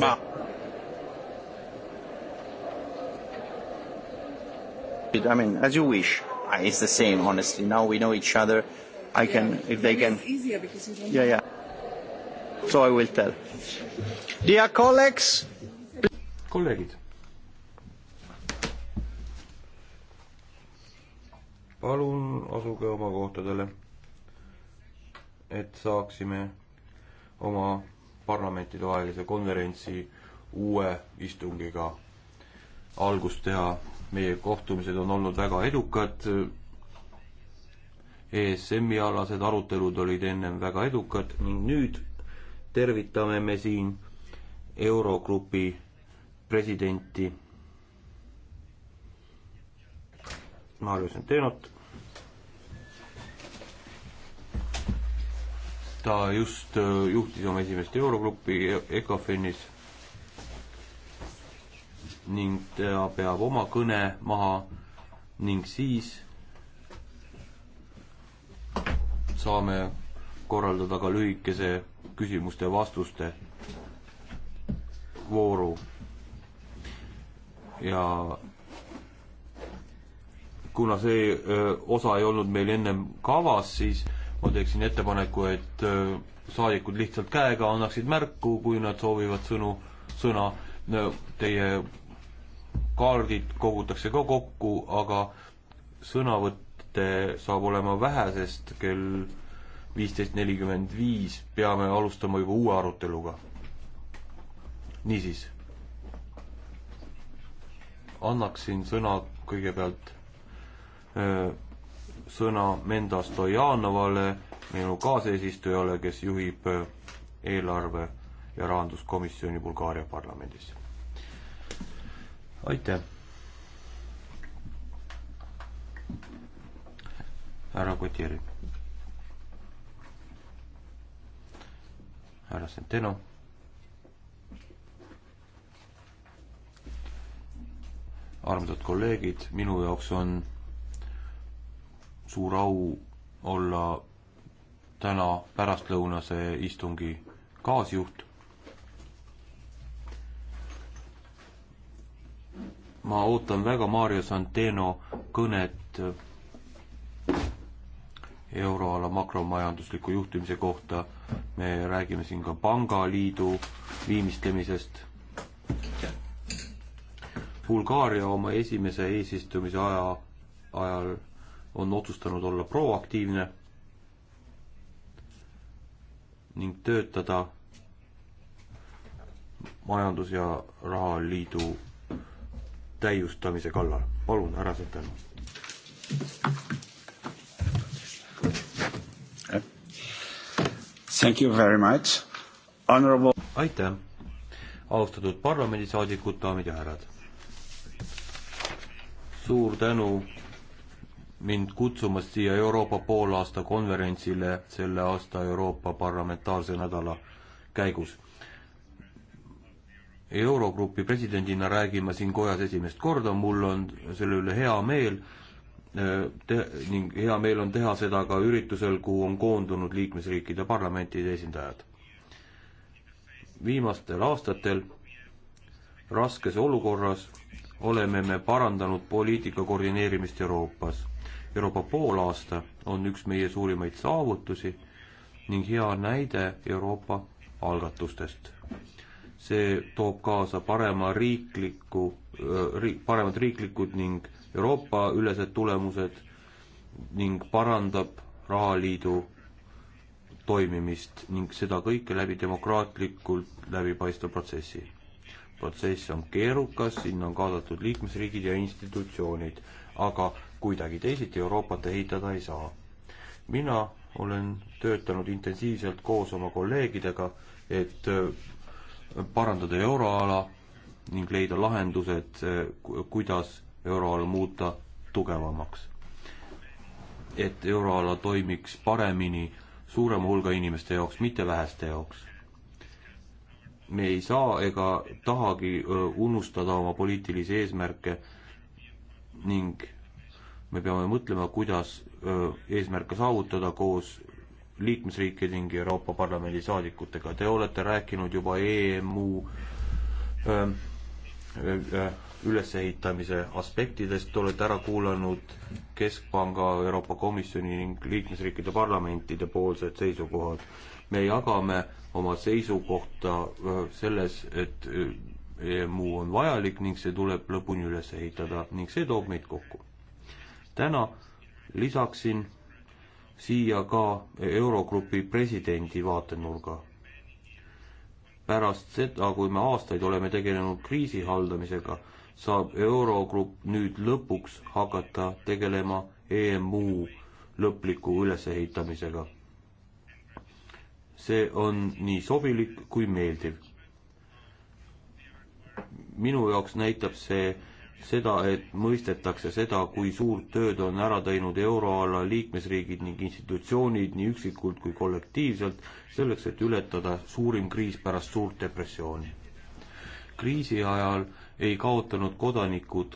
forma. I mean, as you wish. Ah, it's the same, honestly. Now we know each other. I yeah, can, if they can. It's easier because you don't. Yeah, yeah. So I will tell. Dear colleagues. kolleegid. palun asuge oma kohtadele, et saaksime oma parlamentidevahelise konverentsi uue istungiga algust teha. meie kohtumised on olnud väga edukad. ESM-i alased arutelud olid ennem väga edukad ning nüüd tervitame me siin Eurogrupi presidenti Marius Antenot ta just äh, juhtis oma esimest Eurogrupi ECOFINis ning ta peab oma kõne maha ning siis saame korraldada ka lühikese küsimuste-vastuste vooru ja kuna see öö, äh, osa ei olnud meil ennem kavas, siis ma teeksin ettepaneku, et äh, saadikud lihtsalt käega annaksid märku, kui nad soovivad sõnu, sõna. Teie kaardid kogutakse ka kokku, aga sõnavõtte saab olema vähe, sest kell viisteist nelikümmend viis peame alustama juba uue aruteluga. niisiis, annaksin sõna kõigepealt öö, äh, sõna Menda Stojanovale, minu kaaseesistujale, kes juhib äh, eelarve ja rahanduskomisjoni Bulgaaria parlamendis. aitäh. härra Kotieri. härra Centeno. armsad kolleegid, minu jaoks on suur au olla täna pärastlõunase istungi kaasjuht. ma ootan väga Mario Santeno kõnet euroala makromajandusliku juhtimise kohta. me räägime siin ka pangaliidu viimistlemisest. Bulgaaria oma esimese eesistumise aja, ajal on otsustanud olla proaktiivne ning töötada majandus- ja rahaliidu täiustamise kallal. palun, härra Sõtel. Thank you very much. Honorable... aitäh, austatud parlamendisaadikud, daamid ja härrad. suur tänu mind kutsumast siia Euroopa poolaasta konverentsile selle aasta Euroopa parlamentaarse nädala käigus. Eurogrupi presidendina räägin ma siin kojas esimest korda, mul on selle üle hea meel te-, ning hea meel on teha seda ka üritusel, kuhu on koondunud liikmesriikide parlamentide esindajad. viimastel aastatel raskes olukorras oleme me parandanud poliitika koordineerimist Euroopas Euroopa poolaasta on üks meie suurimaid saavutusi ning hea näide Euroopa algatustest. see toob kaasa parema riikliku riik,, paremad riiklikud ning Euroopa ülesed tulemused ning parandab rahaliidu toimimist ning seda kõike läbi demokraatlikult läbipaistva protsessi. protsess on keerukas, sinna on kaasatud liikmesriigid ja institutsioonid, aga kuidagi teisiti Euroopat ehitada ei saa. mina olen töötanud intensiivselt koos oma kolleegidega, et äh, parandada euroala ning leida lahendused, äh, kuidas euroala muuta tugevamaks. et euroala toimiks paremini suurema hulga inimeste jaoks, mitte väheste jaoks. me ei saa ega tahagi äh, unustada oma poliitilisi eesmärke ning me peame mõtlema, kuidas eesmärke saavutada koos liikmesriikide ning Euroopa Parlamendi saadikutega. Te olete rääkinud juba EMU ülesehitamise aspektidest, te olete ära kuulanud Keskpanga, Euroopa Komisjoni ning liikmesriikide parlamentide poolsed seisukohad. me jagame oma seisukohta selles, et EMU on vajalik ning see tuleb lõpuni üles ehitada ning see toob meid kokku täna lisaksin siia ka Eurogrupi presidendi vaatenurga. pärast seda, kui me aastaid oleme tegelenud kriisi haldamisega, saab Eurogrupp nüüd lõpuks hakata tegelema EMU lõpliku ülesehitamisega. see on nii sobilik kui meeldiv. minu jaoks näitab see seda, et mõistetakse seda, kui suurt tööd on ära teinud euroala liikmesriigid ning institutsioonid nii üksikult kui kollektiivselt, selleks et ületada suurim kriis pärast suurt depressiooni. kriisi ajal ei kaotanud kodanikud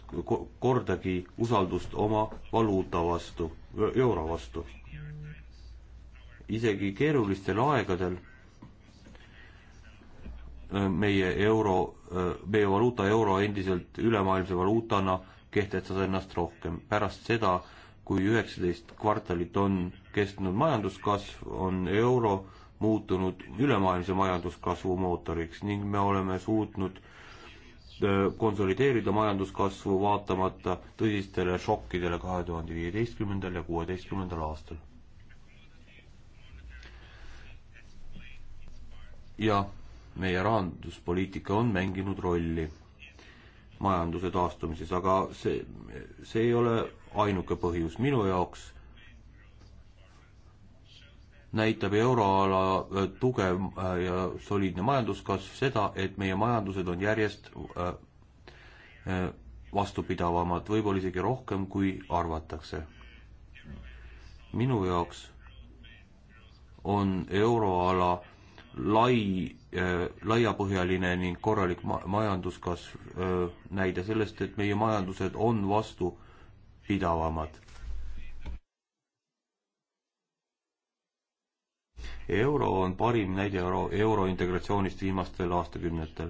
kordagi usaldust oma valuuta vastu, euro vastu. isegi keerulistel aegadel Äh, meie euro, äh, meie valuuta euro endiselt ülemaailmse valuutana kehtestas ennast rohkem. pärast seda, kui üheksateist kvartalit on kestnud majanduskasv, on euro muutunud ülemaailmse majanduskasvu mootoriks ning me oleme suutnud äh, konsolideerida majanduskasvu vaatamata tõsistele šokkidele kahe tuhande viieteistkümnendal ja kuueteistkümnendal aastal. jah meie rahanduspoliitika on mänginud rolli majanduse taastumises, aga see, see ei ole ainuke põhjus minu jaoks näitab euroala äh, tugev äh, ja soliidne majanduskasv seda, et meie majandused on järjest äh, vastupidavamad, võib-olla isegi rohkem, kui arvatakse. minu jaoks on euroala lai Äh, laiapõhjaline ning korralik ma-, majanduskasv, äh, näide sellest, et meie majandused on vastupidavamad. euro on parim näide euro, euro integratsioonist viimastel aastakümnetel.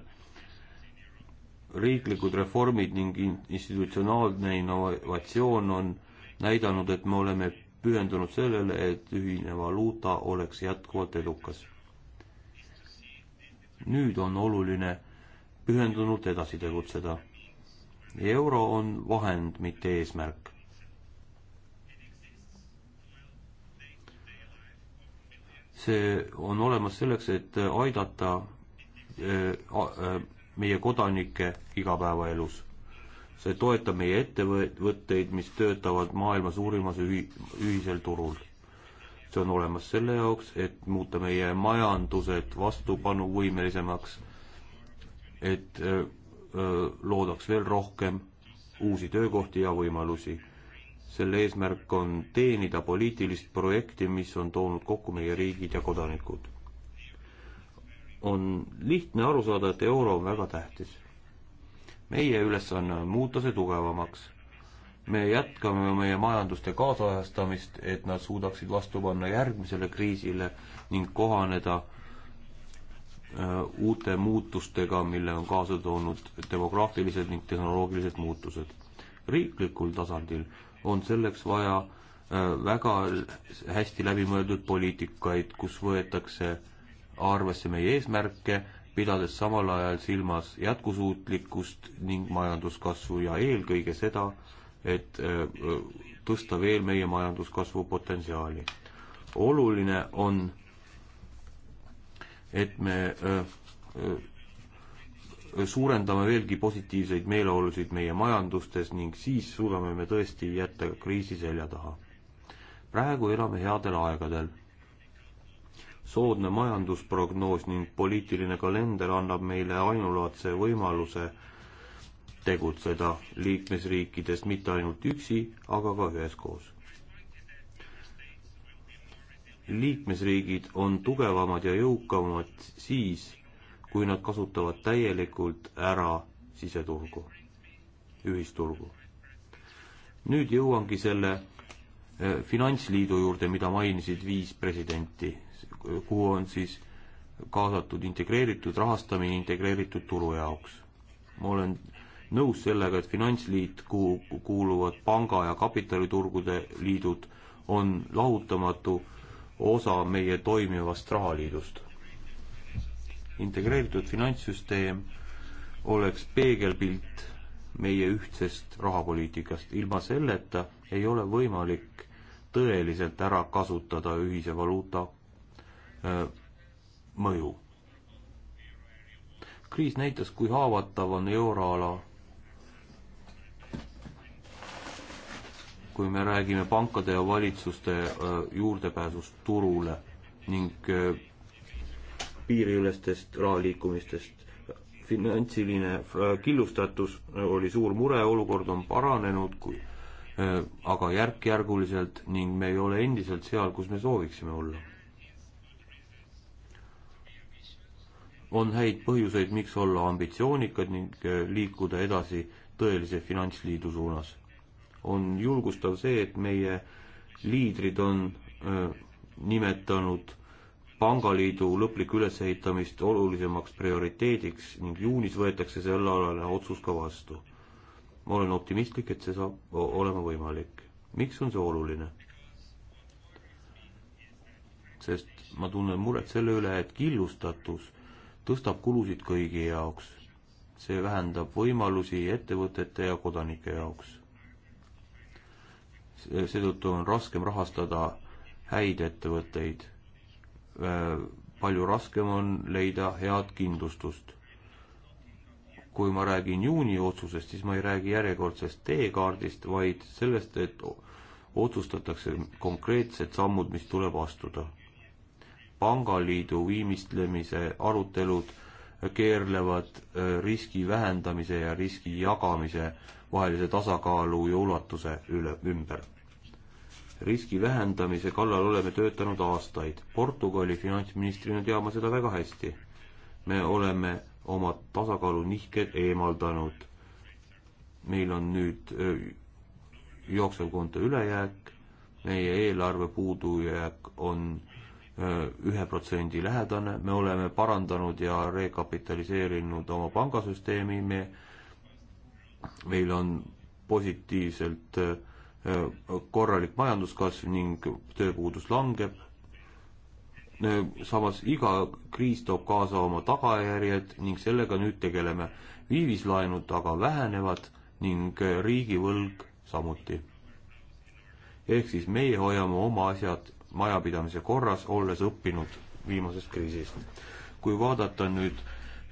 riiklikud reformid ning institutsionaalne innovatsioon on näidanud, et me oleme pühendunud sellele, et ühine valuuta oleks jätkuvalt edukas nüüd on oluline pühendunult edasi tegutseda. euro on vahend, mitte eesmärk. see on olemas selleks, et aidata eh, eh, meie kodanikke igapäevaelus. see toetab meie ettevõtteid, mis töötavad maailma suurimas ühi-, ühisel turul see on olemas selle jaoks, et muuta meie majandused vastupanuvõimelisemaks, et öö, loodaks veel rohkem uusi töökohti ja võimalusi. selle eesmärk on teenida poliitilist projekti, mis on toonud kokku meie riigid ja kodanikud. on lihtne aru saada, et euro on väga tähtis. meie ülesanne on muuta see tugevamaks me jätkame meie majanduste kaasajastamist, et nad suudaksid vastu panna järgmisele kriisile ning kohaneda äh, uute muutustega, mille on kaasa toonud demograafilised ning tehnoloogilised muutused. riiklikul tasandil on selleks vaja äh, väga hästi läbimõeldud poliitikaid, kus võetakse arvesse meie eesmärke, pidades samal ajal silmas jätkusuutlikkust ning majanduskasvu ja eelkõige seda, et äh, tõsta veel meie majanduskasvu potentsiaali. oluline on, et me äh, äh, suurendame veelgi positiivseid meeleolusid meie majandustes ning siis suudame me tõesti jätta kriisi selja taha. praegu elame headel aegadel. soodne majandusprognoos ning poliitiline kalender annab meile ainulaadse võimaluse tegutseda liikmesriikides mitte ainult üksi, aga ka üheskoos. liikmesriigid on tugevamad ja jõukamad siis, kui nad kasutavad täielikult ära siseturgu, ühisturgu. nüüd jõuangi selle eh, finantsliidu juurde, mida mainisid viis presidenti, kuhu on siis kaasatud integreeritud rahastamine integreeritud turu jaoks. ma olen nõus sellega, et Finantsliit, kuhu kuuluvad panga- ja kapitaliturgude liidud, on lahutamatu osa meie toimivast rahaliidust. integreeritud finantssüsteem oleks peegelpilt meie ühtsest rahapoliitikast, ilma selleta ei ole võimalik tõeliselt ära kasutada ühise valuuta öö, mõju. kriis näitas, kui haavatav on euroala kui me räägime pankade ja valitsuste juurdepääsust turule ning piiriülestest rahaliikumistest. finantsiline killustatus oli suur mure, olukord on paranenud, kui aga järk-järguliselt ning me ei ole endiselt seal, kus me sooviksime olla. on häid põhjuseid, miks olla ambitsioonikad ning liikuda edasi tõelise finantsliidu suunas on julgustav see, et meie liidrid on öö, nimetanud pangaliidu lõplikku ülesehitamist olulisemaks prioriteediks ning juunis võetakse sellealane otsus ka vastu. ma olen optimistlik, et see saab olema võimalik. miks on see oluline? sest ma tunnen muret selle üle, et killustatus tõstab kulusid kõigi jaoks. see vähendab võimalusi ettevõtete ja kodanike jaoks seetõttu on raskem rahastada häid ettevõtteid. Äh, palju raskem on leida head kindlustust. kui ma räägin juuni otsusest, siis ma ei räägi järjekordsest teekaardist, vaid sellest, et otsustatakse konkreetsed sammud, mis tuleb astuda. pangaliidu viimistlemise arutelud keerlevad äh, riski vähendamise ja riski jagamise äh, vahelise tasakaalu ja ulatuse üle, ümber. riski vähendamise kallal oleme töötanud aastaid. Portugali finantsministrina tean ma seda väga hästi. me oleme oma tasakaalunihked eemaldanud. meil on nüüd jooksevkonto ülejääk, meie eelarve puudujääk on ühe protsendi lähedane, me oleme parandanud ja rekapitaliseerinud oma pangasüsteemi, me meil on positiivselt äh, korralik majanduskasv ning tööpuudus langeb. Äh, samas iga kriis toob kaasa oma tagajärjed ning sellega nüüd tegeleme. viivislaenud aga vähenevad ning äh, riigivõlg samuti. ehk siis meie hoiame oma asjad majapidamise korras, olles õppinud viimasest kriisist. kui vaadata nüüd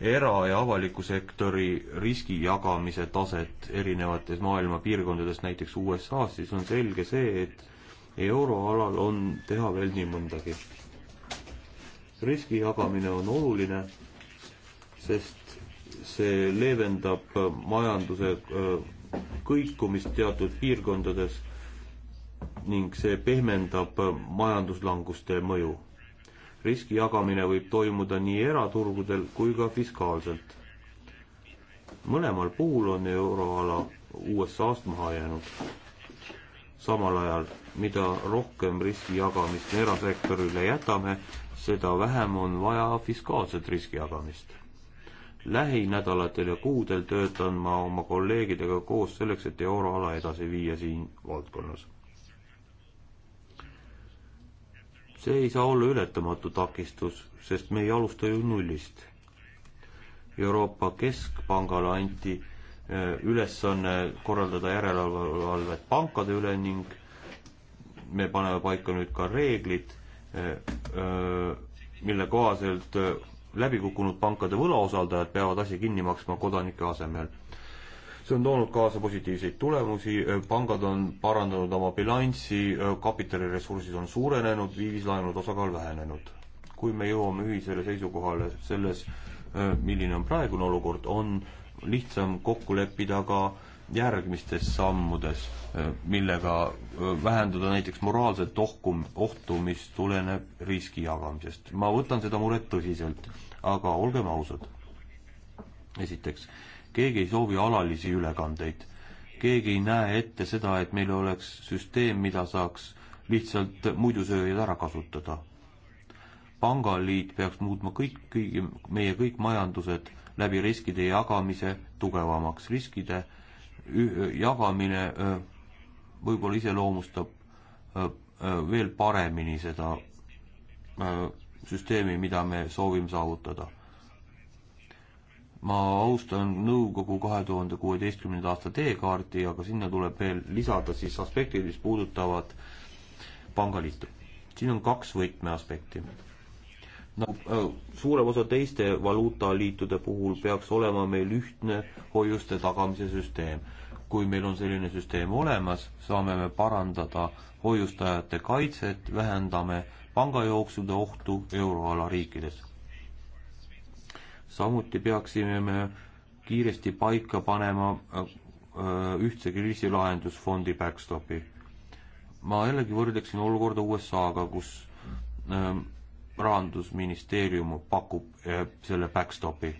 era- ja avaliku sektori riski jagamise taset erinevates maailma piirkondades, näiteks USA-s, siis on selge see, et euroalal on teha veel nii mõndagi. riski jagamine on oluline, sest see leevendab majanduse äh, kõikumist teatud piirkondades ning see pehmendab majanduslanguste mõju riski jagamine võib toimuda nii eraturgudel kui ka fiskaalselt. mõlemal puhul on euroala USA-st maha jäänud. samal ajal, mida rohkem riski jagamist me erasektorile jätame, seda vähem on vaja fiskaalset riski jagamist. lähinädalatel ja kuudel töötan ma oma kolleegidega koos selleks, et euroala edasi viia siin valdkonnas see ei saa olla ületamatu takistus, sest me ei alusta ju nullist. Euroopa Keskpangale anti eh, ülesanne korraldada järelevalvet pankade üle ning me paneme paika nüüd ka reeglid, eh, eh, mille kohaselt läbikukkunud pankade võlausaldajad peavad asja kinni maksma kodanike asemel see on toonud kaasa positiivseid tulemusi, pangad on parandanud oma bilanssi, kapitaliressursid on suurenenud, viivislaenude osakaal vähenenud. kui me jõuame ühisele seisukohale selles, milline on praegune olukord, on lihtsam kokku leppida ka järgmistes sammudes, millega vähendada näiteks moraalset ohku, ohtu, mis tuleneb riski jagamisest. ma võtan seda muret tõsiselt, aga olgem ausad. esiteks keegi ei soovi alalisi ülekandeid. keegi ei näe ette seda, et meil oleks süsteem, mida saaks lihtsalt muidusööjad ära kasutada. pangaliit peaks muutma kõik, kõigi, meie kõik majandused läbi riskide jagamise tugevamaks. riskide jagamine võib-olla iseloomustab veel paremini seda süsteemi, mida me soovime saavutada ma austan nõukogu kahe tuhande kuueteistkümnenda aasta teekaarti, aga sinna tuleb veel lisada siis aspektid, mis puudutavad pangaliitu. siin on kaks võtmeaspekti. nagu suurem osa teiste valuutaliitude puhul peaks olema meil ühtne hoiuste tagamise süsteem. kui meil on selline süsteem olemas, saame me parandada hoiustajate kaitset, vähendame pangajooksude ohtu euroala riikides samuti peaksime me kiiresti paika panema äh, äh, ühtse kriisilahendusfondi backstopi. ma jällegi võrdleksin olukorda USA-ga, kus ähm, rahandusministeerium pakub äh, selle backstopi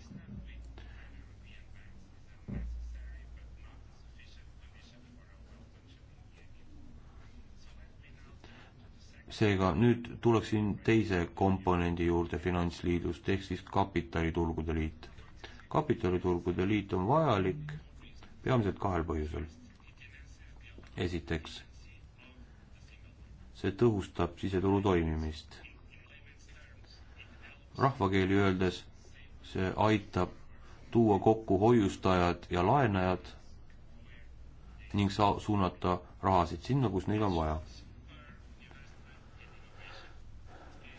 seega nüüd tuleksin teise komponendi juurde finantsliidust ehk siis kapitaliturgude liit. kapitaliturgude liit on vajalik peamiselt kahel põhjusel. esiteks, see tõhustab siseturu toimimist. rahvakeeli öeldes, see aitab tuua kokku hoiustajad ja laenajad ning saa-, suunata rahasid sinna, kus neid on vaja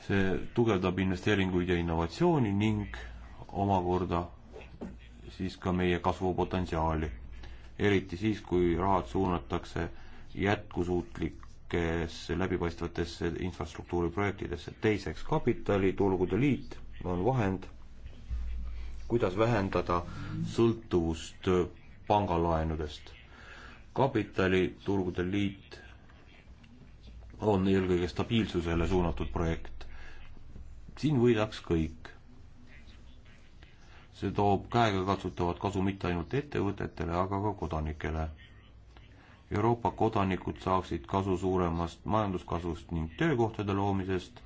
see tugevdab investeeringuid ja innovatsiooni ning omakorda siis ka meie kasvupotentsiaali. eriti siis, kui rahad suunatakse jätkusuutlikesse läbipaistvatesse infrastruktuuriprojektidesse. teiseks, kapitaliturgude liit on vahend, kuidas vähendada sõltuvust pangalaenudest. kapitaliturgude liit on eelkõige stabiilsusele suunatud projekt siin võidaks kõik. see toob käegakatsutavat kasu mitte ainult ettevõtetele, aga ka kodanikele. Euroopa kodanikud saaksid kasu suuremast majanduskasvust ning töökohtade loomisest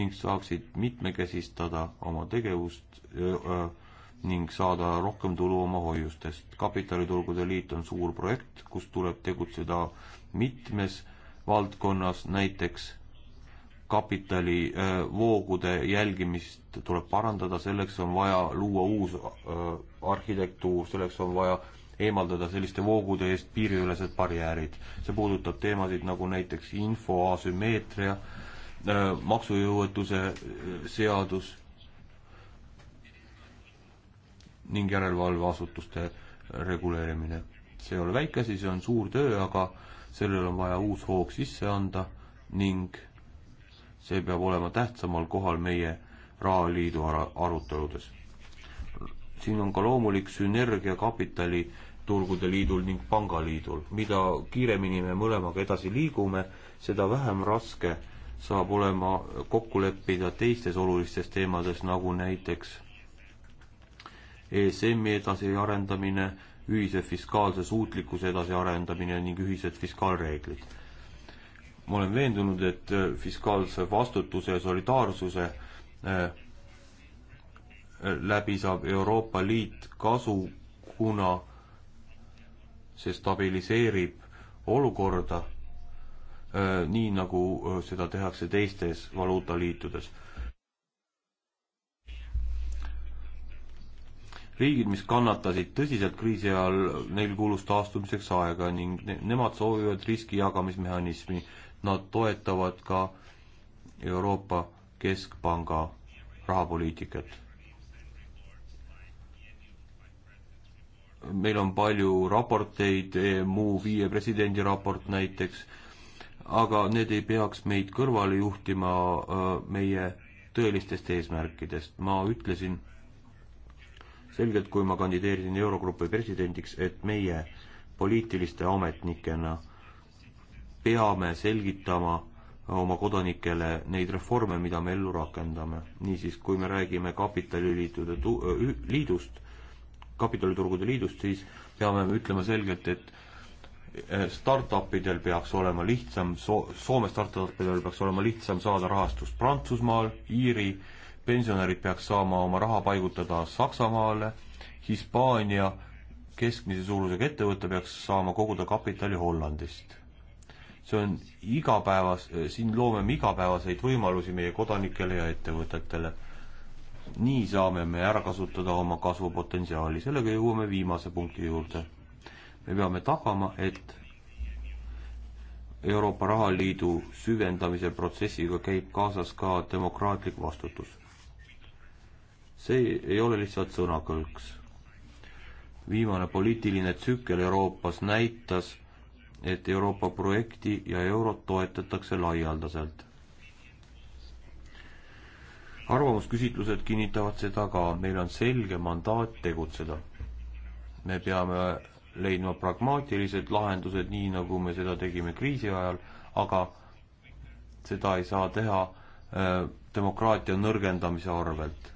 ning saaksid mitmekesistada oma tegevust öö, öö, ning saada rohkem tulu oma hoiustest. kapitaliturgude liit on suur projekt, kus tuleb tegutseda mitmes valdkonnas, näiteks kapitalivoogude äh, jälgimist tuleb parandada, selleks on vaja luua uus äh, arhitektuur, selleks on vaja eemaldada selliste voogude eest piiriülesed barjäärid. see puudutab teemasid nagu näiteks info asümmeetria, äh, maksujõuetuse seadus ning järelevalveasutuste reguleerimine. see ei ole väike asi, see on suur töö, aga sellele on vaja uus hoog sisse anda ning see peab olema tähtsamal kohal meie rahaliidu aruteludes. siin on ka loomulik sünergia kapitaliturgude liidul ning pangaliidul, mida kiiremini me mõlemaga edasi liigume, seda vähem raske saab olema kokku leppida teistes olulistes teemades, nagu näiteks ESM-i edasiarendamine, ühise fiskaalse suutlikkuse edasiarendamine ning ühised fiskaalreeglid ma olen veendunud, et äh, fiskaalse vastutuse ja solidaarsuse äh, äh, läbi saab Euroopa Liit kasu, kuna see stabiliseerib olukorda, nii nagu seda tehakse teistes valuutaliitudes. riigid, mis kannatasid tõsiselt kriisi ajal, neil kuulus taastumiseks aega ning ne nemad soovivad riski jagamismehhanismi nad toetavad ka Euroopa Keskpanga rahapoliitikat. meil on palju raporteid, EMU viie presidendi raport näiteks, aga need ei peaks meid kõrvale juhtima äh, meie tõelistest eesmärkidest. ma ütlesin selgelt, kui ma kandideerisin Eurogrupi presidendiks, et meie poliitiliste ametnikena peame selgitama oma kodanikele neid reforme, mida me ellu rakendame. niisiis, kui me räägime kapitaliliitude tu-, liidust, kapitaliturgude liidust, siis peame me ütlema selgelt, et eh, startupidel peaks olema lihtsam, so-, Soome startupidel peaks olema lihtsam saada rahastust Prantsusmaal, Iiri pensionärid peaks saama oma raha paigutada Saksamaale, Hispaania keskmise suurusega ettevõte peaks saama koguda kapitali Hollandist see on igapäevas, siin loome me igapäevaseid võimalusi meie kodanikele ja ettevõtetele. nii saame me ära kasutada oma kasvupotentsiaali, sellega jõuame viimase punkti juurde. me peame tagama, et Euroopa Rahaliidu süvendamise protsessiga käib kaasas ka demokraatlik vastutus. see ei ole lihtsalt sõnakõlks. viimane poliitiline tsükkel Euroopas näitas, et Euroopa projekti ja eurot toetatakse laialdaselt. arvamusküsitlused kinnitavad seda ka, meil on selge mandaat tegutseda. me peame leidma pragmaatilised lahendused, nii nagu me seda tegime kriisi ajal, aga seda ei saa teha äh, demokraatia nõrgendamise arvelt.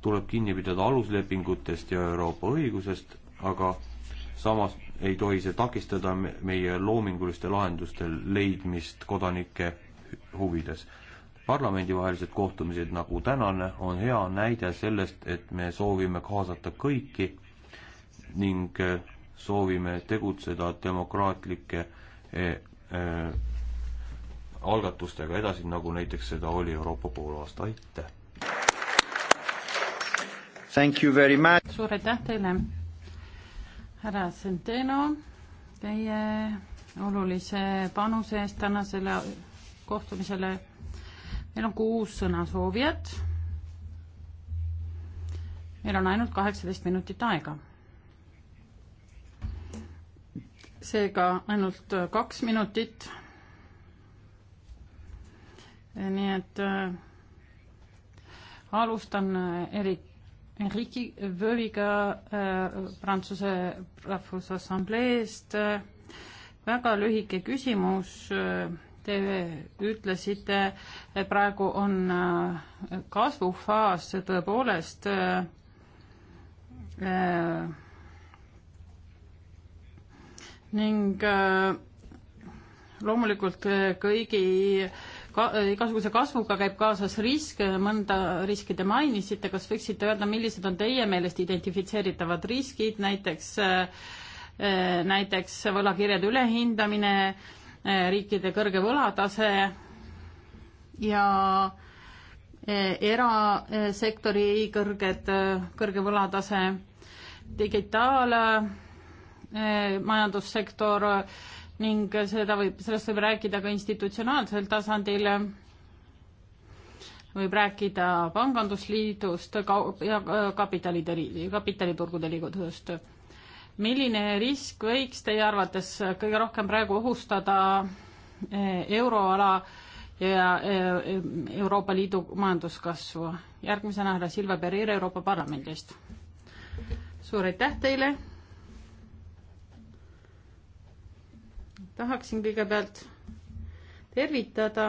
tuleb kinni pidada aluslepingutest ja Euroopa õigusest, aga samas ei tohi see takistada meie loominguliste lahenduste leidmist kodanike huvides. parlamendivahelised kohtumised nagu tänane on hea näide sellest, et me soovime kaasata kõiki ning äh, soovime tegutseda demokraatlike äh, äh, algatustega edasi, nagu näiteks seda oli Euroopa poolaasta, aitäh! suur aitäh teile! härra Centeno, teie olulise panuse eest tänasele kohtumisele. meil on kuus sõnasoovijat. meil on ainult kaheksateist minutit aega. seega ainult kaks minutit. nii et äh, alustan Erik Enrique Vöviga äh, Prantsuse Rahvusassambleest. väga lühike küsimus. Te ütlesite, et praegu on äh, kasvufaas tõepoolest äh, ning loomulikult kõigi äh, ka, igasuguse kasvuga käib kaasas risk, mõnda riski te mainisite, kas võiksite öelda, millised on teie meelest identifitseeritavad riskid, näiteks äh, näiteks võlakirjade ülehindamine, äh, riikide kõrge võlatase ja äh, erasektori kõrged, kõrge võlatase, digitaalmajandussektor äh,, ning seda võib, sellest võib rääkida ka institutsionaalsel tasandil, võib rääkida pangandusliidust ja kapitalide, kapitaliturgude liigutust. milline risk võiks teie arvates kõige rohkem praegu ohustada eh, euroala ja eh, Euroopa Liidu majanduskasvu. järgmisena härra Silva Pereira Euroopa Parlamendist. suur aitäh teile tahaksin kõigepealt tervitada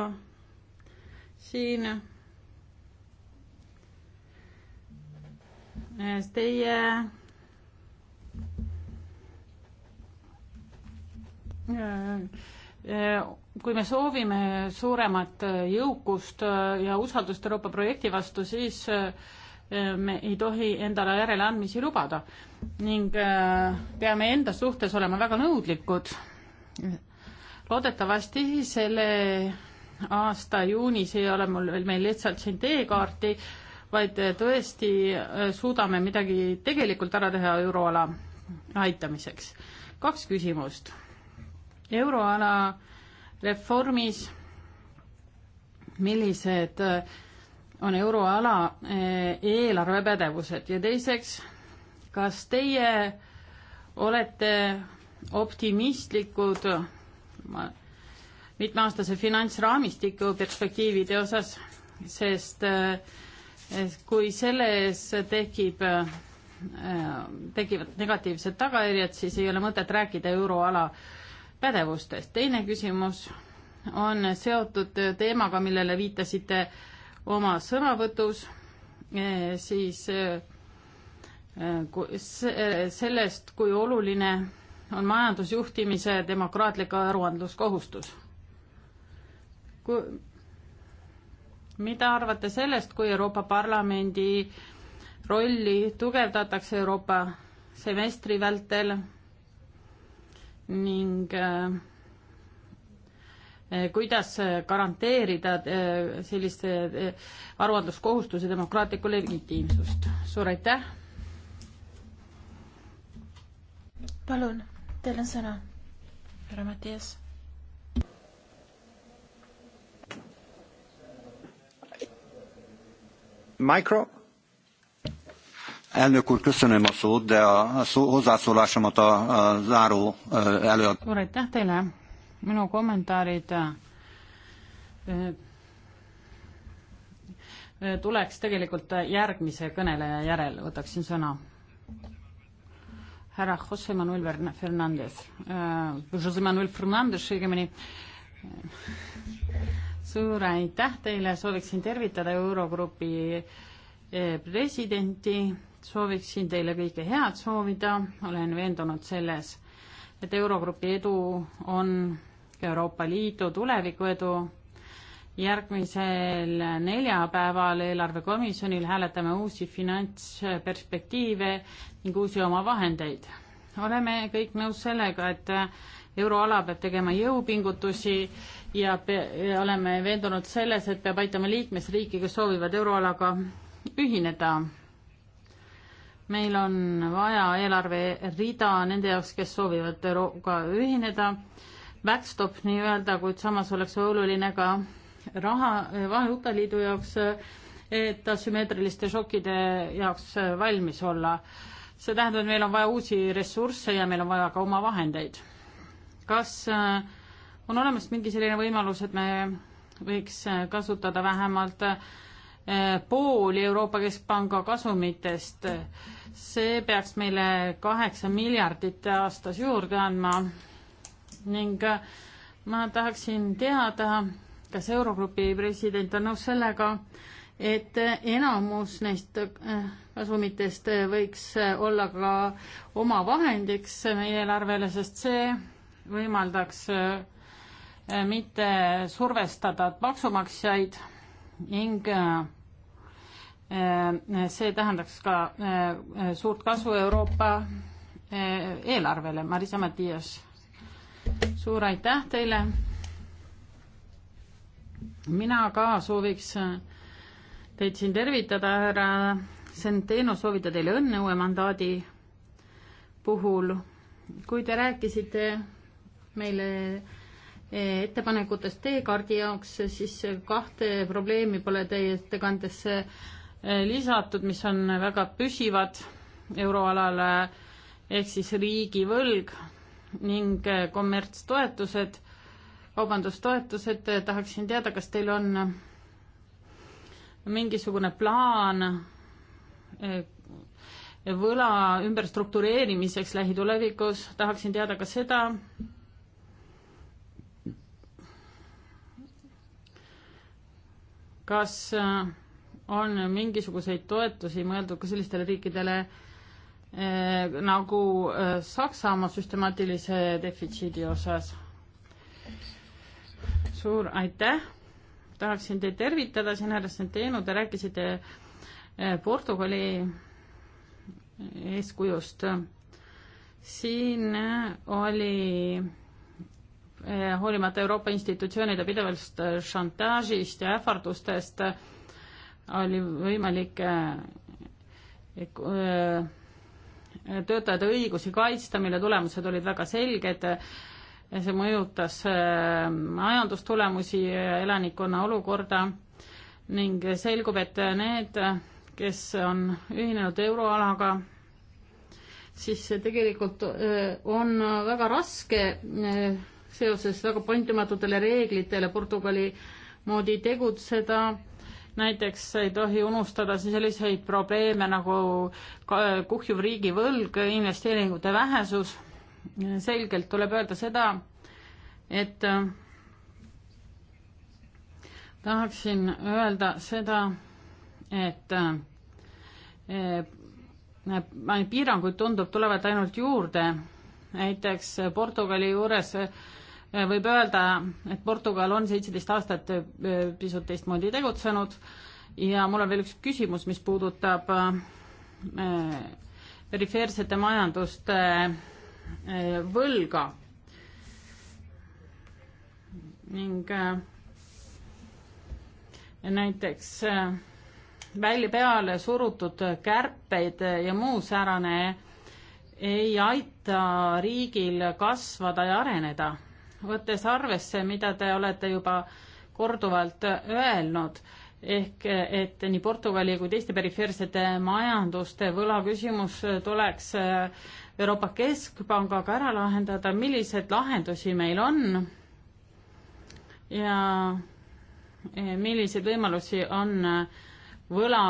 siin eh, teie eh, eh, kui me soovime suuremat jõukust ja usaldust Euroopa projekti vastu, siis me ei tohi endale järeleandmisi lubada ning peame enda suhtes olema väga nõudlikud loodetavasti selle aasta juunis ei ole mul veel meil lihtsalt siin teekaarti, vaid tõesti äh, suudame midagi tegelikult ära teha euroala aitamiseks. kaks küsimust. euroala reformis, millised äh, on euroala äh, eelarvepädevused ja teiseks, kas teie olete optimistlikud mitmeaastase finantsraamistiku perspektiivide osas, sest eh, kui selles tekib, eh, tekivad negatiivsed tagajärjed, siis ei ole mõtet rääkida euroala pädevustest. teine küsimus on seotud teemaga, millele viitasite oma sõnavõtus, eh, siis sellest, kui oluline on majandusjuhtimise demokraatlik aruandluskohustus. kui, mida arvate sellest, kui Euroopa Parlamendi rolli tugevdatakse Euroopa semestri vältel ning äh, kuidas garanteerida äh, selliste äh, aruandluskohustuse demokraatlikku legitiimsust? suur aitäh! palun Teil on sõna, härra Mattias. Mikro. Elnök úr, köszönöm a szót, de a szó, hozzászólásomat a, a záró előad. Suur aitäh teile. Minu kommentaarid tuleks tegelikult järgmise kõneleja järel, võtaksin sõna härra Jose Manuel Fernandez äh,, Jose Manuel Fernandes õigemini. suur aitäh teile, sooviksin tervitada Eurogrupi äh, presidenti, sooviksin teile kõike head soovida, olen veendunud selles, et Eurogrupi edu on Euroopa Liidu tuleviku edu järgmisel neljapäeval eelarvekomisjonil hääletame uusi finantsperspektiive ning uusi omavahendeid. oleme kõik nõus sellega, et euroala peab tegema jõupingutusi ja pe-, oleme veendunud selles, et peab aitama liikmesriike, kes soovivad euroalaga ühineda. meil on vaja eelarverida nende jaoks, kes soovivad euroga ühineda, backstop nii-öelda, kuid samas oleks oluline ka raha Vahe-Uute Liidu jaoks, et asümmeetriliste šokkide jaoks valmis olla. see tähendab, et meil on vaja uusi ressursse ja meil on vaja ka oma vahendeid. kas äh, on olemas mingi selline võimalus, et me võiks äh, kasutada vähemalt äh, pooli Euroopa Keskpanga kasumitest, see peaks meile kaheksa miljardit aastas juurde andma ning ma tahaksin teada, kas Eurogrupi president on nõus sellega, et enamus neist äh, kasumitest võiks äh, olla ka omavahendiks meie eelarvele, sest see võimaldaks äh, mitte survestada maksumaksjaid ning see tähendaks ka suurt kasu Euroopa eelarvele. Marisa Matias, suur aitäh teile mina ka sooviks äh, teid siin tervitada, härra Centeno, soovida teile õnne uue mandaadi puhul. kui te rääkisite meile äh, ettepanekutest teekaardi jaoks, siis kahte probleemi pole teie ettekandesse äh, lisatud, mis on väga püsivad euroalal, ehk siis riigivõlg ning kommertstoetused kaubandustoetused, tahaksin teada, kas teil on mingisugune plaan eh, võla ümberstruktureerimiseks lähitulevikus, tahaksin teada ka seda, kas on mingisuguseid toetusi mõeldud ka sellistele riikidele eh, nagu eh, Saksamaa süstemaatilise defitsiidi osas? suur aitäh, tahaksin teid tervitada siin, härra Centeno, te rääkisite eh, Portugali eeskujust. siin eh, oli eh, hoolimata Euroopa institutsioonide pidevast šantaažist ja ähvardustest, oli võimalik töötajate õigusi kaitsta, mille tulemused olid väga selged see mõjutas äh, majandustulemusi ja elanikkonna olukorda ning selgub, et need, kes on ühinenud euroalaga, siis tegelikult äh, on väga raske äh, seoses väga paindumatutele reeglitele Portugali moodi tegutseda näiteks ei tohi unustada selliseid probleeme nagu kuhjuv riigivõlg, investeeringute vähesus selgelt tuleb öelda seda, et äh, tahaksin öelda seda, et neid äh, äh, piiranguid tundub, tulevad ainult juurde. näiteks Portugali juures võib öelda, et Portugal on seitseteist aastat pisut teistmoodi tegutsenud ja mul on veel üks küsimus, mis puudutab perifeersete majanduste äh, Eh, võlga. ning eh, näiteks eh, välja peale surutud kärpeid ja muu säärane ei aita riigil kasvada ja areneda. võttes arvesse, mida te olete juba korduvalt öelnud, ehk et nii Portugali kui teiste perifeersete majanduste võlaküsimus tuleks äh, Euroopa Keskpangaga ära lahendada, milliseid lahendusi meil on ja eh, milliseid võimalusi on eh, võla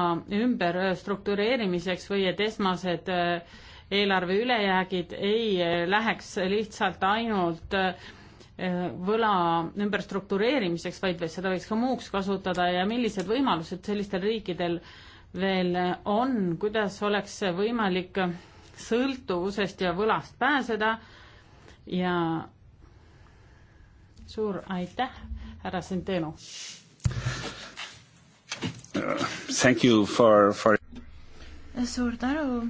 ümberstruktureerimiseks eh, või et esmased eelarve ülejäägid ei läheks lihtsalt ainult võla ümberstruktureerimiseks, vaid seda võiks ka muuks kasutada ja millised võimalused sellistel riikidel veel on, kuidas oleks võimalik sõltuvusest ja võlast pääseda ja suur aitäh, härra Centeno! Thank you for, for suur tänu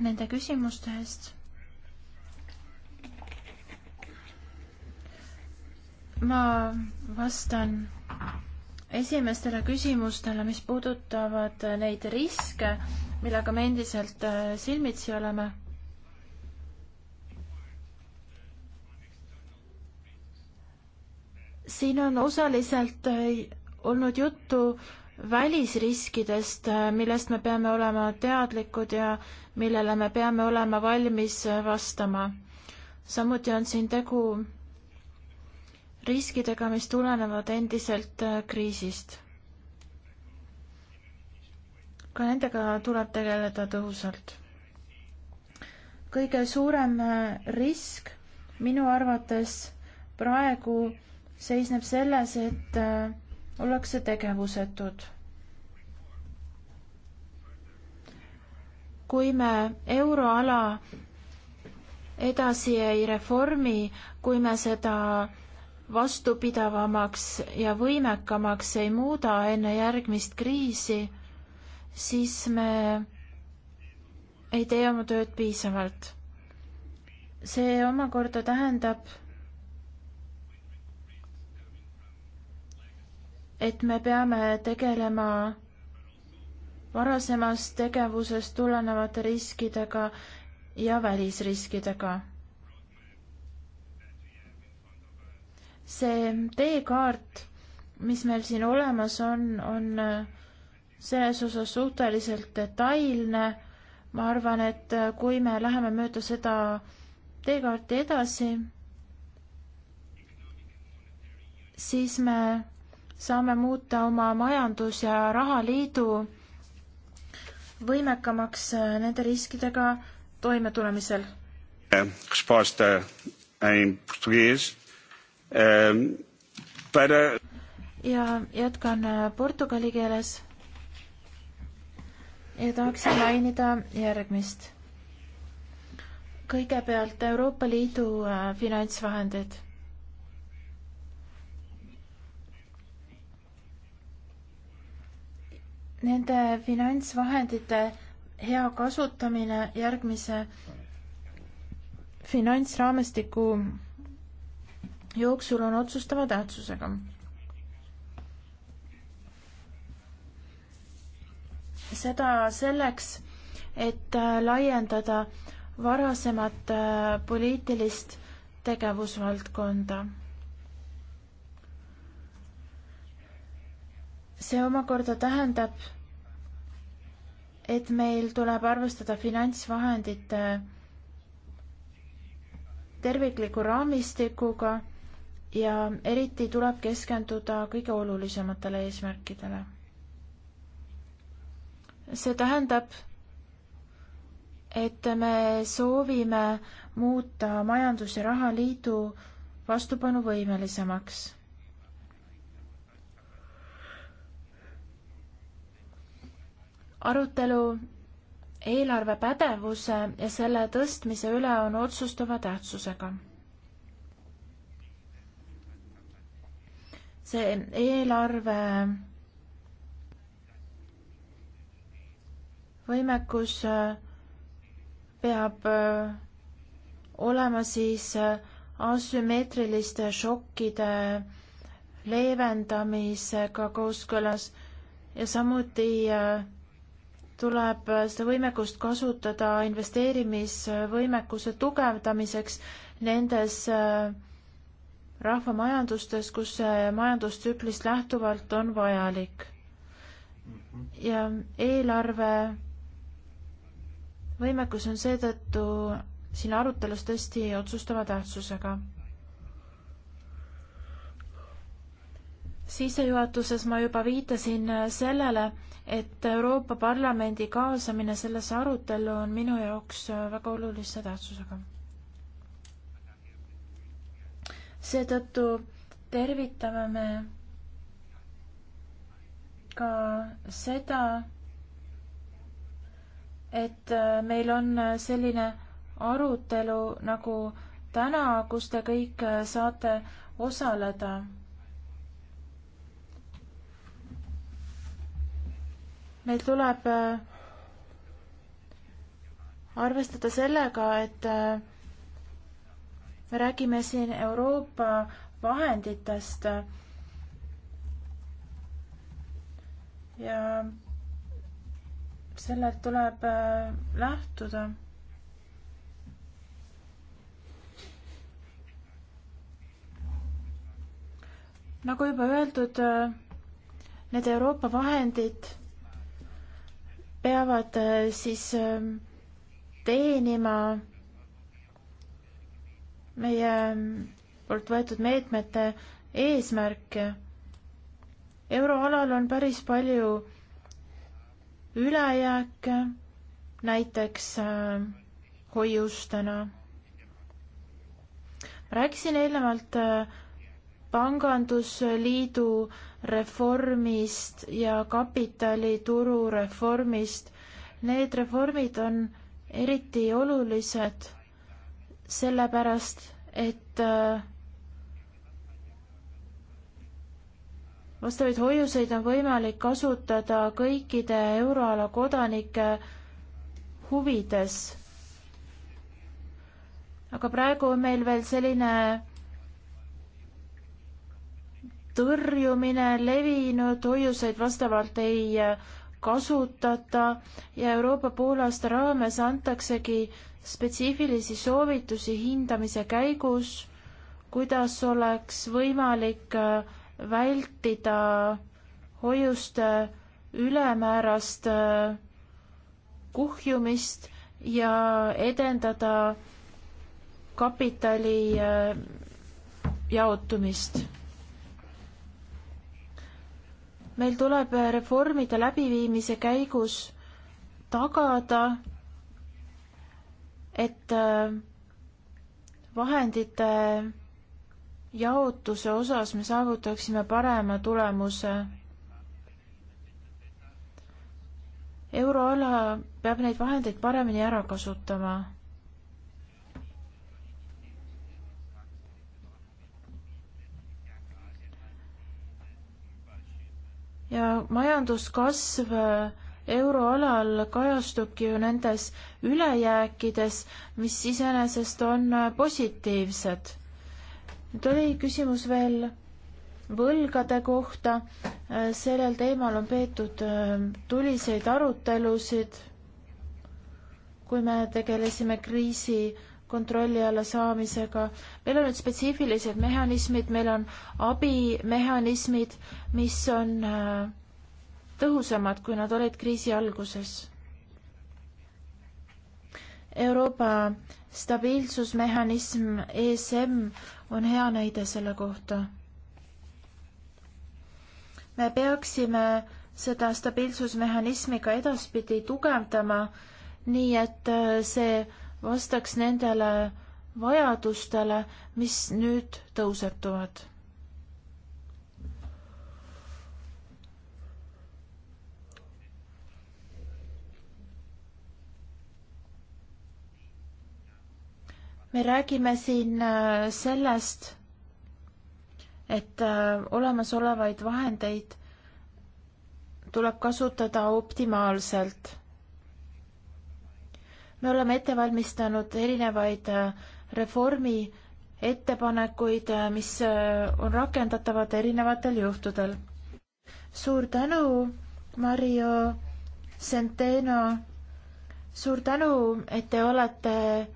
nende küsimuste eest. ma vastan esimestele küsimustele, mis puudutavad neid riske, millega me endiselt äh, silmitsi oleme. siin on osaliselt äh, olnud juttu välisriskidest, äh, millest me peame olema teadlikud ja millele me peame olema valmis vastama. samuti on siin tegu riskidega, mis tulenevad endiselt kriisist ka nendega tuleb tegeleda tõhusalt. kõige suurem äh, risk minu arvates praegu seisneb selles, et äh, ollakse tegevusetud. kui me euroala edasi ei reformi, kui me seda vastupidavamaks ja võimekamaks ei muuda enne järgmist kriisi, siis me ei tee oma tööd piisavalt. see omakorda tähendab, et me peame tegelema varasemast tegevusest tulenevate riskidega ja välisriskidega. see teekaart, mis meil siin olemas on, on selles osas suhteliselt detailne. ma arvan, et kui me läheme mööda seda teekaarti edasi, siis me saame muuta oma majandus- ja rahaliidu võimekamaks nende riskidega toimetulemisel. Um, ja jätkan portugali keeles ja tahaksin mainida järgmist. kõigepealt Euroopa Liidu äh, finantsvahendid. Nende finantsvahendite hea kasutamine järgmise finantsraamistiku jooksul on otsustava tähtsusega seda selleks, et äh, laiendada varasemat äh, poliitilist tegevusvaldkonda. see omakorda tähendab, et meil tuleb arvestada finantsvahendite tervikliku raamistikuga ja eriti tuleb keskenduda kõige olulisematele eesmärkidele see tähendab, et me soovime muuta Majandus- ja Rahaliidu vastupanuvõimelisemaks. arutelu eelarve pädevuse ja selle tõstmise üle on otsustava tähtsusega. see eelarve võimekus äh, peab äh, olema siis äh, asümmeetriliste šokkide leevendamisega kooskõlas ja samuti tuleb seda võimekust kasutada investeerimisvõimekuse tugevdamiseks nendes rahvamajandustes, kus see majandustsüklist lähtuvalt on vajalik. Mhm. ja eelarve võimekus on seetõttu siin arutelus tõesti otsustava tähtsusega. sissejuhatuses ma juba viitasin sellele, et Euroopa Parlamendi kaasamine sellesse arutellu on minu jaoks väga olulise tähtsusega. seetõttu tervitame me ka seda, et äh, meil on äh, selline arutelu nagu täna, kus te kõik äh, saate osaleda meil tuleb arvestada sellega, et me räägime siin Euroopa vahenditest ja sellelt tuleb äh, lähtuda. nagu juba öeldud, äh, need Euroopa vahendid peavad äh, siis teenima meie poolt võetud meetmete eesmärke. euroalal on päris palju ülejääke, näiteks äh, hoiustena. rääkisin eelnevalt äh, pangandusliidu reformist ja kapitalituru reformist. Need reformid on eriti olulised sellepärast, et äh, vastavaid hoiuseid on võimalik kasutada kõikide euroala kodanike huvides. aga praegu on meil veel selline tõrjumine levinud, hoiuseid vastavalt ei kasutata ja Euroopa poolaasta raames antaksegi spetsiifilisi soovitusi hindamise käigus, kuidas oleks võimalik äh, vältida hoiuste ülemäärast äh, kuhjumist ja edendada kapitali äh, jaotumist. meil tuleb äh, reformide läbiviimise käigus tagada, et vahendite jaotuse osas me saavutaksime parema tulemuse. euroala peab neid vahendeid paremini ära kasutama ja majanduskasv euroalal kajastubki ju nendes ülejääkides, mis iseenesest on positiivsed nüüd oli küsimus veel võlgade kohta. Äh, sellel teemal on peetud äh, tuliseid arutelusid, kui me tegelesime kriisi kontrolli alla saamisega. meil on nüüd spetsiifilised mehhanismid, meil on abimehhanismid, mis on äh, tõhusamad, kui nad olid kriisi alguses. Euroopa stabiilsusmehhanism ESM on hea näide selle kohta. me peaksime seda stabiilsusmehhanismi ka edaspidi tugevdama, nii et äh, see vastaks nendele vajadustele, mis nüüd tõusetuvad. me räägime siin äh, sellest, et äh, olemasolevaid vahendeid tuleb kasutada optimaalselt. me oleme ette valmistanud erinevaid äh, reformi ettepanekuid, mis on rakendatavad erinevatel juhtudel. suur tänu, Mario Centeno, suur tänu, et te olete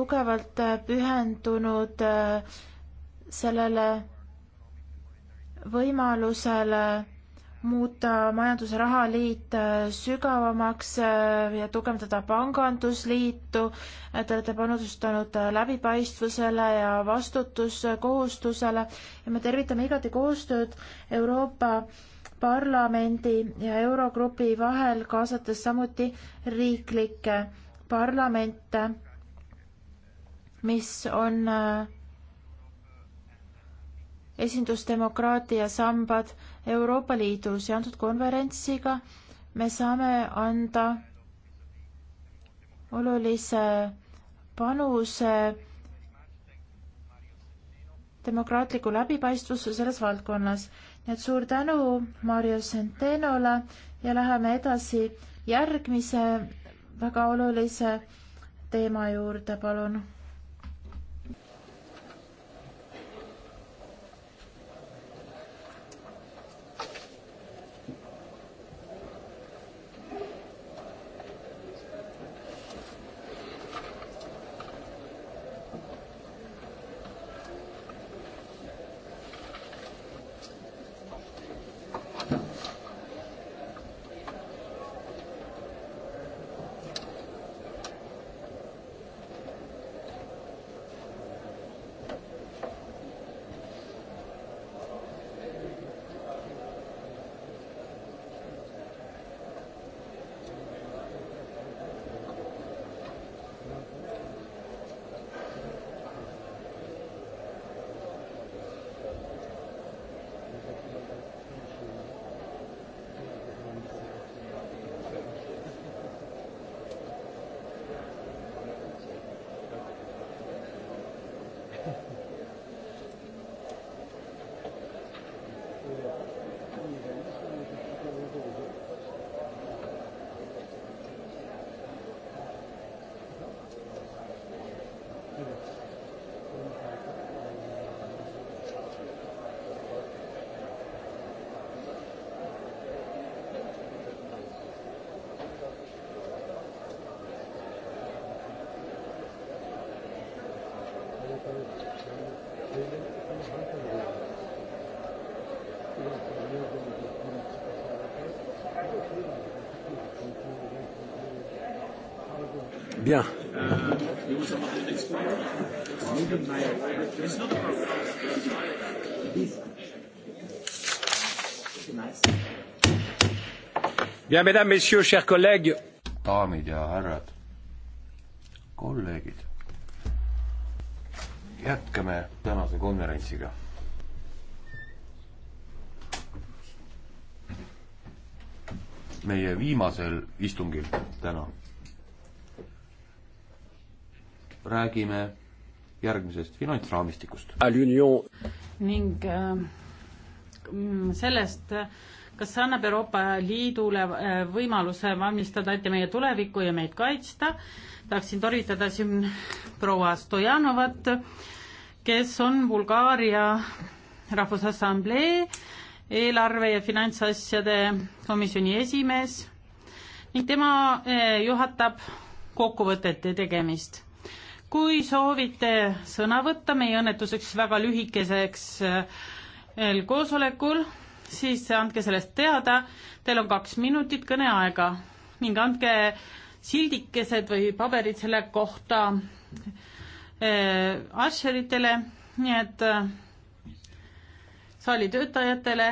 tugevalt äh, pühendunud äh, sellele võimalusele muuta majandus- ja rahaliit äh, sügavamaks ja tugevdada pangandusliitu. Te olete panustanud läbipaistvusele ja vastutuskohustusele ja me tervitame igati koostööd Euroopa Parlamendi ja Eurogrupi vahel, kaasates samuti riiklikke parlamente mis on äh, esindusdemokraatia sambad Euroopa Liidus ja antud konverentsiga me saame anda olulise panuse demokraatliku läbipaistvuse selles valdkonnas. nii et suur tänu Mario Centenole ja läheme edasi järgmise väga olulise teema juurde, palun You want to come up to the next one? Maybe my... It's not a problem. This. Nice. Bien, mesdames, messieurs, chers collègues. daamid ja härrad, kolleegid, jätkame tänase konverentsiga meie viimasel istungil täna räägime järgmisest finantsraamistikust. ning äh, sellest, kas see annab Euroopa Liidule äh, võimaluse valmistada ette meie tulevikku ja meid kaitsta, tahaksin toritada siin proua Stojanovat, kes on Bulgaaria Rahvusassamblee eelarve ja finantsasjade komisjoni esimees ning tema äh, juhatab kokkuvõtete tegemist kui soovite sõna võtta meie õnnetuseks väga lühikeseks eh, koosolekul, siis andke sellest teada, teil on kaks minutit kõneaega ning andke sildikesed või paberid selle kohta eh, asheritele, nii et eh, saali töötajatele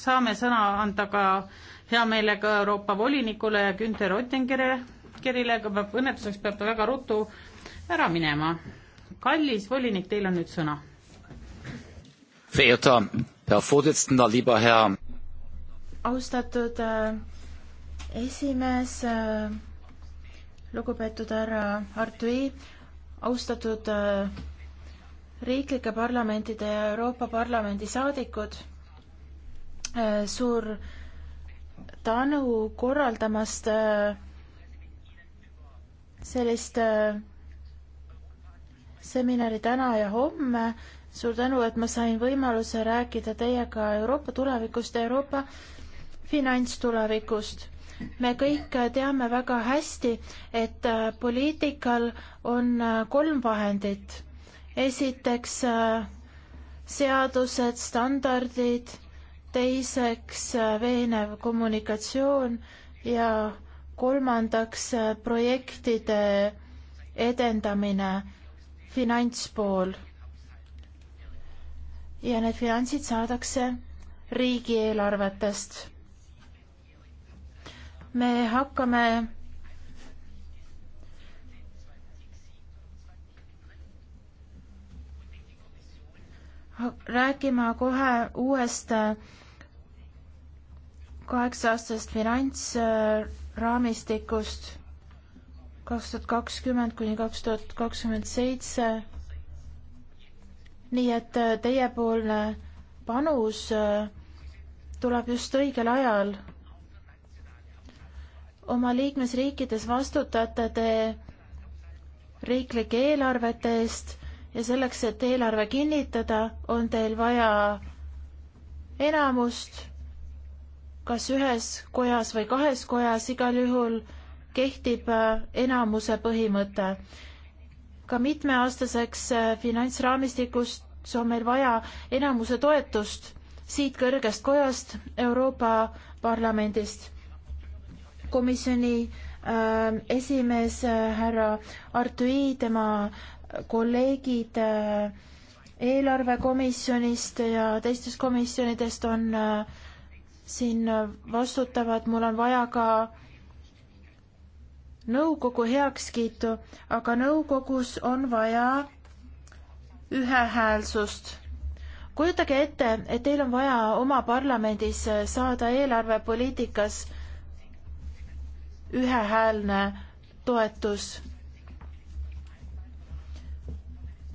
saame sõna anda ka hea meelega Euroopa volinikule Günter Oettingerile, kellega peab, õnnetuseks peab ta väga ruttu ära minema. kallis volinik, teil on nüüd sõna. austatud äh, esimees, äh, lugupeetud härra Artui, austatud äh, riiklike parlamentide ja Euroopa Parlamendi saadikud, suur tänu korraldamast sellist äh, seminari täna ja homme. suur tänu, et ma sain võimaluse rääkida teiega Euroopa tulevikust ja Euroopa finantstulevikust. me kõik teame väga hästi, et äh, poliitikal on äh, kolm vahendit. esiteks äh, seadused, standardid, teiseks veenev kommunikatsioon ja kolmandaks projektide edendamine finantspool. ja need finantsid saadakse riigieelarvetest. me hakkame rääkima kohe uuest kaheksa-aastasest finantsraamistikust kaks tuhat kakskümmend kuni kaks tuhat kakskümmend seitse. nii et äh, teiepoolne panus äh, tuleb just õigel ajal. oma liikmesriikides vastutate te riiklike eelarvete eest ja selleks, et eelarve kinnitada, on teil vaja enamust kas ühes kojas või kahes kojas, igal juhul kehtib äh, enamuse põhimõte. ka mitmeaastaseks äh, finantsraamistikust on meil vaja enamuse toetust siit kõrgest kojast, Euroopa Parlamendist. komisjoni äh, esimees äh, härra Artui, tema kolleegid äh, eelarvekomisjonist ja teistest komisjonidest on äh, siin äh, vastutavad, mul on vaja ka äh, nõukogu heakskiitu, aga nõukogus on vaja ühehäälsust. kujutage ette, et teil on vaja oma parlamendis saada eelarvepoliitikas ühehäälne toetus.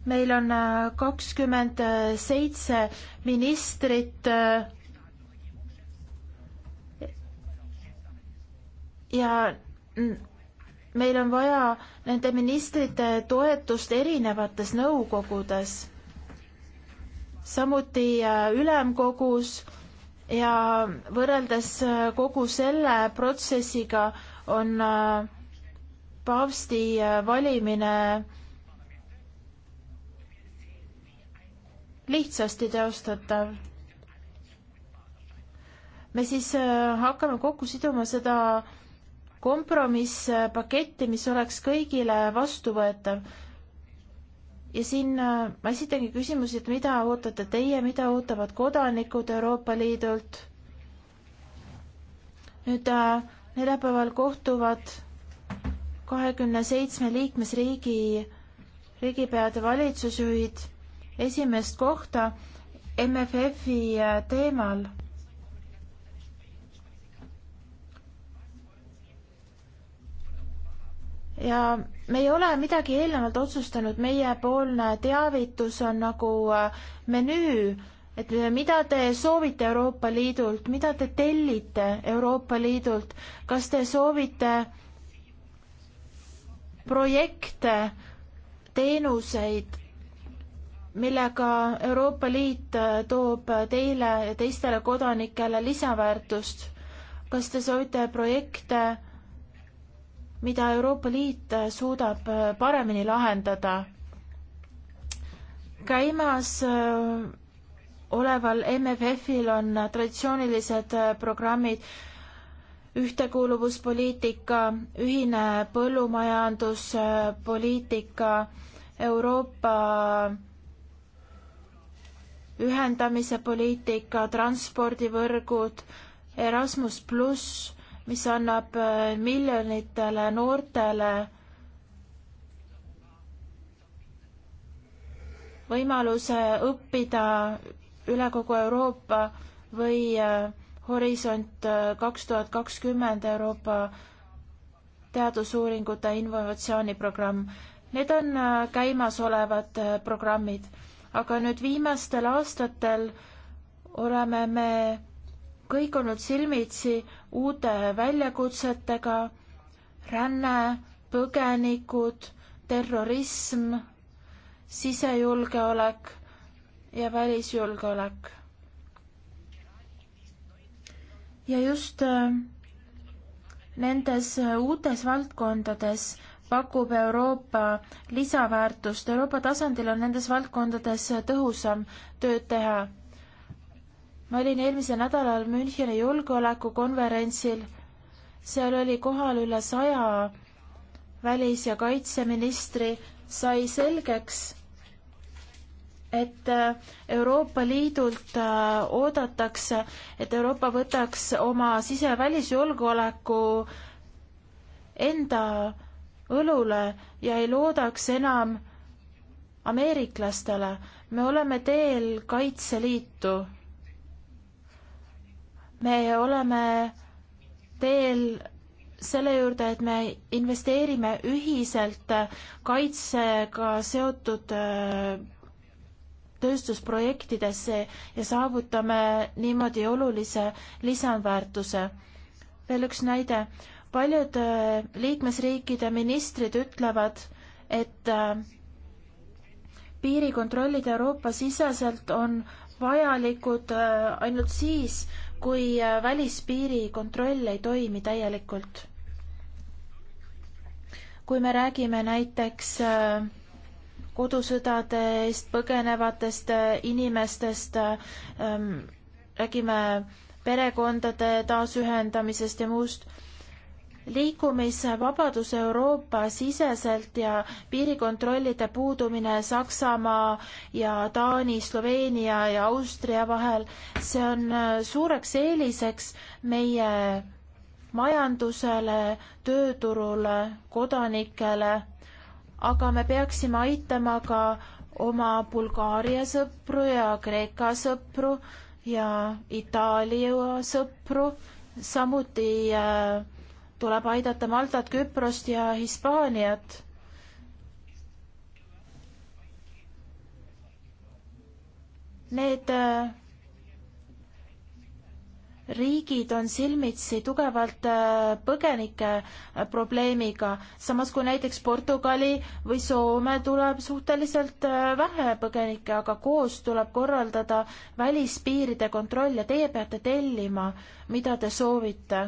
meil on äh, kakskümmend seitse ministrit äh, ja meil on vaja nende ministrite toetust erinevates nõukogudes, samuti äh, ülemkogus ja võrreldes äh, kogu selle protsessiga on äh, paavsti valimine lihtsasti teostatav. me siis hakkame kokku siduma seda kompromisspaketti, mis oleks kõigile vastuvõetav. ja siin äh, ma esitangi küsimusi, et mida ootate teie, mida ootavad kodanikud Euroopa Liidult? nüüd äh, neljapäeval kohtuvad kahekümne seitsme liikmesriigi riigipead ja valitsusjuhid esimest kohta MFF-i äh, teemal ja me ei ole midagi eelnevalt otsustanud, meiepoolne teavitus on nagu äh, menüü, et mida te soovite Euroopa Liidult, mida te tellite Euroopa Liidult, kas te soovite projekte, teenuseid, millega Euroopa Liit äh, toob teile ja teistele kodanikele lisaväärtust, kas te soovite projekte, mida Euroopa Liit suudab äh, paremini lahendada. käimas äh, oleval MFF-il on traditsioonilised äh, programmid ühtekuuluvuspoliitika, ühine põllumajanduspoliitika, Euroopa ühendamise poliitika, transpordivõrgud, Erasmus pluss mis annab äh, miljonitele noortele võimaluse õppida üle kogu Euroopa või äh, Horisont äh, kaks tuhat kakskümmend Euroopa teadusuuringute innovatsiooniprogramm. Need on käimasolevad programmid, aga nüüd viimastel aastatel oleme me kõik olnud silmitsi uute väljakutsetega, ränne, põgenikud, terrorism, sisejulgeolek ja välisjulgeolek. ja just äh, nendes äh, uutes valdkondades pakub Euroopa lisaväärtust, Euroopa tasandil on nendes valdkondades äh, tõhusam tööd teha ma olin eelmisel nädalal Müncheni julgeolekukonverentsil, seal oli kohal üle saja välis- ja kaitseministri, sai selgeks, et äh, Euroopa Liidult äh, oodatakse, et Euroopa võtaks oma sise- ja välisjulgeoleku enda õlule ja ei loodaks enam ameeriklastele. me oleme teel Kaitseliitu me oleme teel selle juurde, et me investeerime ühiselt kaitsega seotud äh, tööstusprojektidesse ja saavutame niimoodi olulise lisandväärtuse. veel üks näide. paljud äh, liikmesriikide ministrid ütlevad, et äh, piirikontrollid Euroopa siseselt on vajalikud ainult siis, kui äh, välispiiri kontroll ei toimi täielikult. kui me räägime näiteks äh, kodusõdade eest põgenevatest äh, inimestest, ähm, räägime perekondade taasühendamisest ja muust liikumisvabadus Euroopa siseselt ja piirikontrollide puudumine Saksamaa ja Taani, Sloveenia ja Austria vahel, see on äh, suureks eeliseks meie majandusele, tööturule, kodanikele, aga me peaksime aitama ka oma Bulgaaria sõpru ja Kreeka sõpru ja Itaalia sõpru, samuti äh, tuleb aidata Maltat, Küprost ja Hispaaniat. Need äh, riigid on silmitsi tugevalt äh, põgenike äh, probleemiga, samas kui näiteks Portugali või Soome tuleb suhteliselt vähe põgenikke, aga koos tuleb korraldada välispiiride kontroll ja teie peate tellima, mida te soovite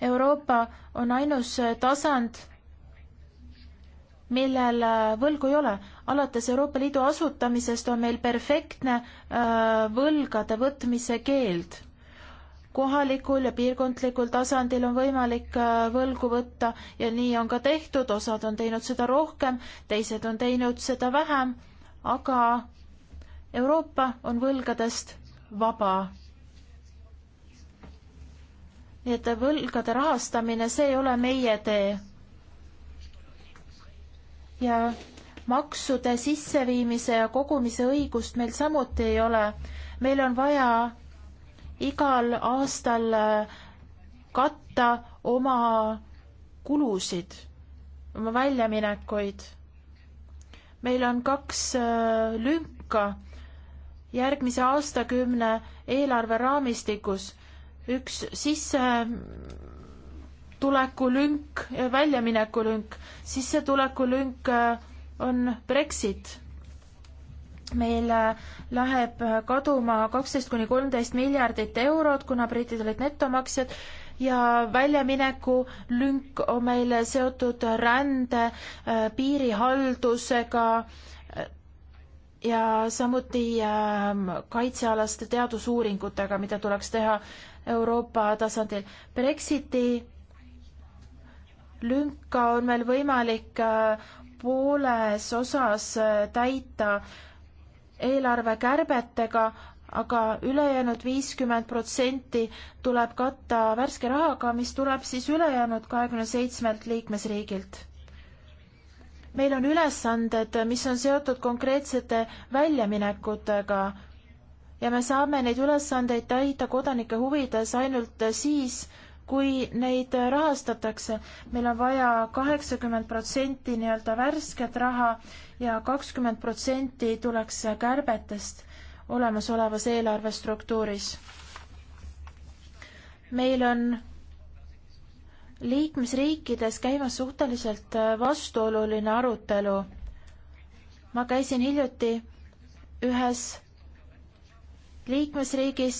Euroopa on ainus tasand, millel äh, võlgu ei ole. alates Euroopa Liidu asutamisest on meil perfektne äh, võlgade võtmise keeld. kohalikul ja piirkondlikul tasandil on võimalik äh, võlgu võtta ja nii on ka tehtud, osad on teinud seda rohkem, teised on teinud seda vähem, aga Euroopa on võlgadest vaba nii et võlgade rahastamine, see ei ole meie tee. ja maksude sisseviimise ja kogumise õigust meil samuti ei ole. meil on vaja igal aastal äh, katta oma kulusid, oma väljaminekuid. meil on kaks äh, lünka järgmise aastakümne eelarveraamistikus üks sissetulekulünk ja väljaminekulünk. sissetulekulünk äh, on Brexit. meil äh, läheb äh, kaduma kaksteist kuni kolmteist miljardit eurot, kuna britid olid netomaksjad ja väljamineku lünk on meil seotud rände, piirihaldusega ja samuti kaitsealaste teadusuuringutega, mida tuleks teha Euroopa tasandil. Brexiti lünka on meil võimalik äh, pooles osas äh, täita eelarvekärbetega, aga ülejäänud viiskümmend protsenti tuleb katta värske rahaga, mis tuleb siis ülejäänud kahekümne seitsmelt liikmesriigilt. meil on ülesanded, mis on seotud konkreetsete väljaminekutega ja me saame neid ülesandeid täita kodanike huvides ainult siis, kui neid rahastatakse. meil on vaja kaheksakümmend protsenti nii-öelda värsket raha ja kakskümmend protsenti tuleks kärbetest olemasolevas eelarvestruktuuris. meil on liikmesriikides käimas suhteliselt vastuoluline arutelu. ma käisin hiljuti ühes liikmesriigis,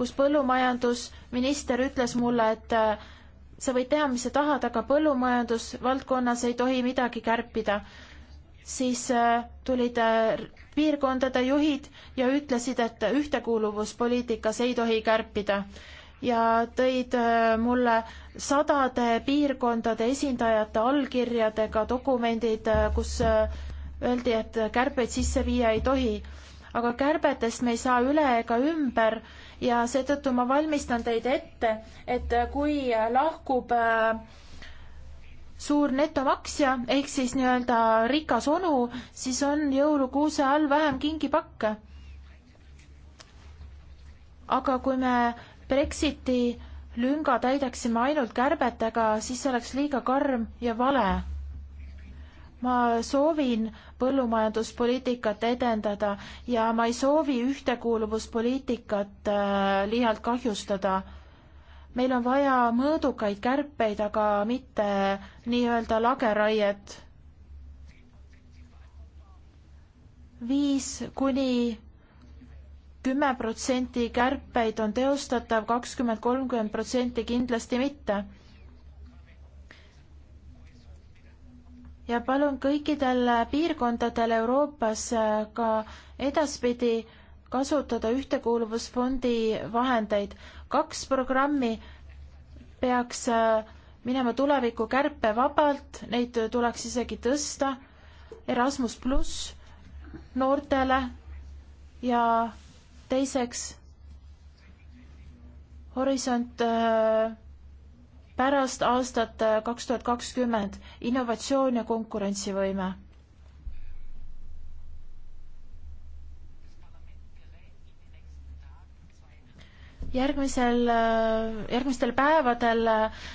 kus põllumajandusminister ütles mulle, et äh, sa võid teha, mis sa tahad, aga põllumajandusvaldkonnas ei tohi midagi kärpida. siis äh, tulid äh, piirkondade juhid ja ütlesid, et ühtekuuluvuspoliitikas ei tohi kärpida ja tõid mulle sadade piirkondade esindajate allkirjadega dokumendid, kus öeldi, et kärpeid sisse viia ei tohi aga kärbetest me ei saa üle ega ümber ja seetõttu ma valmistan teid ette, et kui lahkub äh, suur netomaksja ehk siis nii-öelda rikas onu, siis on jõulukuuse all vähem kingipakke. aga kui me Brexiti lünga täidaksime ainult kärbetega, siis see oleks liiga karm ja vale. ma soovin põllumajanduspoliitikat edendada ja ma ei soovi ühtekuuluvuspoliitikat äh, liialt kahjustada. meil on vaja mõõdukaid kärpeid, aga mitte nii-öelda lageraiet. viis kuni kümme protsenti kärpeid on teostatav, kakskümmend, kolmkümmend protsenti kindlasti mitte ja palun kõikidel piirkondadel Euroopas äh, ka edaspidi kasutada Ühtekuuluvusfondi vahendeid. kaks programmi peaks äh, minema tulevikku kärpevabalt, neid tuleks isegi tõsta, Erasmus pluss noortele ja teiseks Horisont äh, pärast aastat äh, kaks tuhat kakskümmend innovatsioon ja konkurentsivõime. järgmisel, äh, järgmistel päevadel äh,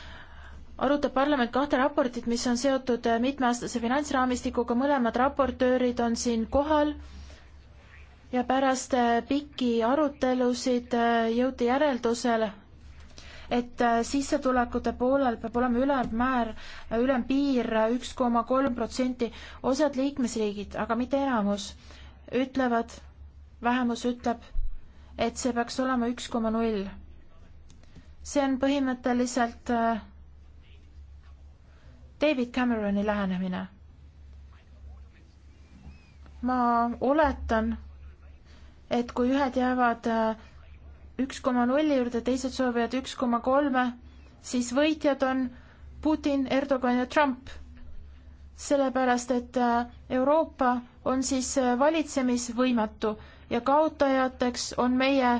arutab parlament kahte raportit, mis on seotud mitmeaastase finantsraamistikuga, mõlemad raportöörid on siin kohal ja pärast pikki arutelusid jõuti järeldusele et äh, sissetulekute poolel peab olema ülemmäär, äh, ülempiir äh, üks koma kolm protsenti. osad liikmesriigid, aga mitte enamus, ütlevad, vähemus ütleb, et see peaks olema üks koma null. see on põhimõtteliselt David Cameroni lähenemine. ma oletan, et kui ühed jäävad äh, üks koma nulli juurde, teised soovivad üks koma kolme, siis võitjad on Putin, Erdogan ja Trump. sellepärast, et äh, Euroopa on siis äh, valitsemisvõimetu ja kaotajateks on meie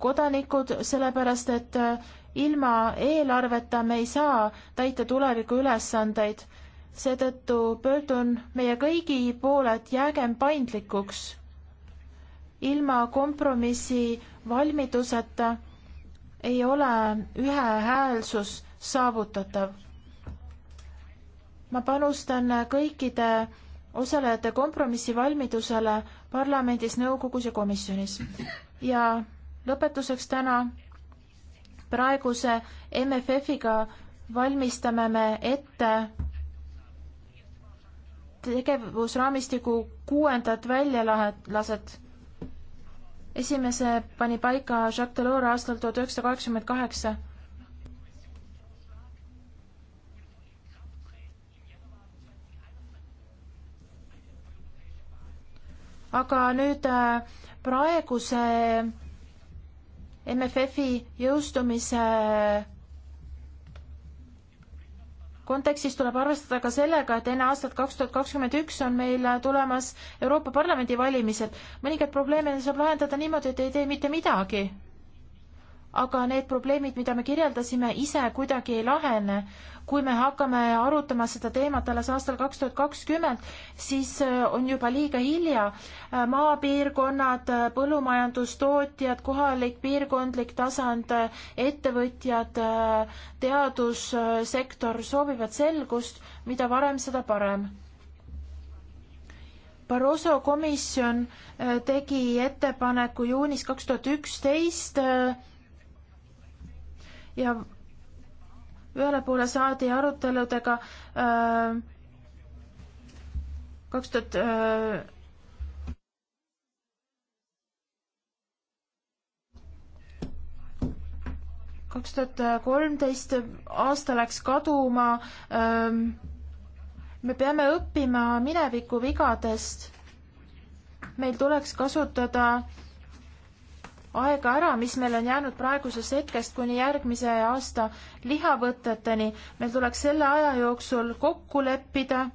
kodanikud, sellepärast et äh, ilma eelarveta me ei saa täita tuleviku ülesandeid. seetõttu pöördun meie kõigi poole, et jäägem paindlikuks. ilma kompromissi valmiduseta ei ole ühehäälsus saavutatav. ma panustan kõikide osalejate kompromissivalmidusele parlamendis, nõukogus ja komisjonis. ja lõpetuseks täna praeguse MFF-iga valmistame me ette tegevusraamistiku kuuendat väljalaset esimese pani paika Jacques Delors aastal tuhat üheksasada kaheksakümmend kaheksa. aga nüüd äh, praeguse MFF-i jõustumise kontekstis tuleb arvestada ka sellega, et enne aastat kaks tuhat kakskümmend üks on meil tulemas Euroopa Parlamendi valimised. mõningaid probleeme saab lahendada niimoodi, et ei tee mitte midagi. aga need probleemid, mida me kirjeldasime, ise kuidagi ei lahene kui me hakkame arutama seda teemat alles aastal kaks tuhat kakskümmend, siis äh, on juba liiga hilja. Äh, maapiirkonnad, äh, põllumajandustootjad, kohalik piirkondlik tasand, ettevõtjad, teadussektor soovivad selgust, mida varem, seda parem Barroso komisjon tegi ettepaneku juunis kaks tuhat üksteist ja ühele poole saadi aruteludega äh, kaks tuhat äh, kaks tuhat kolmteist aasta läks kaduma. Ähm, me peame õppima mineviku vigadest. meil tuleks kasutada äh, aega ära, mis meil on jäänud praegusest hetkest kuni järgmise aasta lihavõteteni. meil tuleks selle aja jooksul kokku leppida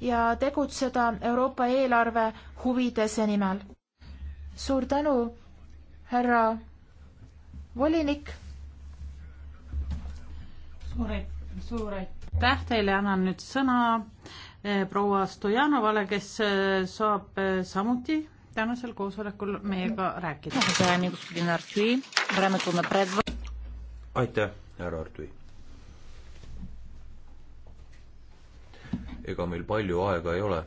ja tegutseda Euroopa eelarve huvidese nimel. suur tänu, härra volinik. suur aitäh, suur aitäh teile, annan nüüd sõna eh, proua Stojanovale, kes eh, saab eh, samuti tänasel koosolekul meiega rääkida. aitäh, härra Artui. ega meil palju aega ei ole.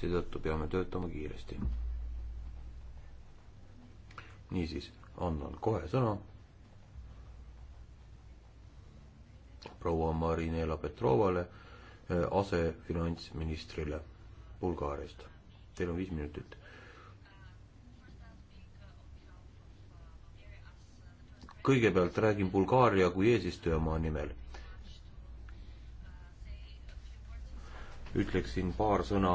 seetõttu peame töötama kiiresti. niisiis, annan kohe sõna proua Marinela Petrovale, eh, asefinantsministrile Bulgaariast Teil on viis minutit. kõigepealt räägin Bulgaaria kui eesistujamaa nimel. ütleksin paar sõna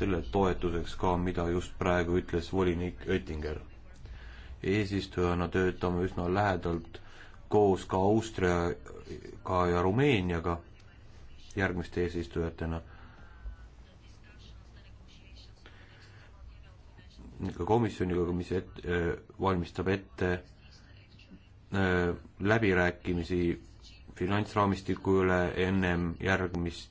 selle toetuseks ka, mida just praegu ütles volinik Oettinger. eesistujana töötame üsna lähedalt koos ka Austriaga ja Rumeeniaga järgmiste eesistujatena ka komisjoniga, mis et- äh,, valmistab ette äh, läbirääkimisi finantsraamistiku üle ennem järgmist,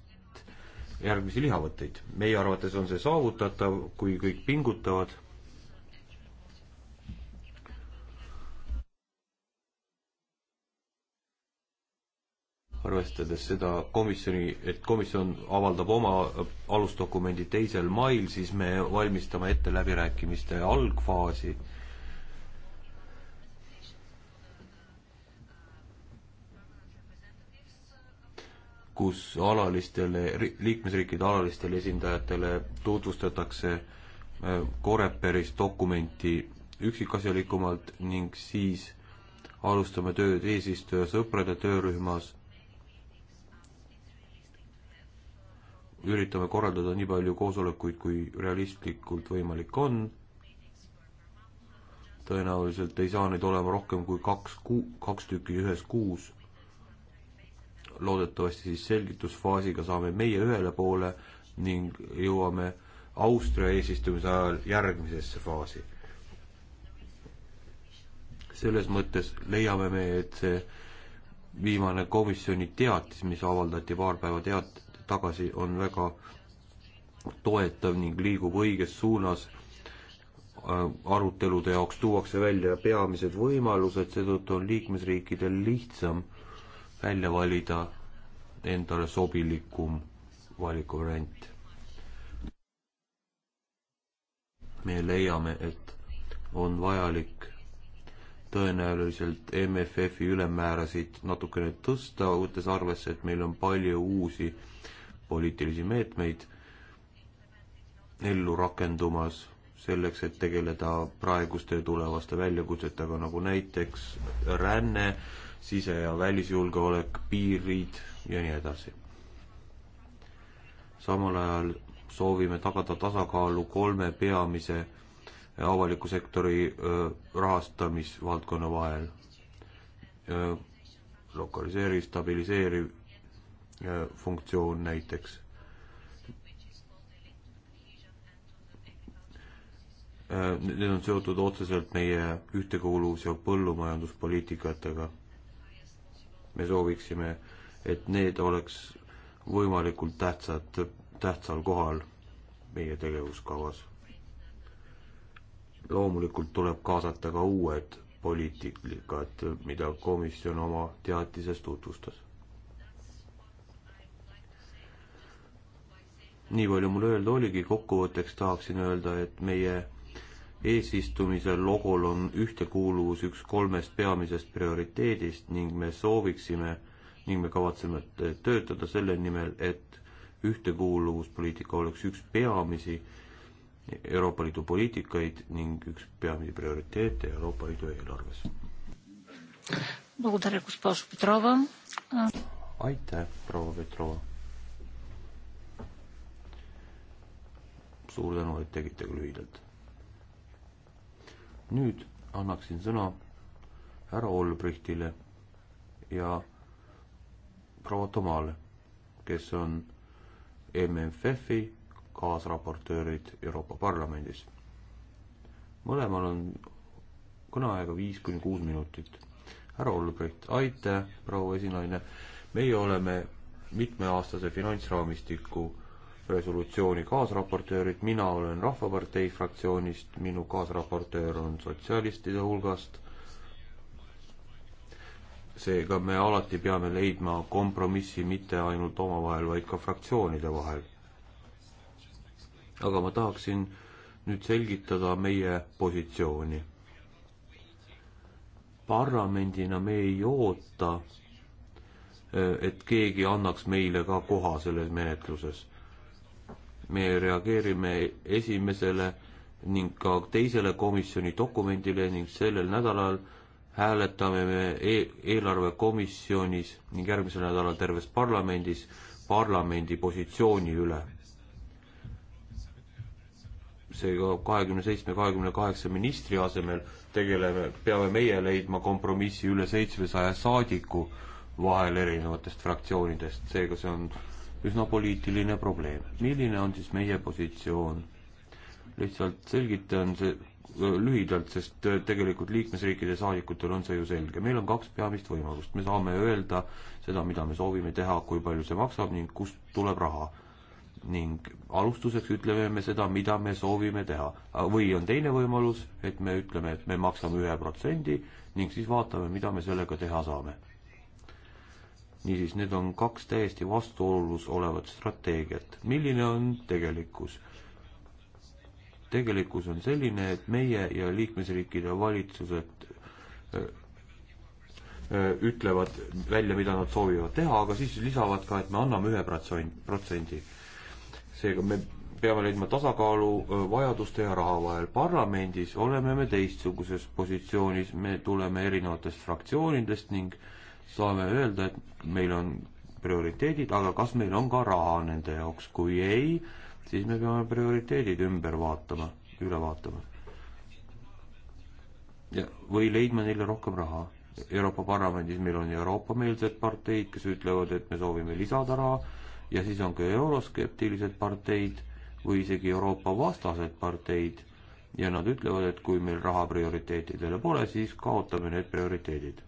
järgmisi lihavõtteid. meie arvates on see saavutatav, kui kõik pingutavad arvestades seda komisjoni, et komisjon avaldab oma alusdokumendi teisel mail, siis me valmistame ette läbirääkimiste algfaasi. kus alalistele, liikmesriikide alalistele esindajatele tutvustatakse Koreperis äh, dokumenti üksikasjalikumalt ning siis alustame tööd eesistuja sõprade töörühmas üritame korraldada nii palju koosolekuid, kui realistlikult võimalik on. tõenäoliselt ei saa neid olema rohkem kui kaks kuu, kaks tükki ühes kuus. loodetavasti siis selgitusfaasiga saame meie ühele poole ning jõuame Austria eesistumise ajal järgmisesse faasi. selles mõttes leiame me, et see viimane komisjoni teatis, mis avaldati paar päeva teat-, tagasi on väga toetav ning liigub õiges suunas. Äh, arutelude jaoks tuuakse välja peamised võimalused, seetõttu on liikmesriikidel lihtsam välja valida endale sobilikum valikuvariant. me leiame, et on vajalik tõenäoliselt MFF-i ülemmäärasid natukene tõsta, võttes arvesse, et meil on palju uusi äh, poliitilisi meetmeid ellu rakendumas selleks, et tegeleda praeguste ja tulevaste väljakutsetega, nagu näiteks ränne, sise- ja välisjulgeolek, piirid ja nii edasi. samal ajal soovime tagada tasakaalu kolme peamise avaliku sektori rahastamisvaldkonna vahel lokaliseeriv, stabiliseeriv funktsioon näiteks. Äh, need on seotud otseselt meie ühtekuuluvus- ja põllumajanduspoliitikatega. me sooviksime, et need oleks võimalikult tähtsad, tähtsal kohal meie tegevuskavas. loomulikult tuleb kaasata ka uued poliitikad, mida komisjon oma teatises tutvustas. nii palju mul öelda oligi, kokkuvõtteks tahaksin öelda, et meie eesistumise logol on ühtekuuluvus üks kolmest peamisest prioriteedist ning me sooviksime ning me kavatseme töötada selle nimel, et ühtekuuluvuspoliitika oleks üks peamisi Euroopa Liidu poliitikaid ning üks peamisi prioriteete Euroopa Liidu eelarves. aitäh, proua Petrova! suur tänu, et tegite ka lühidalt. nüüd annaksin sõna härra Olbrichtile ja proua Tomale, kes on MFF-i kaasraportöörid Euroopa Parlamendis. mõlemal on kõneaega viis kuni kuus minutit. härra Olbrecht, aitäh, proua esinaine. meie oleme mitmeaastase finantsraamistiku resolutsiooni kaasraportöörid, mina olen Rahvapartei fraktsioonist, minu kaasraportöör on sotsialistide hulgast. seega me alati peame leidma kompromissi mitte ainult omavahel, vaid ka fraktsioonide vahel. aga ma tahaksin nüüd selgitada meie positsiooni. parlamendina me ei oota, et keegi annaks meile ka koha selles menetluses me reageerime esimesele ning ka teisele komisjoni dokumendile ning sellel nädalal hääletame me e eelarvekomisjonis ning järgmisel nädalal terves parlamendis parlamendi positsiooni üle. seega kahekümne seitsme, kahekümne kaheksa ministri asemel tegeleme, peame meie leidma kompromissi üle seitsmesaja saadiku vahel erinevatest fraktsioonidest, seega see on üsna poliitiline probleem. milline on siis meie positsioon? lihtsalt selgitan see lühidalt, sest tegelikult liikmesriikide saadikutel on see ju selge. meil on kaks peamist võimalust, me saame öelda seda, mida me soovime teha, kui palju see maksab ning kust tuleb raha. ning alustuseks ütleme me seda, mida me soovime teha. või on teine võimalus, et me ütleme, et me maksame ühe protsendi ning siis vaatame, mida me sellega teha saame niisiis, need on kaks täiesti vastuolus olevat strateegiat. milline on tegelikkus? tegelikkus on selline, et meie ja liikmesriikide valitsused äh, äh, ütlevad välja, mida nad soovivad teha, aga siis lisavad ka, et me anname ühe protsendi. seega me peame leidma tasakaalu äh, vajaduste ja raha vahel. parlamendis oleme me teistsuguses positsioonis, me tuleme erinevatest fraktsioonidest ning äh, saame öelda, et meil on prioriteedid, aga kas meil on ka raha nende jaoks, kui ei, siis me peame prioriteedid ümber vaatama, üle vaatama. ja, või leidma neile rohkem raha. Euroopa Parlamendis meil on Euroopa-meelsed parteid, kes ütlevad, et me soovime lisada raha, ja siis on ka euroskeptilised parteid või isegi Euroopa-vastased parteid ja nad ütlevad, et kui meil raha prioriteetidele pole, siis kaotame need prioriteedid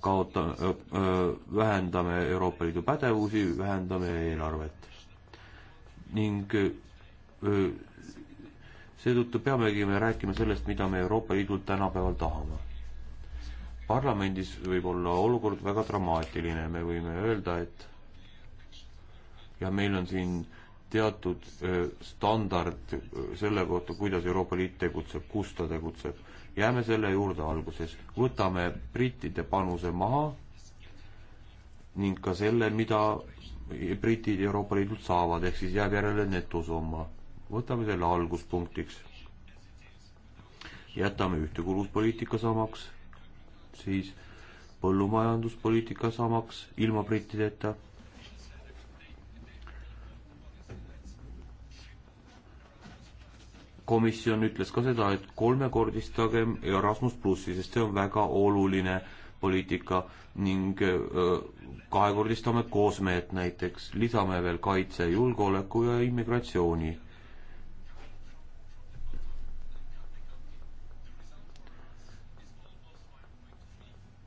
kaota-, vähendame Euroopa Liidu pädevusi, vähendame eelarvet. ning seetõttu peamegi me rääkima sellest, mida me Euroopa Liidult tänapäeval tahame. parlamendis võib olla olukord väga dramaatiline, me võime öelda, et ja meil on siin teatud standard selle kohta, kuidas Euroopa Liit tegutseb, kus ta tegutseb jääme selle juurde alguses, võtame brittide panuse maha ning ka selle, mida britid Euroopa Liidult saavad, ehk siis jääb järele netosumma. võtame selle alguspunktiks. jätame ühtekuuluvuspoliitika samaks, siis põllumajanduspoliitika samaks ilma brittideta komisjon ütles ka seda, et kolmekordistagem Erasmus plussi, sest see on väga oluline poliitika ning kahekordistame koosmeet näiteks, lisame veel kaitse, julgeoleku ja immigratsiooni.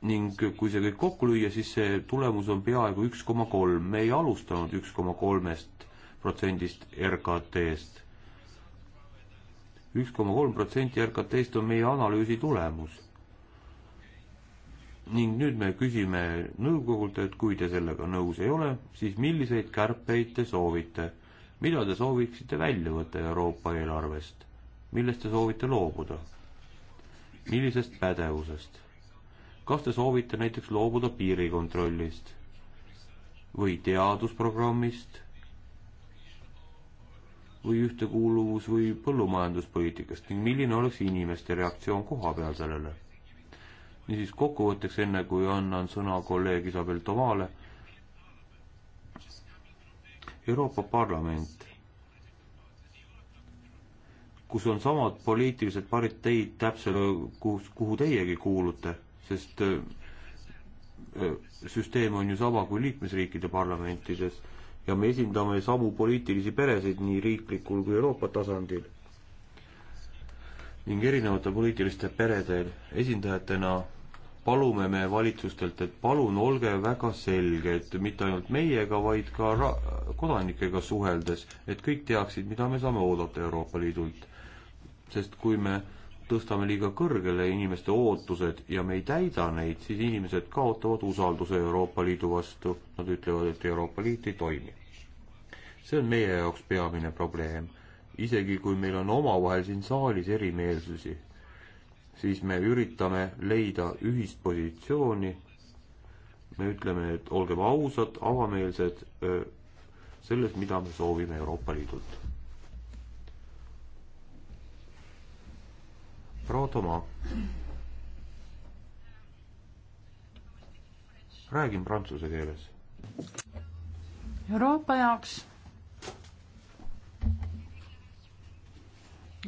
ning kui see kõik kokku lüüa, siis see tulemus on peaaegu üks koma kolm, me ei alustanud üks koma kolmest protsendist RKT-st üks koma kolm protsenti RKT-st on meie analüüsi tulemus. ning nüüd me küsime nõukogult, et kui te sellega nõus ei ole, siis milliseid kärpeid te soovite, mida te sooviksite välja võtta Euroopa eelarvest, millest te soovite loobuda, millisest pädevusest, kas te soovite näiteks loobuda piirikontrollist või teadusprogrammist või ühtekuuluvus- või põllumajanduspoliitikast ning milline oleks inimeste reaktsioon koha peal sellele. niisiis kokkuvõtteks, enne kui annan sõna kolleeg Isabel Tomale, Euroopa Parlament, kus on samad poliitilised parteid täpselt, kus, kuhu teiegi kuulute, sest äh, süsteem on ju sama kui liikmesriikide parlamentides ja me esindame samu poliitilisi peresid nii riiklikul kui Euroopa tasandil. ning erinevate poliitiliste perede esindajatena palume me valitsustelt, et palun olge väga selged, mitte ainult meiega, vaid ka ra-, kodanikega suheldes, et kõik teaksid, mida me saame oodata Euroopa Liidult. sest kui me äh, tõstame liiga kõrgele inimeste ootused ja me ei täida neid, siis inimesed kaotavad usalduse Euroopa Liidu vastu. Nad ütlevad, et Euroopa Liit ei toimi. see on meie jaoks peamine probleem. isegi kui meil on omavahel siin saalis erimeelsusi, siis me üritame leida ühist positsiooni. me ütleme, et olgem ausad, avameelsed äh, selles, mida me soovime Euroopa Liidult proua Toma. räägin prantsuse keeles. Euroopa jaoks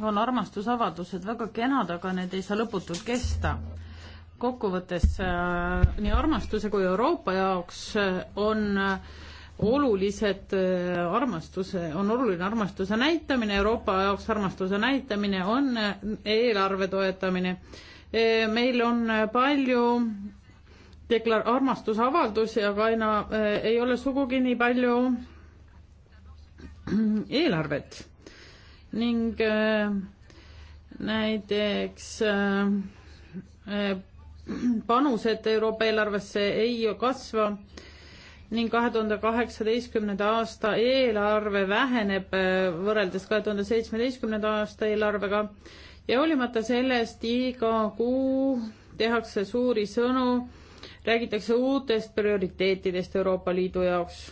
on armastusavaldused väga kenad, aga need ei saa lõputult kesta. kokkuvõttes äh, nii armastuse kui Euroopa jaoks äh, on äh, olulised äh, armastuse, on oluline armastuse näitamine, Euroopa jaoks armastuse näitamine on äh, eelarve toetamine. Äh, meil on palju deklar-, armastusavaldusi, aga aina ei ole sugugi nii palju eelarvet ning näiteks panused Euroopa eelarvesse ei kasva ning kahe tuhande kaheksateistkümnenda aasta eelarve väheneb äh, võrreldes kahe tuhande seitsmeteistkümnenda aasta eelarvega ja hoolimata sellest iga kuu tehakse suuri sõnu, räägitakse uutest prioriteetidest Euroopa Liidu jaoks.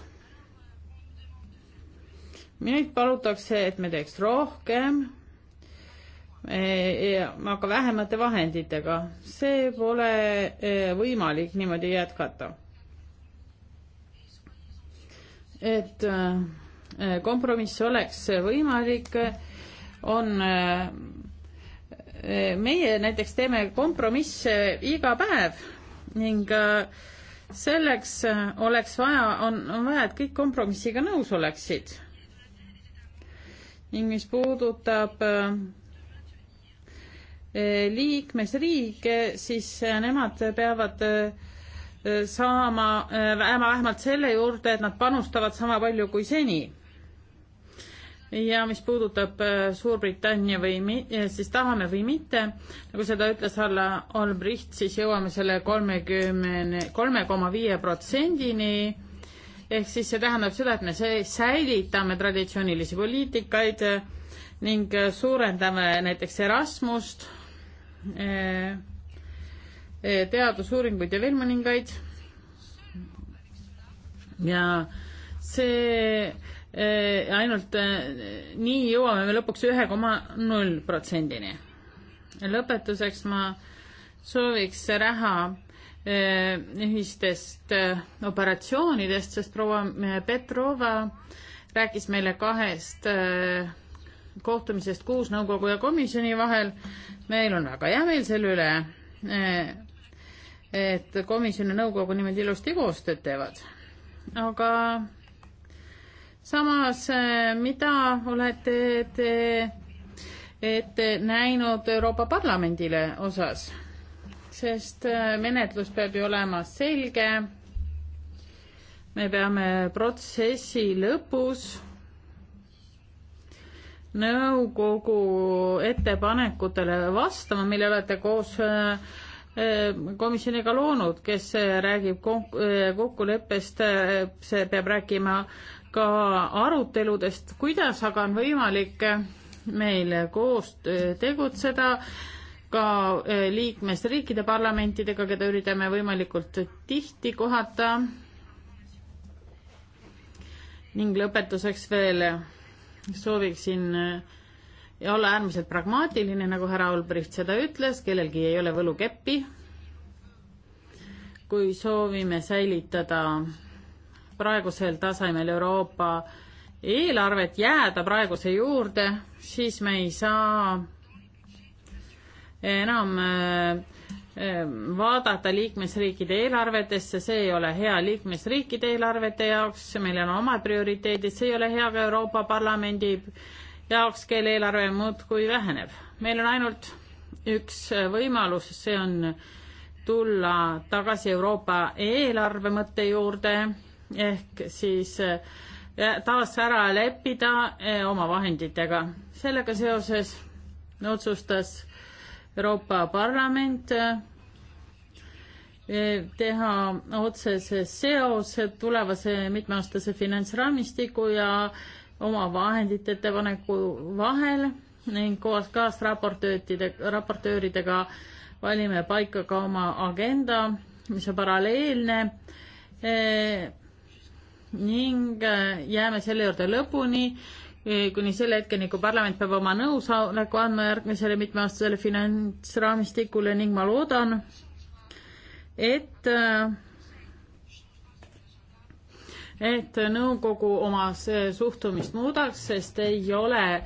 meilt palutakse, et me teeks rohkem, eh, aga vähemate vahenditega. see pole eh, võimalik niimoodi jätkata et äh, äh, kompromiss oleks võimalik, on äh, meie näiteks teeme kompromisse iga päev ning selleks oleks vaja, on, on vaja, et kõik kompromissiga nõus oleksid. ning mis puudutab liikmesriike, siis nemad peavad äh, saama vähemalt selle juurde, et nad panustavad sama palju kui seni. ja mis puudutab Suurbritannia või mi-, siis tahame või mitte, nagu seda ütles Alla Olbricht, siis jõuame selle kolmekümne, kolme koma viie protsendini, ehk siis see tähendab seda, et me säilitame traditsioonilisi poliitikaid ning suurendame näiteks Erasmust eh,, Eh, teadusuuringuid ja veel mõningaid. ja see eh, ainult eh, nii jõuame me lõpuks ühe koma null protsendini. lõpetuseks ma sooviks raha ühistest operatsioonidest, sest proua Petrova rääkis meile kahest kohtumisest kuus nõukogu ja komisjoni vahel. meil on väga hea meel selle üle et komisjon ja nõukogu niimoodi ilusti koostööd teevad. aga samas, eh, mida olete te ette näinud Euroopa Parlamendile osas? sest eh, menetlus peab ju olema selge. me peame protsessi lõpus nõukogu ettepanekutele vastama, mille olete koos äh, Äh, komisjoniga loonud, kes äh, räägib äh, kokkuleppest, see peab rääkima ka aruteludest, kuidas aga on võimalik meil koos tegutseda ka liikmesriikide parlamentidega, keda üritame võimalikult tihti kohata. ning lõpetuseks veel sooviksin ja olla äärmiselt pragmaatiline, nagu härra Olbricht seda ütles, kellelgi ei ole võlukeppi. kui soovime säilitada praegusel tasemel Euroopa eelarvet, jääda praeguse juurde, siis me ei saa enam äh, äh, vaadata liikmesriikide eelarvetesse, see ei ole hea liikmesriikide eelarvete jaoks, meil on omad prioriteedid, see ei ole hea ka Euroopa Parlamendi jaoks, kelle eelarve muudkui väheneb. meil on ainult üks äh, võimalus, see on tulla tagasi Euroopa eelarve mõtte juurde ehk siis äh, taas ära leppida äh, oma vahenditega. sellega seoses otsustas Euroopa Parlament teha otsese seose tulevase mitmeaastase finantsraamistiku ja oma vahendite ettepaneku vahel ning koos kaasraportööride, raportööridega valime paika ka oma agenda, mis on paralleelne eh, ning eh, jääme selle juurde lõpuni eh,, kuni selle hetkeni, kui parlament peab oma nõusoleku andma järgmisele mitmeaastasele finantsraamistikule ning ma loodan, et äh, et nõukogu oma suhtumist muudaks, sest ei ole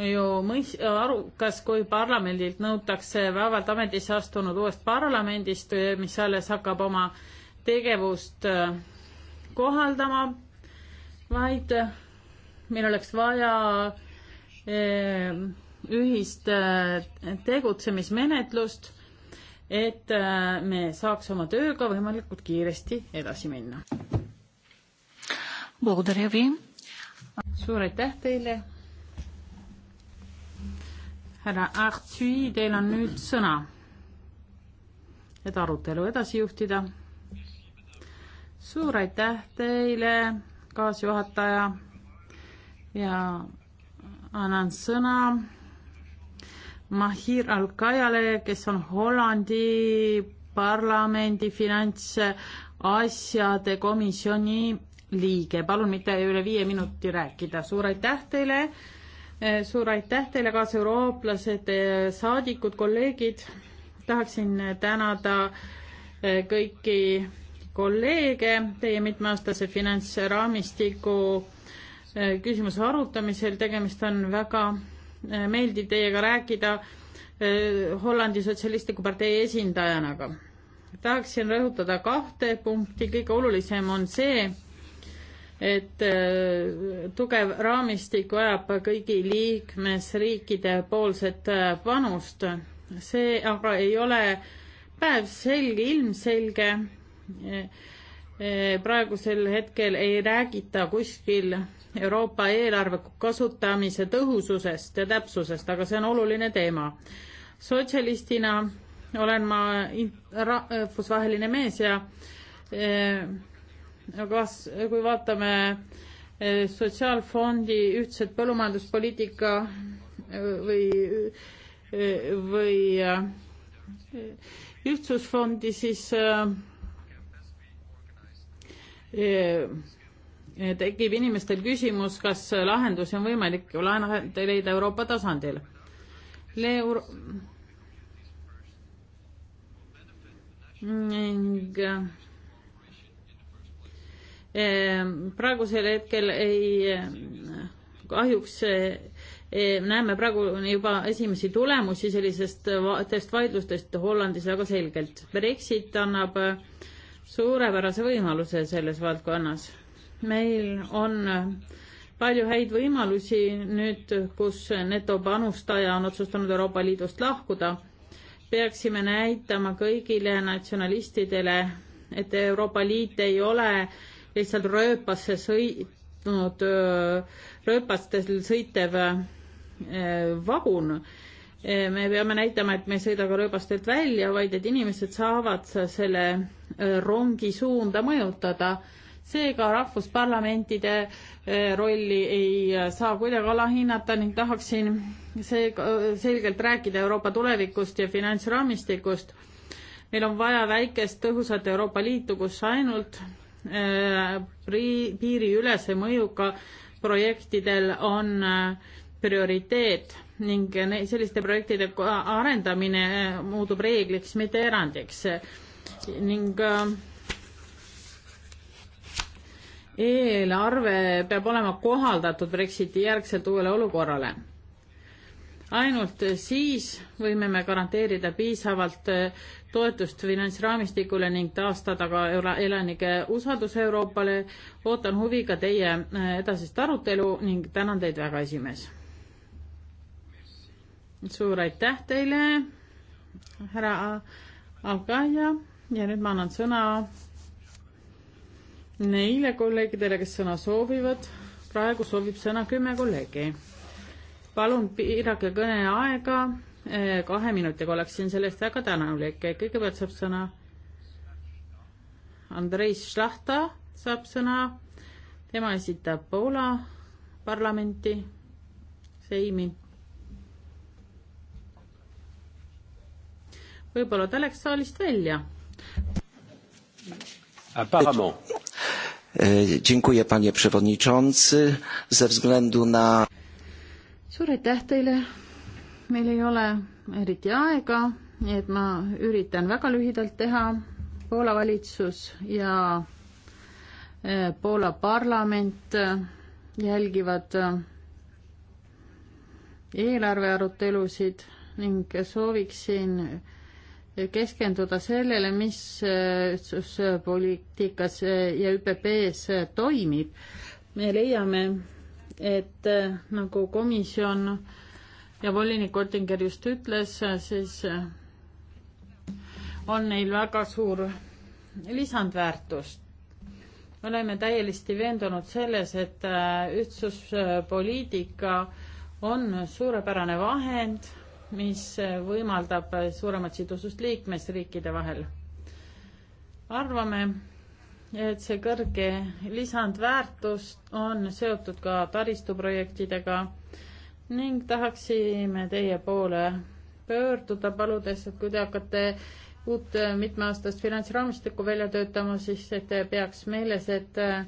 ju mõis-, arukas, kui parlamendilt nõutakse vaevalt ametisse astunud uuest parlamendist, mis alles hakkab oma tegevust äh, kohaldama, vaid meil oleks vaja äh, ühist äh, tegutsemismenetlust et me saaks oma tööga võimalikult kiiresti edasi minna. Благодаря ви. suur aitäh teile. härra Artui, teil on nüüd sõna, et arutelu edasi juhtida. suur aitäh teile, kaasjuhataja ja annan sõna Mahir Alkajale, kes on Hollandi parlamendi finantsasjade komisjoni liige, palun mitte üle viie minuti rääkida, suur aitäh teile, eh, suur aitäh teile, kaaseurooplased, eh, saadikud, kolleegid, tahaksin tänada eh, kõiki kolleege teie mitmeaastase finantsraamistiku küsimuse arutamisel, tegemist on väga meeldiv teiega rääkida Hollandi Sotsialistliku Partei esindajana ka tahaksin rõhutada kahte punkti, kõige olulisem on see, et äh, tugev raamistik vajab kõigi liikmesriikide poolset äh, panust. see aga ei ole päevselge, ilmselge. Äh, praegusel hetkel ei räägita kuskil Euroopa eelarve kasutamise tõhususest ja täpsusest, aga see on oluline teema. sotsialistina olen ma rahvusvaheline mees ja kas, kui vaatame eh, sotsiaalfondi ühtset põllumajanduspoliitika eh, või, eh, või ühtsusfondi, siis tekib inimestel küsimus, kas lahendusi on võimalik lahendusi leida Euroopa tasandil. Euro... ning Ehm, praegusel hetkel ei, ehm, kahjuks ehm, näeme praegu juba esimesi tulemusi sellisest vaidlustest Hollandis väga selgelt. Brexit annab eh, suurepärase võimaluse selles valdkonnas. meil on eh, palju häid võimalusi nüüd, kus netopanustaja on otsustanud Euroopa Liidust lahkuda, peaksime näitama kõigile natsionalistidele, et Euroopa Liit ei ole äh, lihtsalt rööpasse sõitnud, rööpastel sõitev eh, vagun. Eh, me peame näitama, et me ei sõida ka rööbastelt välja, vaid et inimesed saavad selle eh, rongi suunda mõjutada. seega rahvusparlamentide rolli ei saa kuidagi alahinnata ning tahaksin seega selgelt rääkida Euroopa tulevikust ja finantsraamistikust. meil on vaja väikest tõhusat Euroopa Liitu, kus ainult Äh, piiriülese mõjuga projektidel on äh, prioriteet ning selliste projektide arendamine äh, muutub reegliks, mitte erandiks ning eelarve peab olema kohaldatud Brexiti järgselt uuele olukorrale. ainult siis võime me garanteerida piisavalt toetust finantsraamistikule ning taastada ka elanike usaldus Euroopale. ootan huviga teie äh, edasist arutelu ning tänan teid väga, esimees. suur aitäh teile, härra Algaia ja nüüd ma annan sõna neile kolleegidele, kes sõna soovivad. praegu soovib sõna kümme kolleegi. palun piirake kõne aega Eh, kahe minutiga, oleksin selle eest väga tänulik. kõigepealt saab sõna Andrei Šlahta, saab sõna, tema esitab Poola parlamenti, Seimi. võib-olla ta läks saalist välja. Apparemment. Eh, dziękuję panie przewodniczący ze względu na Suur aitäh teile, meil ei ole eriti aega, nii et ma üritan väga lühidalt teha. Poola valitsus ja eh, Poola parlament eh, jälgivad eh, eelarvearutelusid ning sooviksin keskenduda sellele, mis poliitikas ja ÜPP-s toimib. me leiame, et nagu komisjon äh, ja volinik Ottinger just ütles, siis äh, on neil väga suur lisandväärtus. me oleme täielisti veendunud selles, et äh, ühtsuspoliitika on suurepärane vahend, mis võimaldab suuremat sidusust liikmesriikide vahel. arvame, et see kõrge lisandväärtus on seotud ka taristuprojektidega, ning tahaksime teie poole pöörduda, paludes, et kui te hakkate uut äh, mitmeaastast finantsraamistikku välja töötama, siis et peaks meeles, et äh,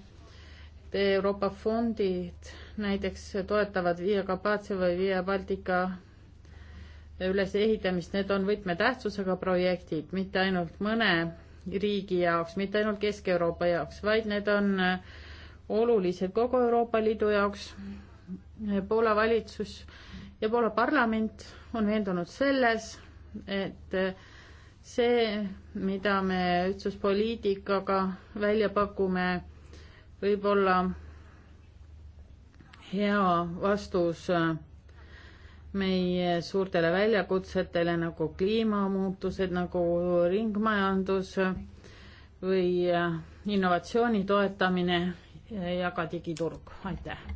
Euroopa fondid näiteks toetavad Via Carpathia või Via Baltica ülesehitamist, need on võtmetähtsusega projektid, mitte ainult mõne riigi jaoks, mitte ainult Kesk-Euroopa jaoks, vaid need on äh, olulised kogu Euroopa Liidu jaoks Poola valitsus ja Poola parlament on veendunud selles, et see, mida me ühtsuspoliitikaga välja pakume, võib olla hea vastus meie suurtele väljakutsetele nagu kliimamuutused, nagu ringmajandus või innovatsiooni toetamine ja ka digiturg. aitäh!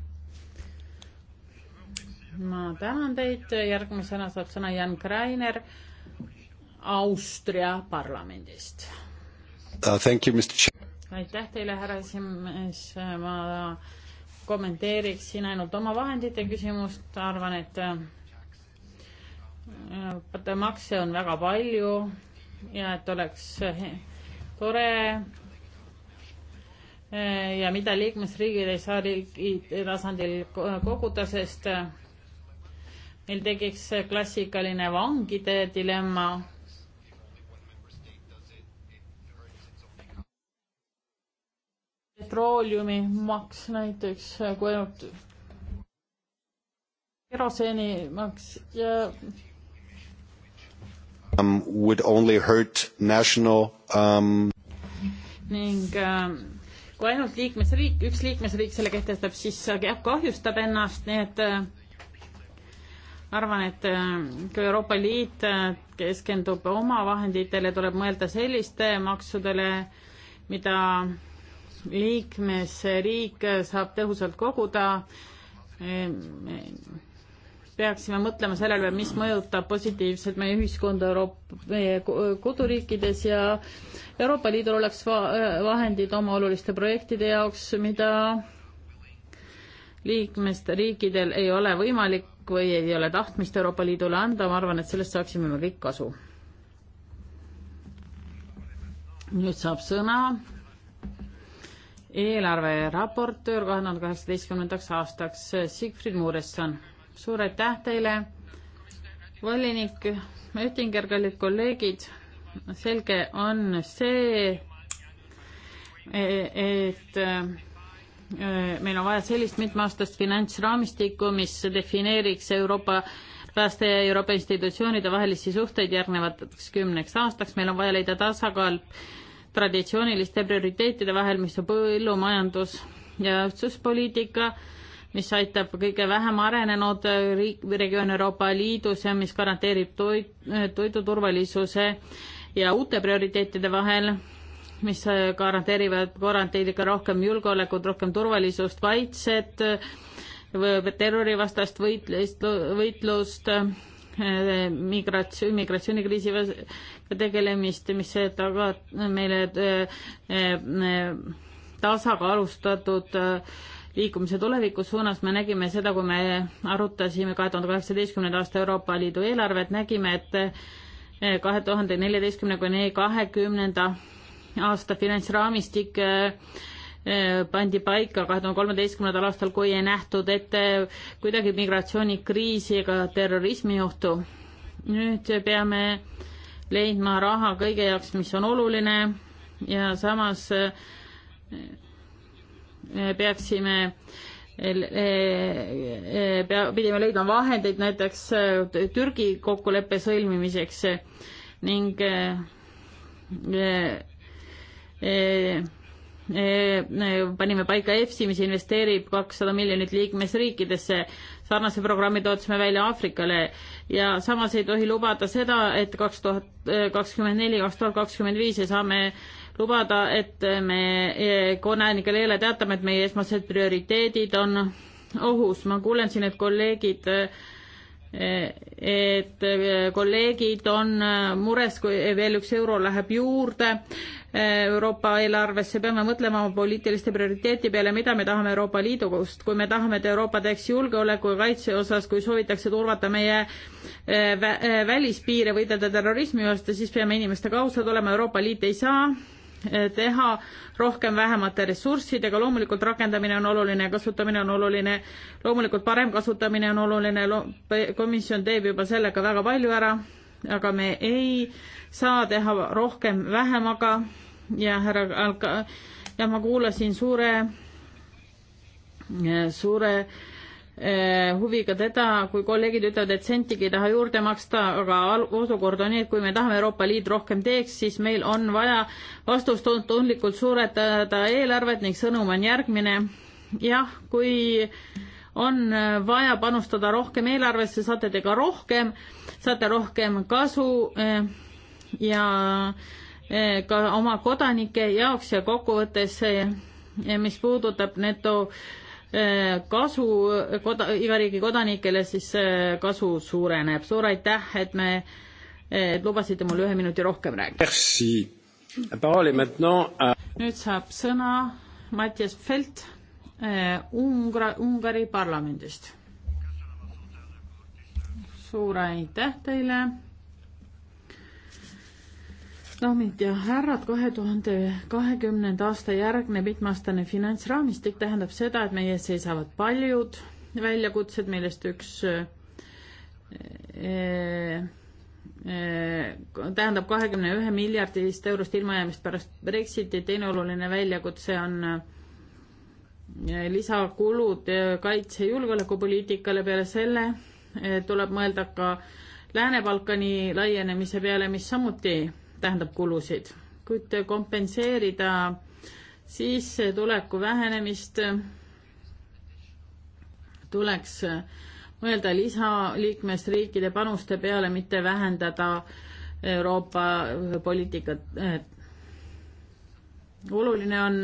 ma tänan teid, järgmisena saab sõna Jan Kreiner Austria parlamendist uh,. aitäh teile, härra esimees, ma kommenteeriksin ainult oma vahendite küsimust, arvan, et äh, äh, makse on väga palju ja et oleks äh, tore ja mida liikmesriigid ei saa riigi tasandil koguda, sest meil tekiks klassikaline vangide dilemma. petrooliumimaks näiteks, kui ainult keroseenimaks ja um, would only hurt national um... ning äh, kui ainult liikmesriik, üks liikmesriik selle kehtestab, siis see kahjustab ennast, nii et äh, ma arvan, et äh, kui Euroopa Liit äh, keskendub oma vahenditele, tuleb mõelda selliste maksudele, mida liikmesriik saab tõhusalt koguda. Ehm, peaksime mõtlema sellele, mis mõjutab positiivselt meie ühiskonda Euroopa, meie koduriikides ja Euroopa Liidul oleks vahendid oma oluliste projektide jaoks, mida liikmesriikidel ei ole võimalik või ei ole tahtmist Euroopa Liidule anda, ma arvan, et sellest saaksime me kõik kasu. nüüd saab sõna eelarve raportöör kahe tuhande kaheksateistkümnendaks aastaks Siegfried Muuresson. suur aitäh teile, volinik Oettinger, kallid kolleegid, selge on see, et Äh, meil on vaja sellist mitmeaastast finantsraamistikku, mis defineeriks Euroopa pääste ja Euroopa institutsioonide vahelisi suhteid järgnevateks kümneks aastaks, meil on vaja leida tasakaal traditsiooniliste prioriteetide vahel, mis on põllumajandus ja ühtsuspoliitika, mis aitab kõige vähem arenenud riik, regioon Euroopa Liidus ja mis garanteerib toit, toiduturvalisuse ja uute prioriteetide vahel mis äh, garanteerivad garantiidiga rohkem julgeolekut, rohkem turvalisust, kaitset, terrorivastast võitlust, võitlust, äh, migratsioon, migratsioonikriisi tegelemist, mis tagab meile äh, tasakaalustatud liikumise tuleviku suunas me nägime seda, kui me arutasime kahe tuhande kaheksateistkümnenda aasta Euroopa Liidu eelarvet, nägime, et kahe tuhande neljateistkümne kuni kahekümnenda aasta finantsraamistik äh, äh, pandi paika kahe tuhande kolmeteistkümnendal aastal, kui ei nähtud ette kuidagi migratsioonikriisi ega terrorismijuhtu. nüüd peame leidma raha kõige jaoks, mis on oluline ja samas äh, peaksime pea, pidime leidma vahendeid näiteks Türgi kokkuleppe sõlmimiseks ning panime paika EFSI, mis investeerib kakssada miljonit liikmesriikidesse. sarnase programmi tootsime välja Aafrikale ja samas ei tohi lubada seda, et kaks tuhat kakskümmend neli, kaks tuhat kakskümmend viis ja saame lubada, et me kodanikele jälle teatame, et meie esmased prioriteedid on ohus. ma kuulen siin, et kolleegid äh, et eh, kolleegid on eh, mures, kui veel üks euro läheb juurde eh, Euroopa eelarvesse, peame mõtlema oma poliitiliste prioriteeti peale, mida me tahame Euroopa Liidust, kui me tahame, et Euroopa teeks julgeoleku ja kaitse osas, kui soovitakse turvata meie välispiire, võidelda terrorismi vastu, siis peame inimestega ausad olema, Euroopa Liit ei saa teha rohkem vähemate ressurssidega, loomulikult rakendamine on oluline, kasutamine on oluline, loomulikult parem kasutamine on oluline, komisjon teeb juba sellega väga palju ära, aga me ei saa teha rohkem vähemaga ja härra, ja ma kuulasin suure, suure äh, Eh, huviga teda, kui kolleegid ütlevad, et sentigi ei taha juurde maksta, aga olukord on nii, et kui me tahame Euroopa Liit rohkem teeks, siis meil on vaja vastutustundlikult suuretada eelarvet ning sõnum on järgmine. jah, kui on vaja panustada rohkem eelarvesse, saate te ka rohkem, saate rohkem kasu eh, ja eh, ka oma kodanike jaoks ja kokkuvõttes, mis puudutab neto kasu koda-, iga riigi kodanikele, siis äh, kasu suureneb. suur aitäh, et me, et lubasite mul ühe minuti rohkem rääkida. nüüd saab sõna Mattias Felt äh, Ungra-, Ungari parlamendist. suur aitäh teile daamid ja härrad, kahe tuhande kahekümnenda aasta järgne mitmeaastane finantsraamistik tähendab seda, et meie ees seisavad paljud väljakutsed, millest üks äh, äh, tähendab kahekümne ühe miljardist eurost ilmajäämist pärast Brexiti, teine oluline väljakutse on eh, lisakulud kaitse- ja julgeolekupoliitikale, peale selle tuleb mõelda ka Lääne-Balkani laienemise peale, mis samuti tähendab kulusid, kuid kompenseerida sissetuleku vähenemist tuleks mõelda lisaliikmesriikide panuste peale, mitte vähendada Euroopa poliitikat. oluline on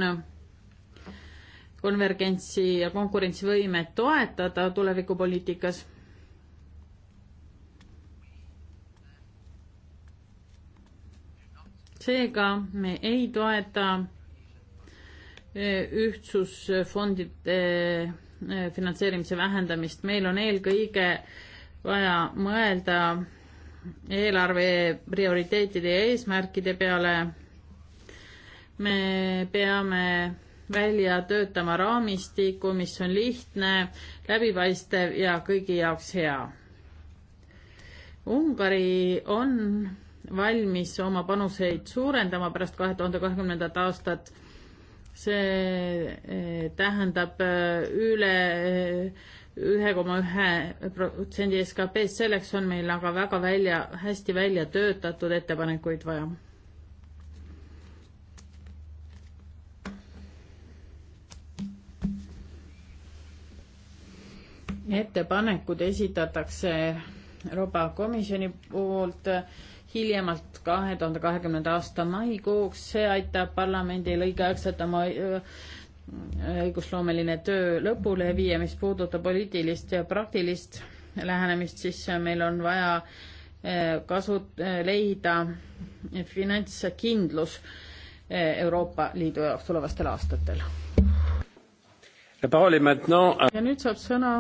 konvergentsi ja konkurentsivõimet toetada tulevikupoliitikas seega me ei toeta e, ühtsusfondide e, finantseerimise vähendamist, meil on eelkõige vaja mõelda eelarve prioriteetide ja eesmärkide peale. me peame välja töötama raamistiku, mis on lihtne, läbipaistev ja kõigi jaoks hea. Ungari on valmis oma panuseid suurendama pärast kahe tuhande kahekümnendat aastat. see eh, tähendab eh, üle eh, ühe koma ühe protsendi SKP-st, SKP. selleks on meil aga väga välja, hästi välja töötatud ettepanekuid vaja. ettepanekud esitatakse Euroopa Komisjoni poolt äh, hiljemalt kahe tuhande kahekümnenda aasta maikuuks, see aitab parlamendil õigeaegselt oma äh, õigusloomeline töö lõpule viia, mis puudutab poliitilist ja praktilist lähenemist, siis meil on vaja äh, kasu, äh, leida finantskindlus Euroopa Liidu jaoks tulevastel aastatel. ja nüüd saab sõna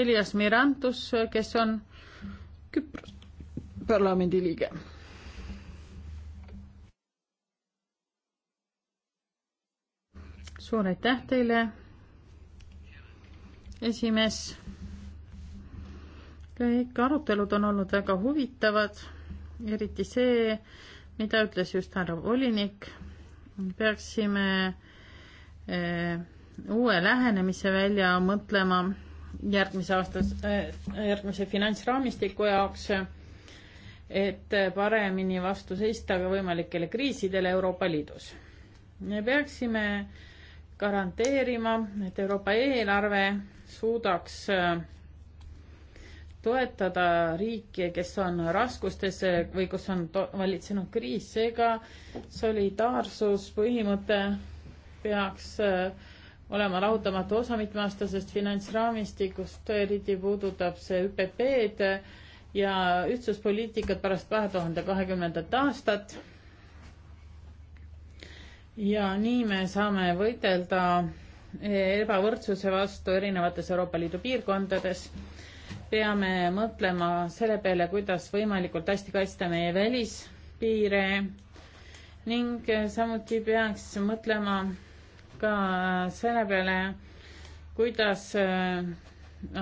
Elias Mirantus, kes on Küpros parlamendiliige. suur aitäh teile, esimees. kõik arutelud on olnud väga huvitavad, eriti see, mida ütles just härra volinik. peaksime eh, uue lähenemise välja mõtlema järgmise aasta, eh, järgmise finantsraamistiku jaoks et paremini vastu seista ka võimalikele kriisidele Euroopa Liidus. me peaksime garanteerima, et Euroopa eelarve suudaks äh, toetada riike, kes on raskustes äh, või kus on valitsenud kriis, seega solidaarsuspõhimõte peaks äh, olema lahutamatu osa mitmeaastasest finantsraamistikust, eriti puudutab see ÜPP-d ja ühtsuspoliitikat pärast kahe tuhande kahekümnendat aastat. ja nii me saame võidelda ebavõrdsuse vastu erinevates Euroopa Liidu piirkondades. peame mõtlema selle peale, kuidas võimalikult hästi kaitsta meie välispiire ning samuti peaks mõtlema ka selle peale, kuidas äh,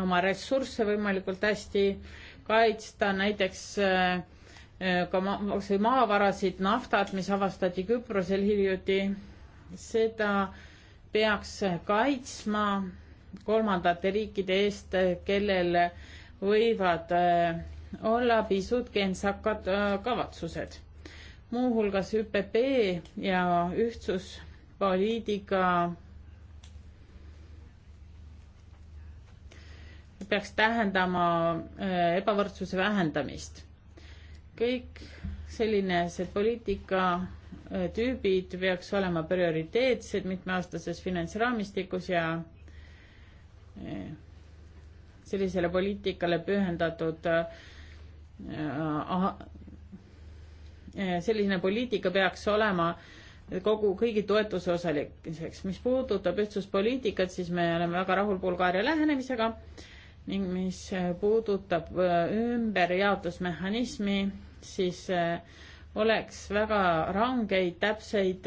oma ressursse võimalikult hästi kaitsta näiteks äh, äh, ka maavarasid, naftat, mis avastati Küprosel hiljuti. seda peaks kaitsma kolmandate riikide eest, kellel võivad äh, olla pisut kentsakad kavatsused. muuhulgas ÜPP ja ühtsuspoliitika peaks tähendama äh, ebavõrdsuse vähendamist. kõik sellised poliitika äh, tüübid peaks olema prioriteetsed mitmeaastases finantsraamistikus ja äh, sellisele poliitikale pühendatud selline poliitika peaks olema kogu, kõigi toetuse osaliseks. mis puudutab ühtsuspoliitikat, siis me oleme väga rahul Bulgaaria lähenemisega äh, ning mis äh, puudutab äh, ümberjaotusmehhanismi, siis äh, oleks väga rangeid, täpseid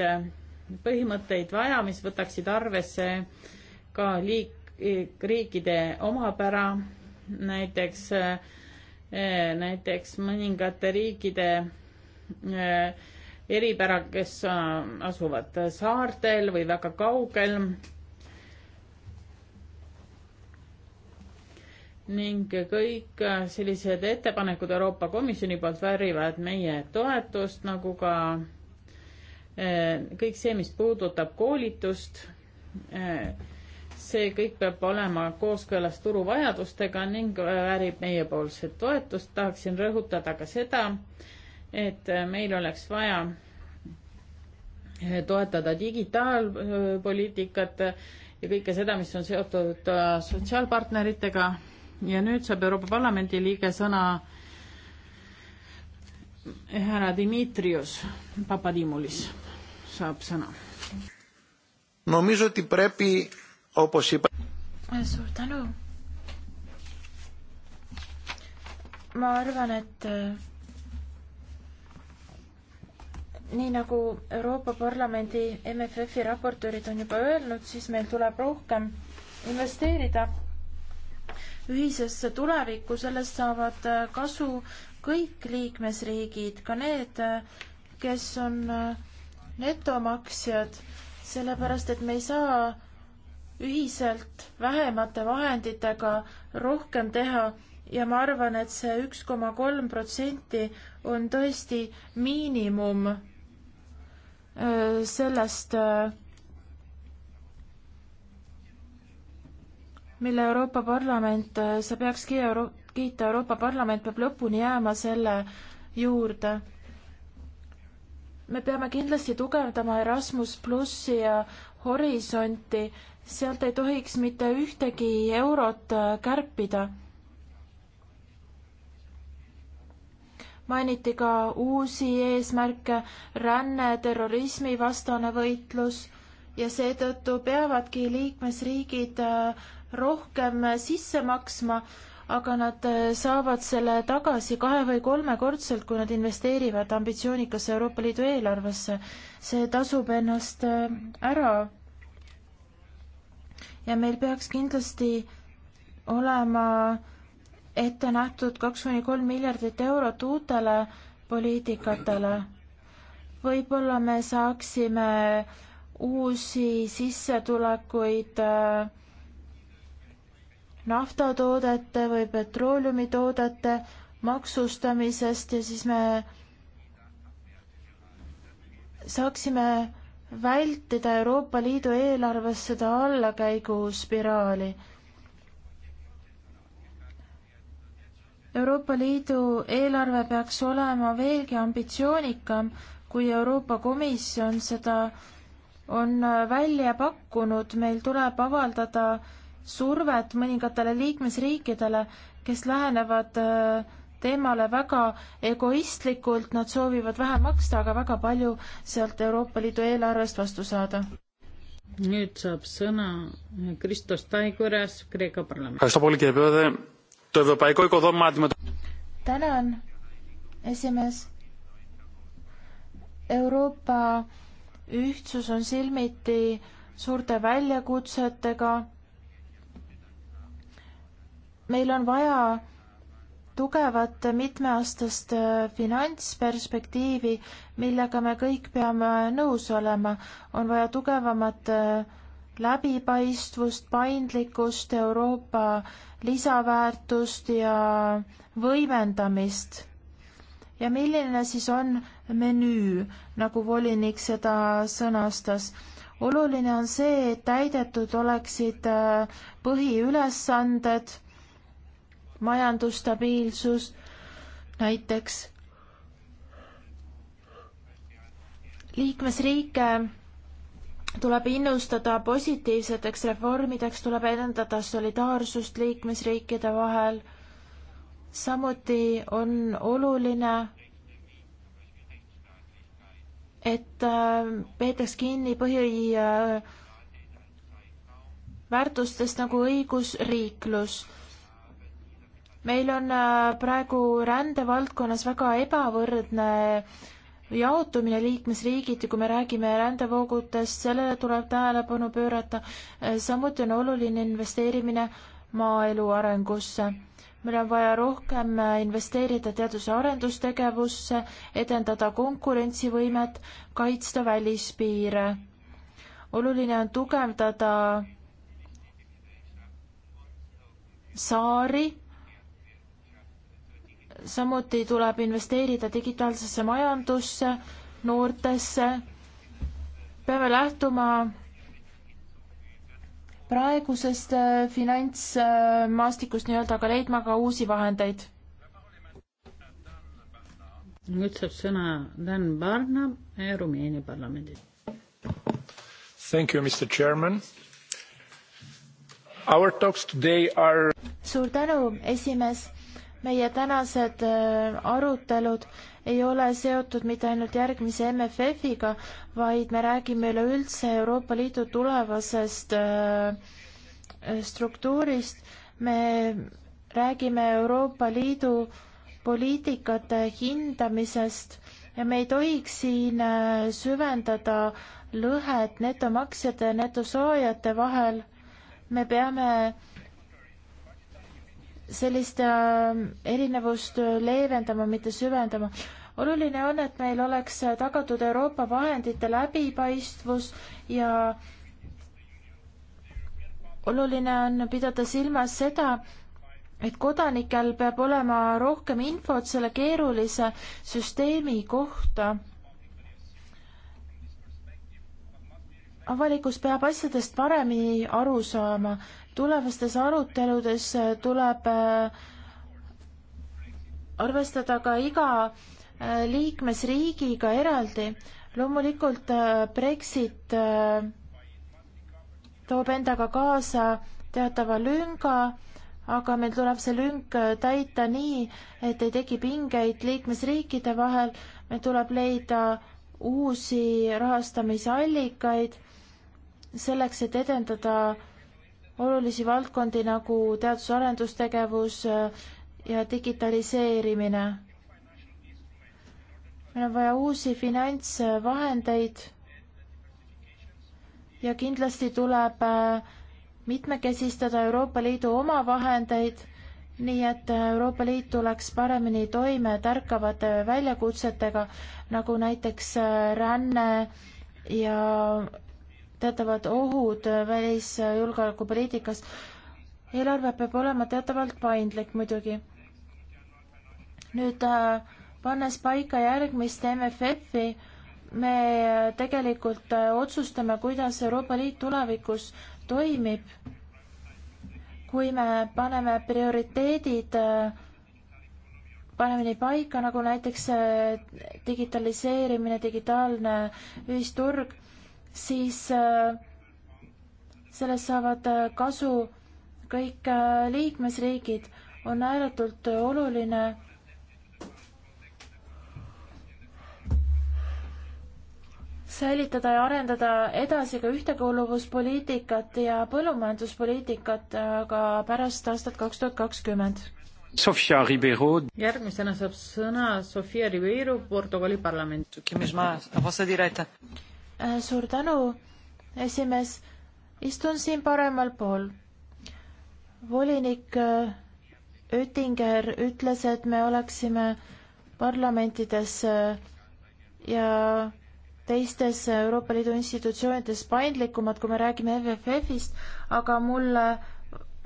põhimõtteid vaja, mis võtaksid arvesse ka liik-, riikide omapära, näiteks, näiteks mõningate riikide eripära, kes asuvad saartel või väga kaugel ning kõik sellised ettepanekud Euroopa Komisjoni poolt väärivad meie toetust, nagu ka eh, kõik see, mis puudutab koolitust, eh, see kõik peab olema kooskõlas turu vajadustega ning väärib meiepoolset toetust. tahaksin rõhutada ka seda, et meil oleks vaja eh, toetada digitaalpoliitikat ja kõike seda, mis on seotud sotsiaalpartneritega ja nüüd saab Euroopa Parlamendi liige sõna eh, härra Dimitrios Papadimulis saab sõna. Eh, suur tänu. ma arvan, et eh, nii nagu Euroopa Parlamendi MFF-i raportöörid on juba öelnud, siis meil tuleb rohkem investeerida ühisesse tulevikku, sellest saavad äh, kasu kõik liikmesriigid, ka need, äh, kes on äh, netomaksjad, sellepärast et me ei saa ühiselt vähemate vahenditega rohkem teha ja ma arvan, et see üks koma kolm protsenti on tõesti miinimum sellest äh, mille Euroopa Parlament, see peakski Euro kiita, Euroopa Parlament peab lõpuni jääma selle juurde. me peame kindlasti tugevdama Erasmus plussi ja horisonti, sealt ei tohiks mitte ühtegi eurot äh, kärpida mainiti ka uusi eesmärke, ränne, terrorismivastane võitlus ja seetõttu peavadki liikmesriigid äh, rohkem sisse maksma, aga nad äh, saavad selle tagasi kahe- või kolmekordselt, kui nad investeerivad ambitsioonikasse Euroopa Liidu eelarvesse. see tasub ennast äh, ära. ja meil peaks kindlasti olema ette nähtud kaks kuni kolm miljardit eurot uutele poliitikatele. võib-olla me saaksime uusi sissetulekuid äh, naftatoodete või petrooliumitoodete maksustamisest ja siis me saaksime vältida Euroopa Liidu eelarves seda allakäiguspiraali. Euroopa Liidu eelarve peaks olema veelgi ambitsioonikam, kui Euroopa Komisjon seda on välja pakkunud, meil tuleb avaldada äh, survet mõningatele liikmesriikidele, kes lähenevad äh, teemale väga egoistlikult, nad soovivad vähe maksta, aga väga palju sealt Euroopa Liidu eelarvest vastu saada. nüüd saab sõna Kristos Taiguras, Kreeka parlamendis. tänan, esimees. Euroopa ühtsus on silmiti suurte väljakutsetega meil on vaja tugevat mitmeaastast äh, finantsperspektiivi, millega me kõik peame nõus olema. on vaja tugevamat äh, läbipaistvust, paindlikkust, Euroopa lisaväärtust ja võimendamist. ja milline siis on menüü, nagu volinik seda sõnastas? oluline on see, et täidetud oleksid äh, põhiülesanded majandusstabiilsus näiteks. liikmesriike tuleb innustada positiivseteks reformideks, tuleb edendada solidaarsust liikmesriikide vahel. samuti on oluline, et äh, peetaks kinni põhi äh, väärtustest nagu õigusriiklus meil on äh, praegu rändevaldkonnas väga ebavõrdne jaotumine liikmesriigiti, kui me räägime rändevoogutest, sellele tuleb tähelepanu pöörata. Äh, samuti on oluline investeerimine maaelu arengusse. meil on vaja rohkem äh, investeerida teadus- ja arendustegevusse, edendada konkurentsivõimet, kaitsta välispiire. oluline on tugevdada saari samuti tuleb investeerida digitaalsesse majandusse, noortesse. peame lähtuma praegusest äh, finantsmaastikust nii-öelda, aga leidma ka uusi vahendeid. nüüd saab sõna Dan Barna Rumeenia parlamendist. Thank you, Mr Chairman. Our talks today are. suur tänu, esimees meie tänased äh, arutelud ei ole seotud mitte ainult järgmise MFF-iga, vaid me räägime üleüldse Euroopa Liidu tulevasest äh, struktuurist. me räägime Euroopa Liidu poliitikate hindamisest ja me ei tohiks siin äh, süvendada lõhet netomaksjate ja netosaajate vahel. me peame sellist äh, erinevust leevendama, mitte süvendama. oluline on, et meil oleks tagatud Euroopa vahendite läbipaistvus ja oluline on pidada silmas seda, et kodanikel peab olema rohkem infot selle keerulise süsteemi kohta. avalikkus peab asjadest paremini aru saama tulevastes aruteludes äh, tuleb äh, arvestada ka iga äh, liikmesriigiga eraldi. loomulikult Brexit toob endaga kaasa teatava lünga, aga meil tuleb see lünk täita nii, et ei teki pingeid liikmesriikide vahel, meil tuleb leida uusi rahastamisallikaid selleks, et edendada olulisi valdkondi nagu teadus- ja arendustegevus äh, ja digitaliseerimine. meil on vaja uusi finantsvahendeid ja kindlasti tuleb äh, mitmekesistada Euroopa Liidu omavahendeid, nii et Euroopa Liit tuleks paremini toime tärkavate väljakutsetega, nagu näiteks äh, ränne ja teatavad ohud välisjulgeolekupoliitikas. eelarve peab olema teatavalt paindlik muidugi. nüüd äh, pannes paika järgmist MFF-i, me äh, tegelikult äh, otsustame, kuidas Euroopa Liit tulevikus toimib. kui me paneme prioriteedid paremini paika, nagu näiteks digitaliseerimine, digitaalne ühisturg, siis äh, sellest saavad äh, kasu kõik äh, liikmesriigid. on ääretult oluline säilitada ja arendada edasi ka ühtekuuluvuspoliitikat ja põllumajanduspoliitikat ka pärast aastat kaks tuhat kakskümmend. Sofia Ribeiro. järgmisena saab sõna Sofia Ribeiro Portugali parlamendist. Äh, suur tänu, esimees. istun siin paremal pool. volinik äh, Oettinger ütles, et me oleksime parlamentides äh, ja teistes Euroopa Liidu institutsioonides paindlikumad, kui me räägime EVFF-ist, aga mulle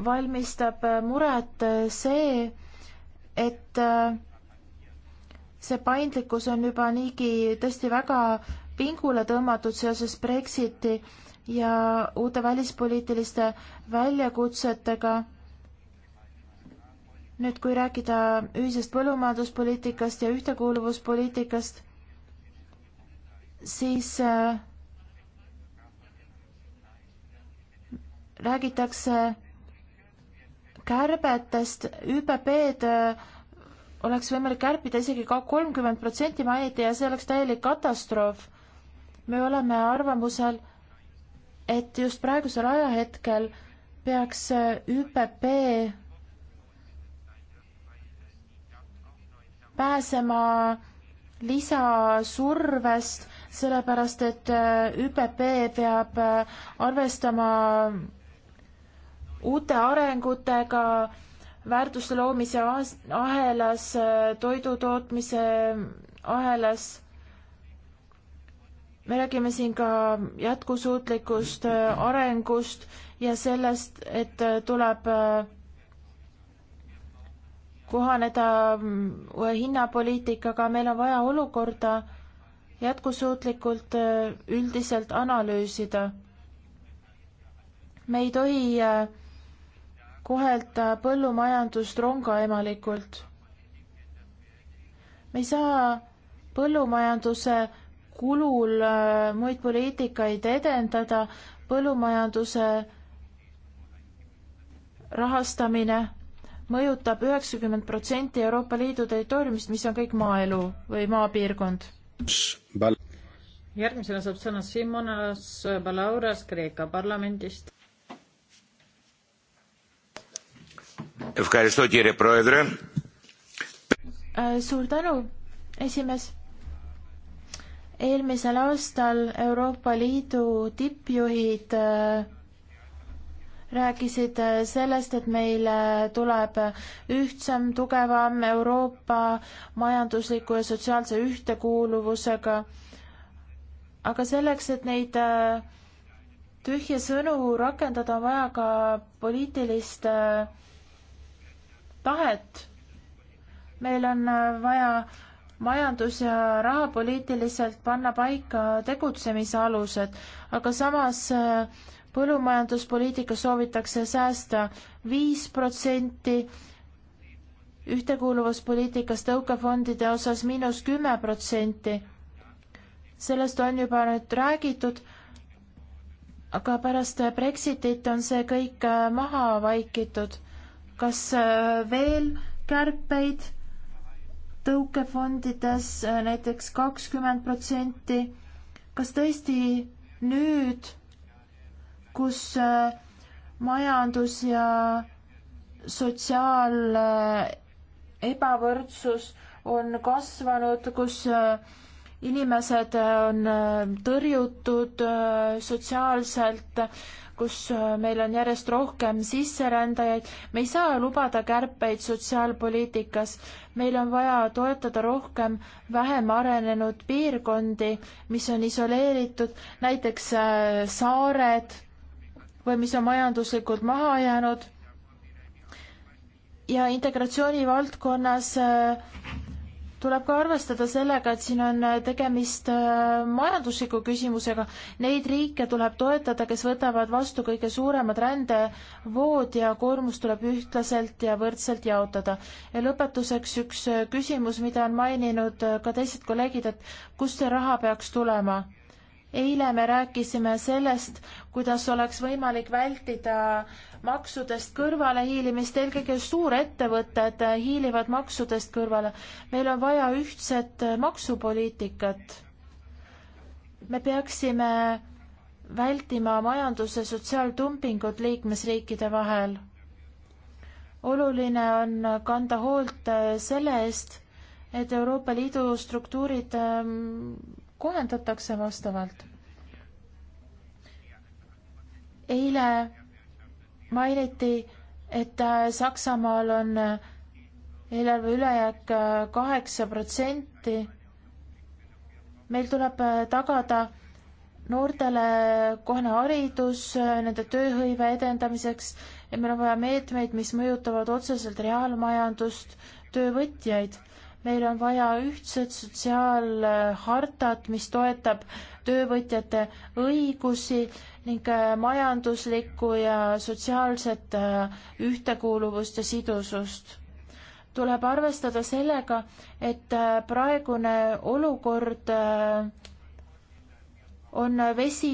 valmistab muret see, et see paindlikkus on juba niigi tõesti väga pingule tõmmatud seoses Brexiti ja uute välispoliitiliste väljakutsetega. nüüd, kui rääkida ühisest põllumajanduspoliitikast ja ühtekuuluvuspoliitikast, siis äh, räägitakse kärbetest, ÜPP-d äh, oleks võimalik kärpida isegi ka kolmkümmend protsenti mainiti ja see oleks täielik katastroof me oleme arvamusel, et just praegusel ajahetkel peaks ÜPP pääsema lisasurvest, sellepärast et äh, ÜPP peab äh, arvestama uute arengutega, väärtuste loomise ahelas, äh, toidu tootmise ahelas me räägime siin ka jätkusuutlikust äh, arengust ja sellest, et äh, tuleb äh, kohaneda mm, uue hinnapoliitikaga, meil on vaja olukorda jätkusuutlikult üldiselt analüüsida. me ei tohi kohelda põllumajandust rongaemalikult. me ei saa põllumajanduse kulul äh, muid poliitikaid edendada, põllumajanduse rahastamine mõjutab üheksakümmend protsenti Euroopa Liidu territooriumist, mis on kõik maaelu või maapiirkond. järgmisena saab sõna Simonas Balauras Kreeka parlamendist. Äh, suur tänu, esimees eelmisel aastal Euroopa Liidu tippjuhid äh, rääkisid äh, sellest, et meil tuleb ühtsem, tugevam Euroopa majandusliku ja sotsiaalse ühtekuuluvusega. aga selleks, et neid äh, tühje sõnu rakendada, on vaja ka poliitilist tahet. meil on vaja majandus- ja rahapoliitiliselt panna paika tegutsemise alused, aga samas äh, põllumajanduspoliitika soovitakse säästa viis protsenti, ühtekuuluvuspoliitikas tõukefondide osas miinus kümme protsenti. sellest on juba nüüd räägitud, aga pärast Brexitit on see kõik äh, maha vaikitud. kas äh, veel kärpeid? tõukefondides äh, näiteks kakskümmend protsenti. kas tõesti nüüd, kus äh, majandus ja sotsiaal äh, ebavõrdsus on kasvanud, kus inimesed on tõrjutud sotsiaalselt, kus äh, meil on järjest rohkem sisserändajaid. me ei saa lubada kärpeid sotsiaalpoliitikas. meil on vaja toetada rohkem vähem arenenud piirkondi, mis on isoleeritud, näiteks äh, saared või mis on majanduslikult maha jäänud. ja integratsiooni valdkonnas äh, tuleb ka arvestada sellega, et siin on äh, tegemist äh, majandusliku küsimusega. Neid riike tuleb toetada, kes võtavad vastu kõige suuremad rändevood ja koormus tuleb ühtlaselt ja võrdselt jaotada. ja lõpetuseks üks äh, küsimus, mida on maininud ka teised kolleegid, et kust see raha peaks tulema eile me rääkisime sellest, kuidas oleks võimalik vältida maksudest kõrvalehiilimist, eelkõige suurettevõtted hiilivad maksudest kõrvale. meil on vaja ühtset maksupoliitikat. me peaksime vältima majanduse sotsiaaltumpingut liikmesriikide vahel. oluline on kanda hoolt selle eest, et Euroopa Liidu struktuurid ähm, kohendatakse vastavalt. eile mainiti, et äh, Saksamaal on äh, eelarve ülejääk äh, kaheksa protsenti. meil tuleb tagada noortele kohane haridus nende tööhõive edendamiseks ja meil on vaja meetmeid, mis mõjutavad otseselt reaalmajandust, töövõtjaid meil on vaja ühtset sotsiaalhartat, mis toetab töövõtjate õigusi ning äh, majanduslikku ja sotsiaalset äh, ühtekuuluvust ja sidusust. tuleb arvestada sellega, et äh, praegune olukord on vesi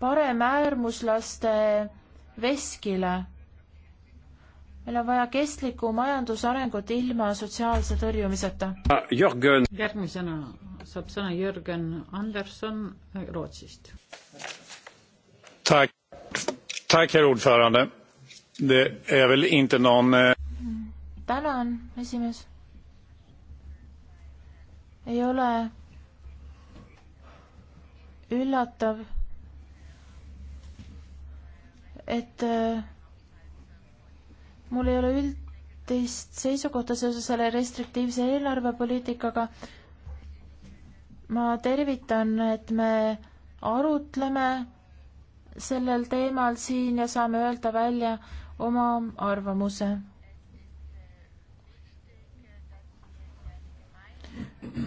paremäärmuslaste veskile meil on vaja kestlikku majandusarengut ilma sotsiaalse tõrjumiseta. Ah, Jürgen. järgmisena saab sõna Jürgen Anderson Rootsist. Eh, tänan, esimees. ei ole üllatav, et äh, mul ei ole üldist seisukohta seoses selle restriktiivse eelarvepoliitikaga. ma tervitan, et me arutleme sellel teemal siin ja saame öelda välja oma arvamuse.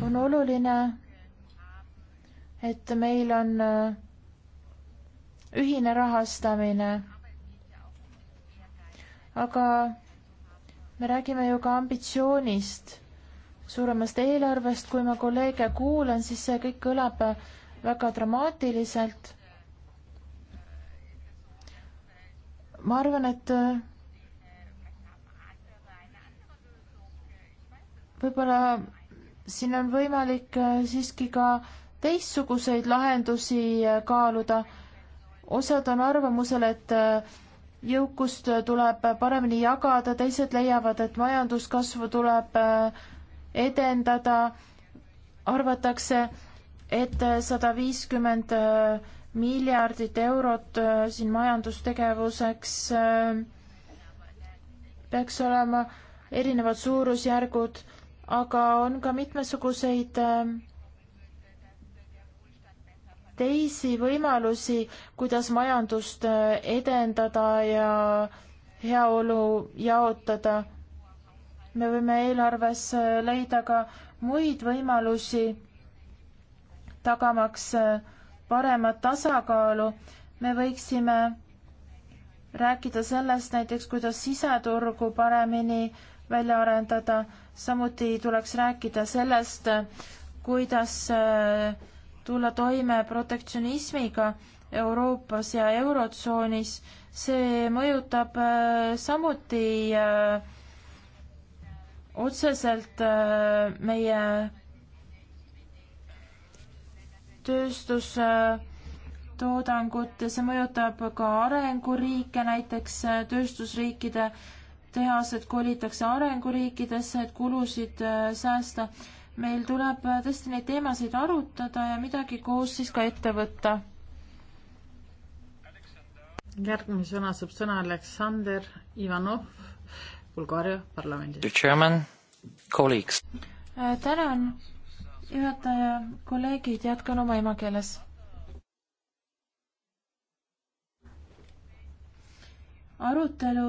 on oluline, et meil on ühine rahastamine aga me räägime ju ka ambitsioonist, suuremast eelarvest, kui ma kolleege kuulan, siis see kõik kõlab väga dramaatiliselt. ma arvan, et võib-olla siin on võimalik äh, siiski ka teistsuguseid lahendusi äh, kaaluda. osad on arvamusel, et äh, jõukust tuleb paremini jagada, teised leiavad, et majanduskasvu tuleb äh, edendada, arvatakse, et sada viiskümmend äh, miljardit eurot äh, siin majandustegevuseks peaks olema erinevad suurusjärgud, aga on ka mitmesuguseid äh, teisi võimalusi, kuidas majandust äh, edendada ja heaolu jaotada. me võime eelarves äh, leida ka muid võimalusi, tagamaks äh, paremat tasakaalu. me võiksime rääkida sellest näiteks, kuidas siseturgu paremini välja arendada, samuti tuleks rääkida sellest, kuidas äh, tulla toime protektsionismiga Euroopas ja Eurotsoonis, see mõjutab äh, samuti äh, otseselt äh, meie tööstustoodangut ja see mõjutab ka arenguriike, näiteks tööstusriikide tehased kolitakse arenguriikidesse, et kulusid säästa meil tuleb äh, tõesti neid teemasid arutada ja midagi koos siis ka ette võtta. järgmisena saab sõna Aleksander Ivanov, Bulgaaria parlamendis. Äh, tänan, juhataja, kolleegid, jätkan oma emakeeles arutelu,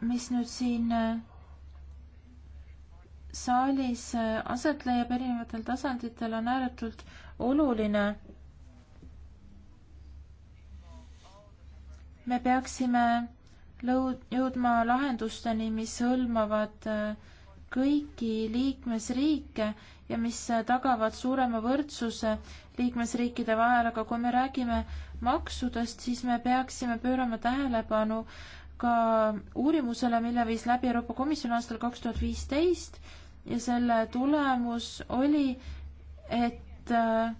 mis nüüd siin äh, saalis äh, aset leiab erinevatel tasanditel, on ääretult oluline. me peaksime lõud-, jõudma lahendusteni, mis hõlmavad äh, kõiki liikmesriike ja mis äh, tagavad suurema võrdsuse liikmesriikide vahel, aga kui me räägime maksudest, siis me peaksime pöörama tähelepanu ka uurimusele, mille viis läbi Euroopa Komisjon aastal kaks tuhat viisteist ja selle tulemus oli, et äh,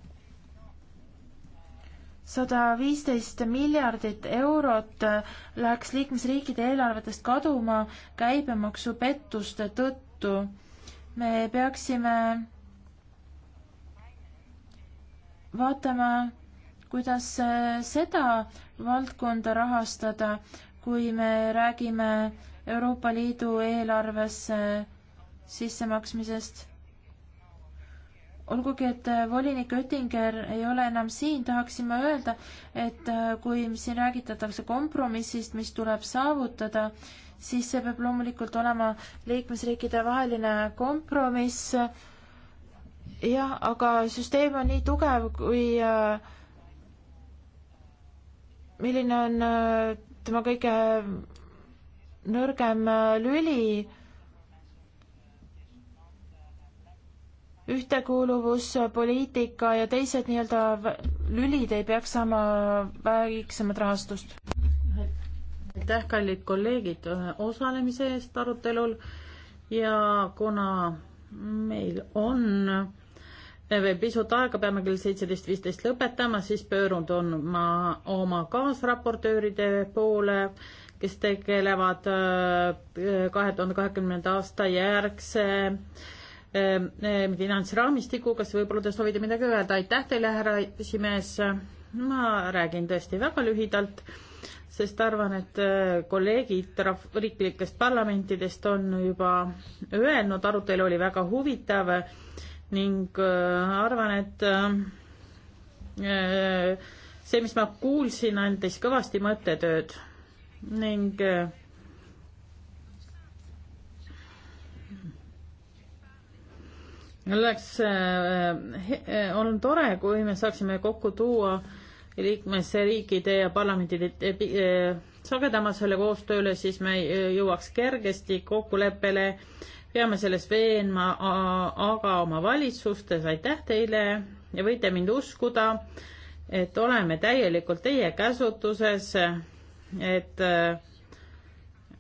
sada viisteist miljardit eurot äh, läks liikmesriikide eelarvetest kaduma käibemaksupettuste tõttu. me peaksime vaatama, kuidas äh, seda valdkonda rahastada, kui me räägime Euroopa Liidu eelarvesse sissemaksmisest. olgugi, et äh, volinik Oettinger ei ole enam siin, tahaksin ma öelda, et äh, kui siin räägitatakse kompromissist, mis tuleb saavutada, siis see peab loomulikult olema liikmesriikide vaheline kompromiss. jah, aga süsteem on nii tugev, kui äh, milline on tema kõige nõrgem lüli ühtekuuluvuspoliitika ja teised nii-öelda lülid ei peaks saama väiksemat rahastust. aitäh, kallid kolleegid, osalemise eest arutelul ja kuna meil on eh, veel pisut aega, peame kell seitseteist viisteist lõpetama, siis pöörund on ma oma kaasraportööride poole, kes tegelevad eh, kahe tuhande kahekümnenda aasta järgse äh, Ehm, ehm, finantsraamistikuga, siis võib-olla te soovite midagi öelda. aitäh teile, härra esimees. ma räägin tõesti väga lühidalt, sest arvan, et äh, kolleegid riiklikest parlamentidest on juba öelnud, arutelu oli väga huvitav ning äh, arvan, et äh, see, mis ma kuulsin, andis kõvasti mõttetööd ning äh, oleks äh, äh, olnud tore, kui me saaksime kokku tuua liikmesriikide ja parlamentide äh, sagedama selle koostööle, siis me jõuaks kergesti kokkuleppele. peame selles veenma aga oma valitsustes, aitäh teile ja võite mind uskuda, et oleme täielikult teie käsutuses, et äh,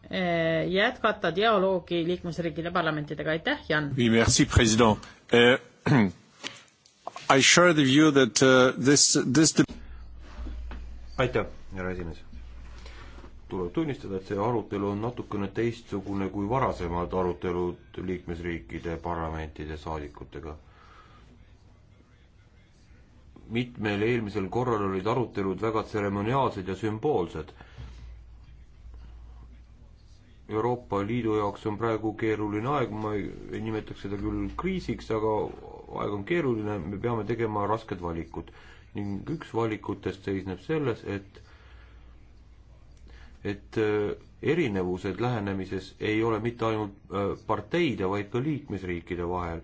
Eh, jätkata dialoogi liikmesriigile parlamentidega, aitäh, Jan! Eh, uh, aitäh, härra esimees! tuleb tunnistada, et see arutelu on natukene teistsugune kui varasemad arutelud liikmesriikide parlamentide saadikutega. mitmel eelmisel korral olid arutelud väga tseremoniaalsed ja sümboolsed Euroopa Liidu jaoks on praegu keeruline aeg, ma ei nimetaks seda küll kriisiks, aga aeg on keeruline, me peame tegema rasked valikud. ning üks valikutest seisneb selles, et et äh, erinevused lähenemises ei ole mitte ainult äh, parteide, vaid ka liikmesriikide vahel.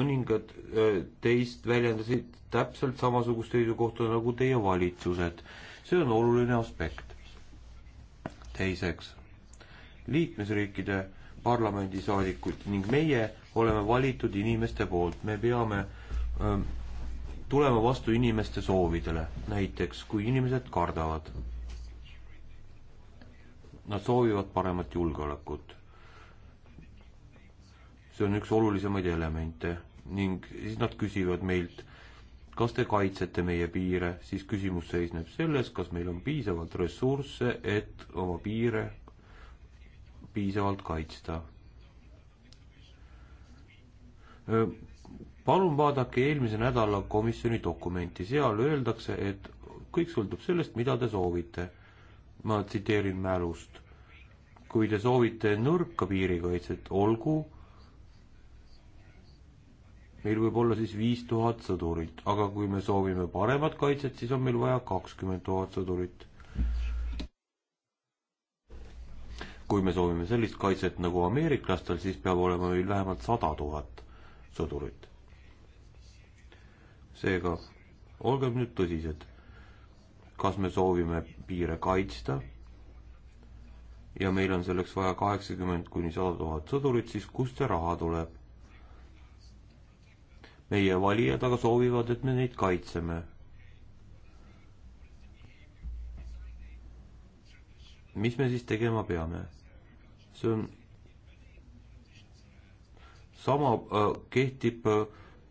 mõningad äh, teist väljendasid täpselt samasugust seisukohta nagu teie valitsused. see on oluline aspekt teiseks, liikmesriikide parlamendisaadikud ning meie oleme valitud inimeste poolt, me peame öö, ähm, tulema vastu inimeste soovidele, näiteks kui inimesed kardavad. Nad soovivad paremat julgeolekut. see on üks olulisemaid elemente ning siis nad küsivad meilt, kas te kaitsete meie piire, siis küsimus seisneb selles, kas meil on piisavalt ressursse, et oma piire piisavalt kaitsta. palun vaadake eelmise nädala komisjoni dokumenti, seal öeldakse, et kõik sõltub sellest, mida te soovite. ma tsiteerin mälust. kui te soovite nõrka piirikaitset, olgu meil võib olla siis viis tuhat sõdurit, aga kui me soovime paremat kaitset, siis on meil vaja kakskümmend tuhat sõdurit. kui me soovime sellist kaitset nagu ameeriklastel, siis peab olema meil vähemalt sada tuhat sõdurit. seega olgem nüüd tõsised, kas me soovime piire kaitsta ja meil on selleks vaja kaheksakümmend kuni sada tuhat sõdurit, siis kust see raha tuleb? meie valijad aga soovivad, et me neid kaitseme. mis me siis tegema peame? see on, sama äh, kehtib äh,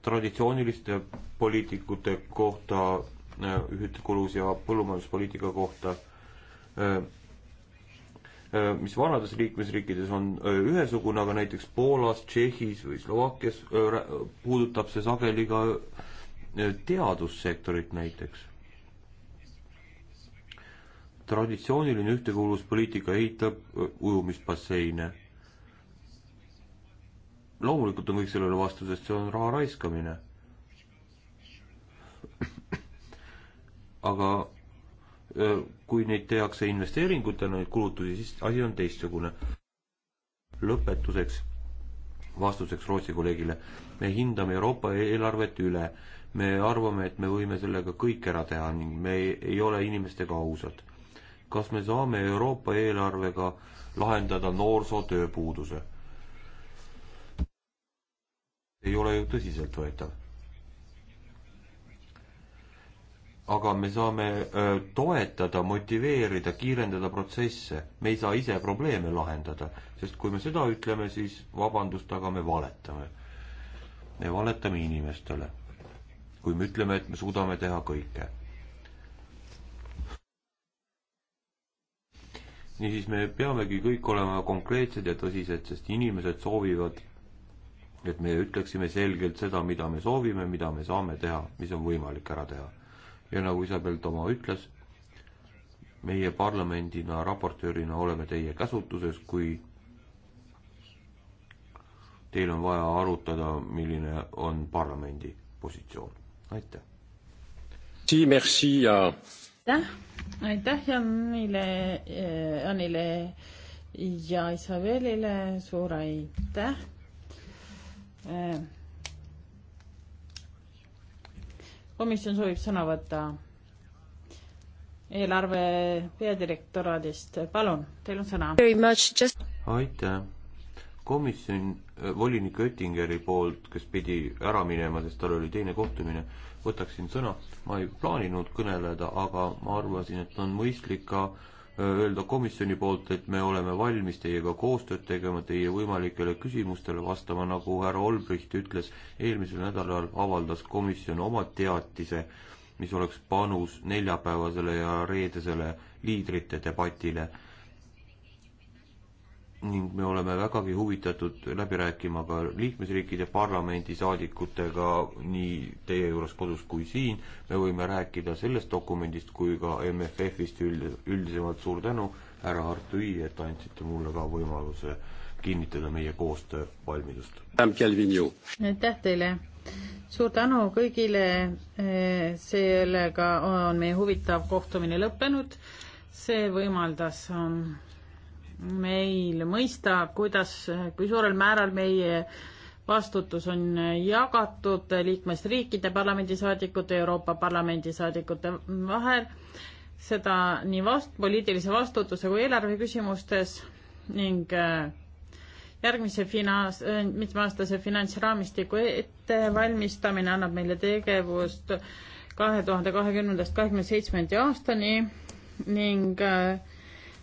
traditsiooniliste poliitikute kohta äh,, ühtekulus ja põllumajanduspoliitika kohta äh,. Äh, mis vanades liikmesriikides on äh, ühesugune, aga näiteks Poolas, Tšehhis või Slovakkias äh, puudutab see sageli ka teadussektorit näiteks. traditsiooniline ühtekuuluvuspoliitika ehitab ujumisbasseine. loomulikult on kõik sellele vastu, sest see on raha raiskamine. aga kui neid tehakse investeeringutena, neid kulutusi, siis asi on teistsugune. lõpetuseks, vastuseks Rootsi kolleegile, me hindame Euroopa eelarvet üle. me arvame, et me võime sellega kõik ära teha ning me ei, ei ole inimestega ausad. kas me saame Euroopa eelarvega lahendada noorsootööpuuduse? ei ole ju tõsiseltvõetav aga me saame öö, toetada, motiveerida, kiirendada protsesse. me ei saa ise probleeme lahendada, sest kui me seda ütleme, siis vabandust, aga me valetame. me valetame inimestele. kui me ütleme, et me suudame teha kõike. niisiis, me peamegi kõik olema konkreetsed ja tõsised, sest inimesed soovivad, et me ütleksime selgelt seda, mida me soovime, mida me saame teha, mis on võimalik ära teha ja nagu Isabel Toma ütles, meie parlamendina raportöörina oleme teie käsutuses, kui teil on vaja arutada, milline on parlamendi positsioon. aitäh! aitäh, aitäh Janile, Janile eh, ja Isabelile, suur aitäh! Eh, komisjon soovib sõna võtta eelarve peadirektoraadist, palun, teil on sõna. Just... aitäh, komisjon äh, volinik Oettingeri poolt, kes pidi ära minema, sest tal oli teine kohtumine, võtaksin sõna, ma ei plaaninud kõneleda, aga ma arvasin, et on mõistlik ka äh, öelda komisjoni poolt, et me oleme valmis teiega koostööd tegema, teie võimalikele küsimustele vastama, nagu härra Olbricht ütles, eelmisel nädalal avaldas komisjon oma teatise, mis oleks panus neljapäevasele ja reedesele liidrite debatile ning me oleme vägagi huvitatud läbi rääkima ka liikmesriikide parlamendisaadikutega nii teie juures kodus kui siin. me võime rääkida sellest dokumendist kui ka MFF-ist üld, üldisemalt. suur tänu, härra Artui, et andsite mulle ka võimaluse kinnitada meie koostöövalmidust. aitäh teile. suur tänu kõigile. sellega on meie huvitav kohtumine lõppenud. see võimaldas ähm, meil mõista, kuidas, kui suurel määral meie vastutus on jagatud liikmesriikide parlamendisaadikute, Euroopa Parlamendi saadikute vahel, seda nii vast-, poliitilise vastutuse kui eelarve küsimustes ning äh, järgmise finants, äh, mitmeaastase finantsraamistiku ettevalmistamine annab meile tegevust kahe tuhande kahekümnendast kahekümne seitsmendi aastani ning äh,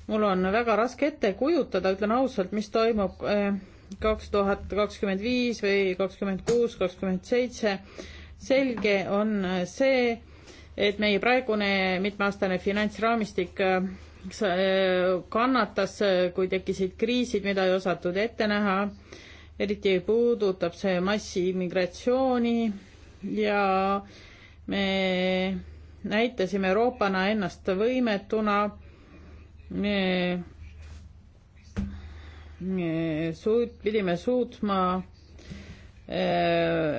mul on väga raske ette kujutada, ütlen ausalt, mis toimub eh, kaks tuhat kakskümmend viis või kakskümmend kuus, kakskümmend seitse. selge on eh, see, et meie praegune mitmeaastane finantsraamistik eh, kannatas, kui tekkisid kriisid, mida ei osatud ette näha. eriti puudutab see massiimmigratsiooni ja me näitasime Euroopana ennast võimetuna me, me suut-, pidime suutma äh,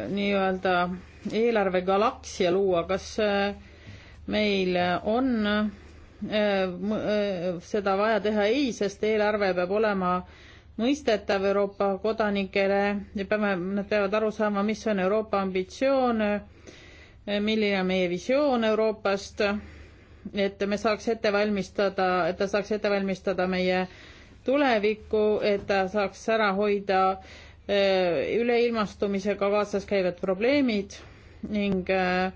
nii-öelda eelarvegalaksia luua, kas äh, meil on äh, äh, seda vaja teha ei, sest eelarve peab olema mõistetav Euroopa kodanikele ja peame, nad peavad aru saama, mis on Euroopa ambitsioon, milline on meie visioon Euroopast et me saaks ette valmistada, et ta saaks ette valmistada meie tulevikku, et ta saaks ära hoida eh, üleilmastumisega kaasas käivad probleemid ning eh,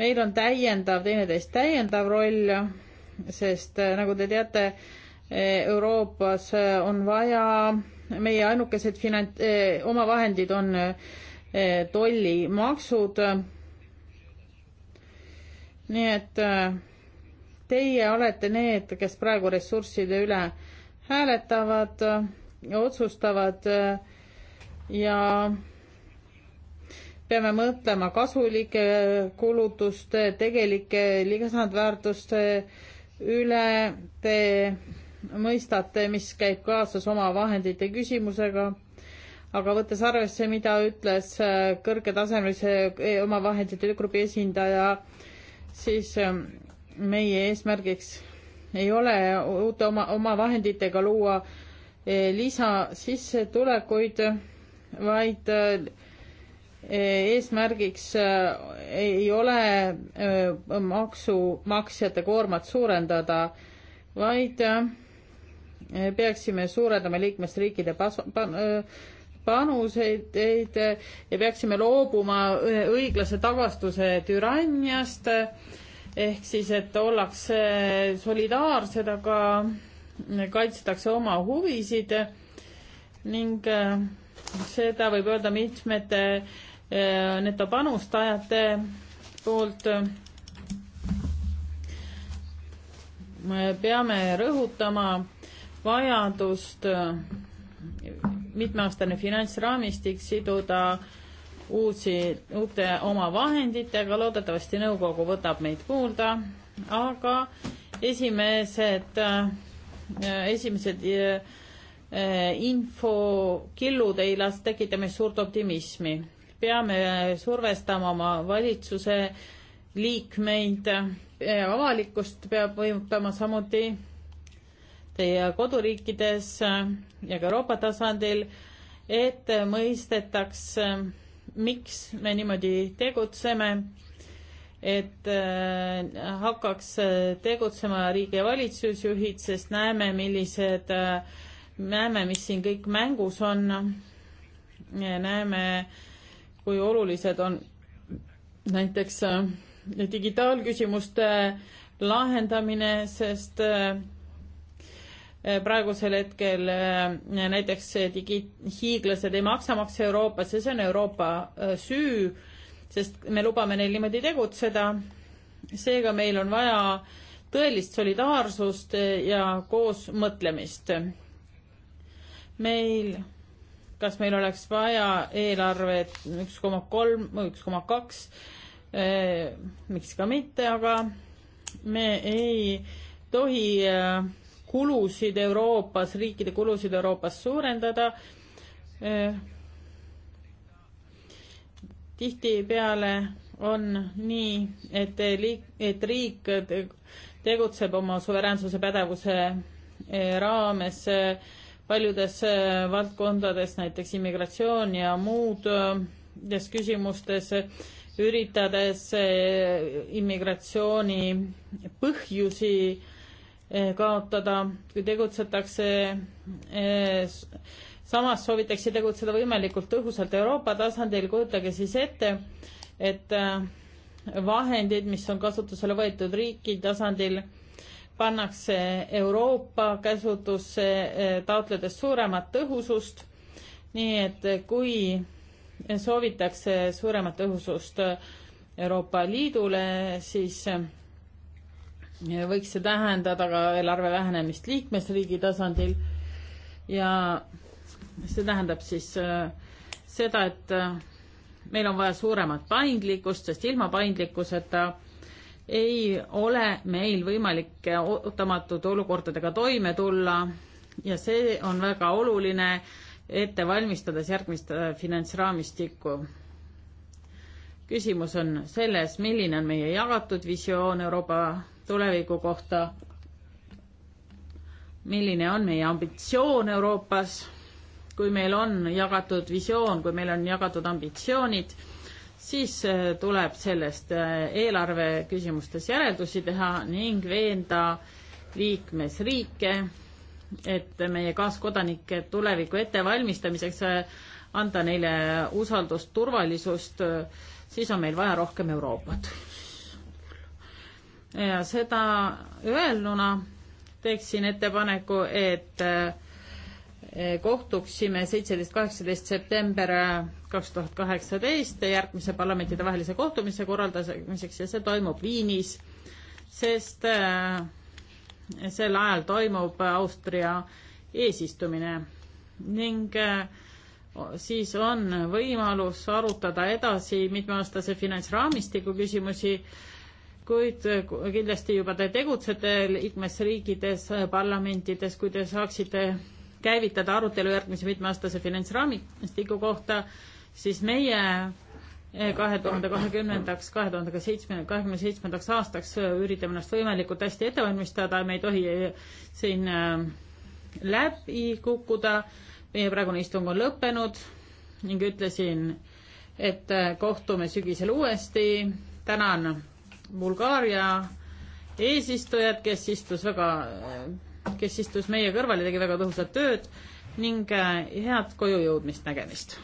meil on täiendav, teineteist täiendav roll, sest eh, nagu te teate, Euroopas on vaja, meie ainukesed finant-, omavahendid on tollimaksud. nii et äh, teie olete need, kes praegu ressursside üle hääletavad, otsustavad ja peame mõtlema kasulike kulutuste, tegelike lisandväärtuste üle. Te mõistate, mis käib kaasas oma vahendite küsimusega, aga võttes arvesse, mida ütles kõrgetasemelise eh, omavahendite grupi esindaja, siis eh, meie eesmärgiks ei ole uute oma, oma vahenditega luua eh, lisasissetulekuid, vaid eh, eesmärgiks eh, ei ole maksumaksjate koormat suurendada, vaid peaksime suurendama liikmesriikide pas-, panuseid ja peaksime loobuma õiglase tagastuse türanniast ehk siis, et ollakse solidaarsed, aga kaitstakse oma huvisid ning äh, seda võib öelda mitmete äh, netopanustajate poolt. me peame rõhutama vajadust mitmeaastane finantsraamistik siduda äh, uusi, uute oma vahenditega, loodetavasti nõukogu võtab meid kuulda, aga esimesed, äh, esimesed äh, infokillud ei las-, tekita meis suurt optimismi. peame survestama oma valitsuse liikmeid, äh, avalikkust peab võimutama samuti teie koduriikides ja ka Euroopa tasandil, et mõistetaks äh, miks me niimoodi tegutseme, et äh, hakkaks äh, tegutsema riigi ja valitsusjuhid, sest näeme, millised, äh, näeme, mis siin kõik mängus on. näeme, kui olulised on näiteks digitaalküsimuste lahendamine, sest äh, Eh, praegusel hetkel eh, näiteks digi-, hiiglased ei maksa makse Euroopasse, see on Euroopa eh, süü, sest me lubame neil niimoodi tegutseda. seega meil on vaja tõelist solidaarsust ja koosmõtlemist. meil, kas meil oleks vaja eelarvet üks koma kolm või üks koma kaks, miks ka mitte, aga me ei tohi äh, kulusid Euroopas, riikide kulusid Euroopas suurendada. Eh, tihtipeale on nii, et liik-, et riik tegutseb oma suveräänsuse pädevuse eh, raames eh, paljudes valdkondades, näiteks immigratsioon ja muudes küsimustes, üritades immigratsiooni põhjusi Eh, kaotada, kui tegutsetakse eh, samas soovitakse tegutseda võimalikult tõhusalt Euroopa tasandil, kujutage siis ette, et eh, vahendid, mis on kasutusele võetud riigi tasandil, pannakse Euroopa käsutusse, taotledes suuremat tõhusust. nii et kui soovitakse suuremat tõhusust Euroopa Liidule, siis võiks see tähendada ka eelarve vähenemist liikmesriigi tasandil ja see tähendab siis äh, seda, et äh, meil on vaja suuremat paindlikkust, sest ilma paindlikkuseta ei ole meil võimalik ootamatute olukordadega toime tulla ja see on väga oluline, ette valmistades järgmist äh, finantsraamistikku. küsimus on selles, milline on meie jagatud visioon Euroopa tuleviku kohta. milline on meie ambitsioon Euroopas? kui meil on jagatud visioon, kui meil on jagatud ambitsioonid, siis äh, tuleb sellest äh, eelarve küsimustes järeldusi teha ning veenda liikmesriike, et meie kaaskodanike tuleviku ettevalmistamiseks äh, anda neile usaldust, turvalisust, siis on meil vaja rohkem Euroopat ja seda öelnuna teeksin ettepaneku, et äh, kohtuksime seitseteist, kaheksateist september äh, kaks tuhat kaheksateist järgmise parlamentidevahelise kohtumise korraldamiseks ja see toimub Viinis, sest äh, sel ajal toimub Austria eesistumine ning siis on võimalus arutada edasi mitmeaastase finantsraamistiku küsimusi kuid eh, kindlasti juba te tegutsete liikmesriikides, eh, parlamentides, kui te saaksite käivitada arutelu järgmise mitmeaastase finantsraamistiku kohta, siis meie eh, kahe tuhande kahekümnendaks, kahe tuhande seitsme, kahekümne seitsmendaks aastaks üritame ennast võimalikult hästi ette valmistada, me ei tohi siin läbi kukkuda. meie praegune istung on lõppenud ning ütlesin, et kohtume sügisel uuesti. tänan Bulgaaria eesistujat, kes istus väga, kes istus meie kõrval ja tegi väga tõhusat tööd ning äh, head koju jõudmist, nägemist!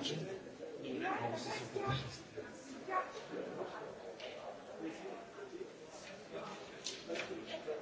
luce. Thank you.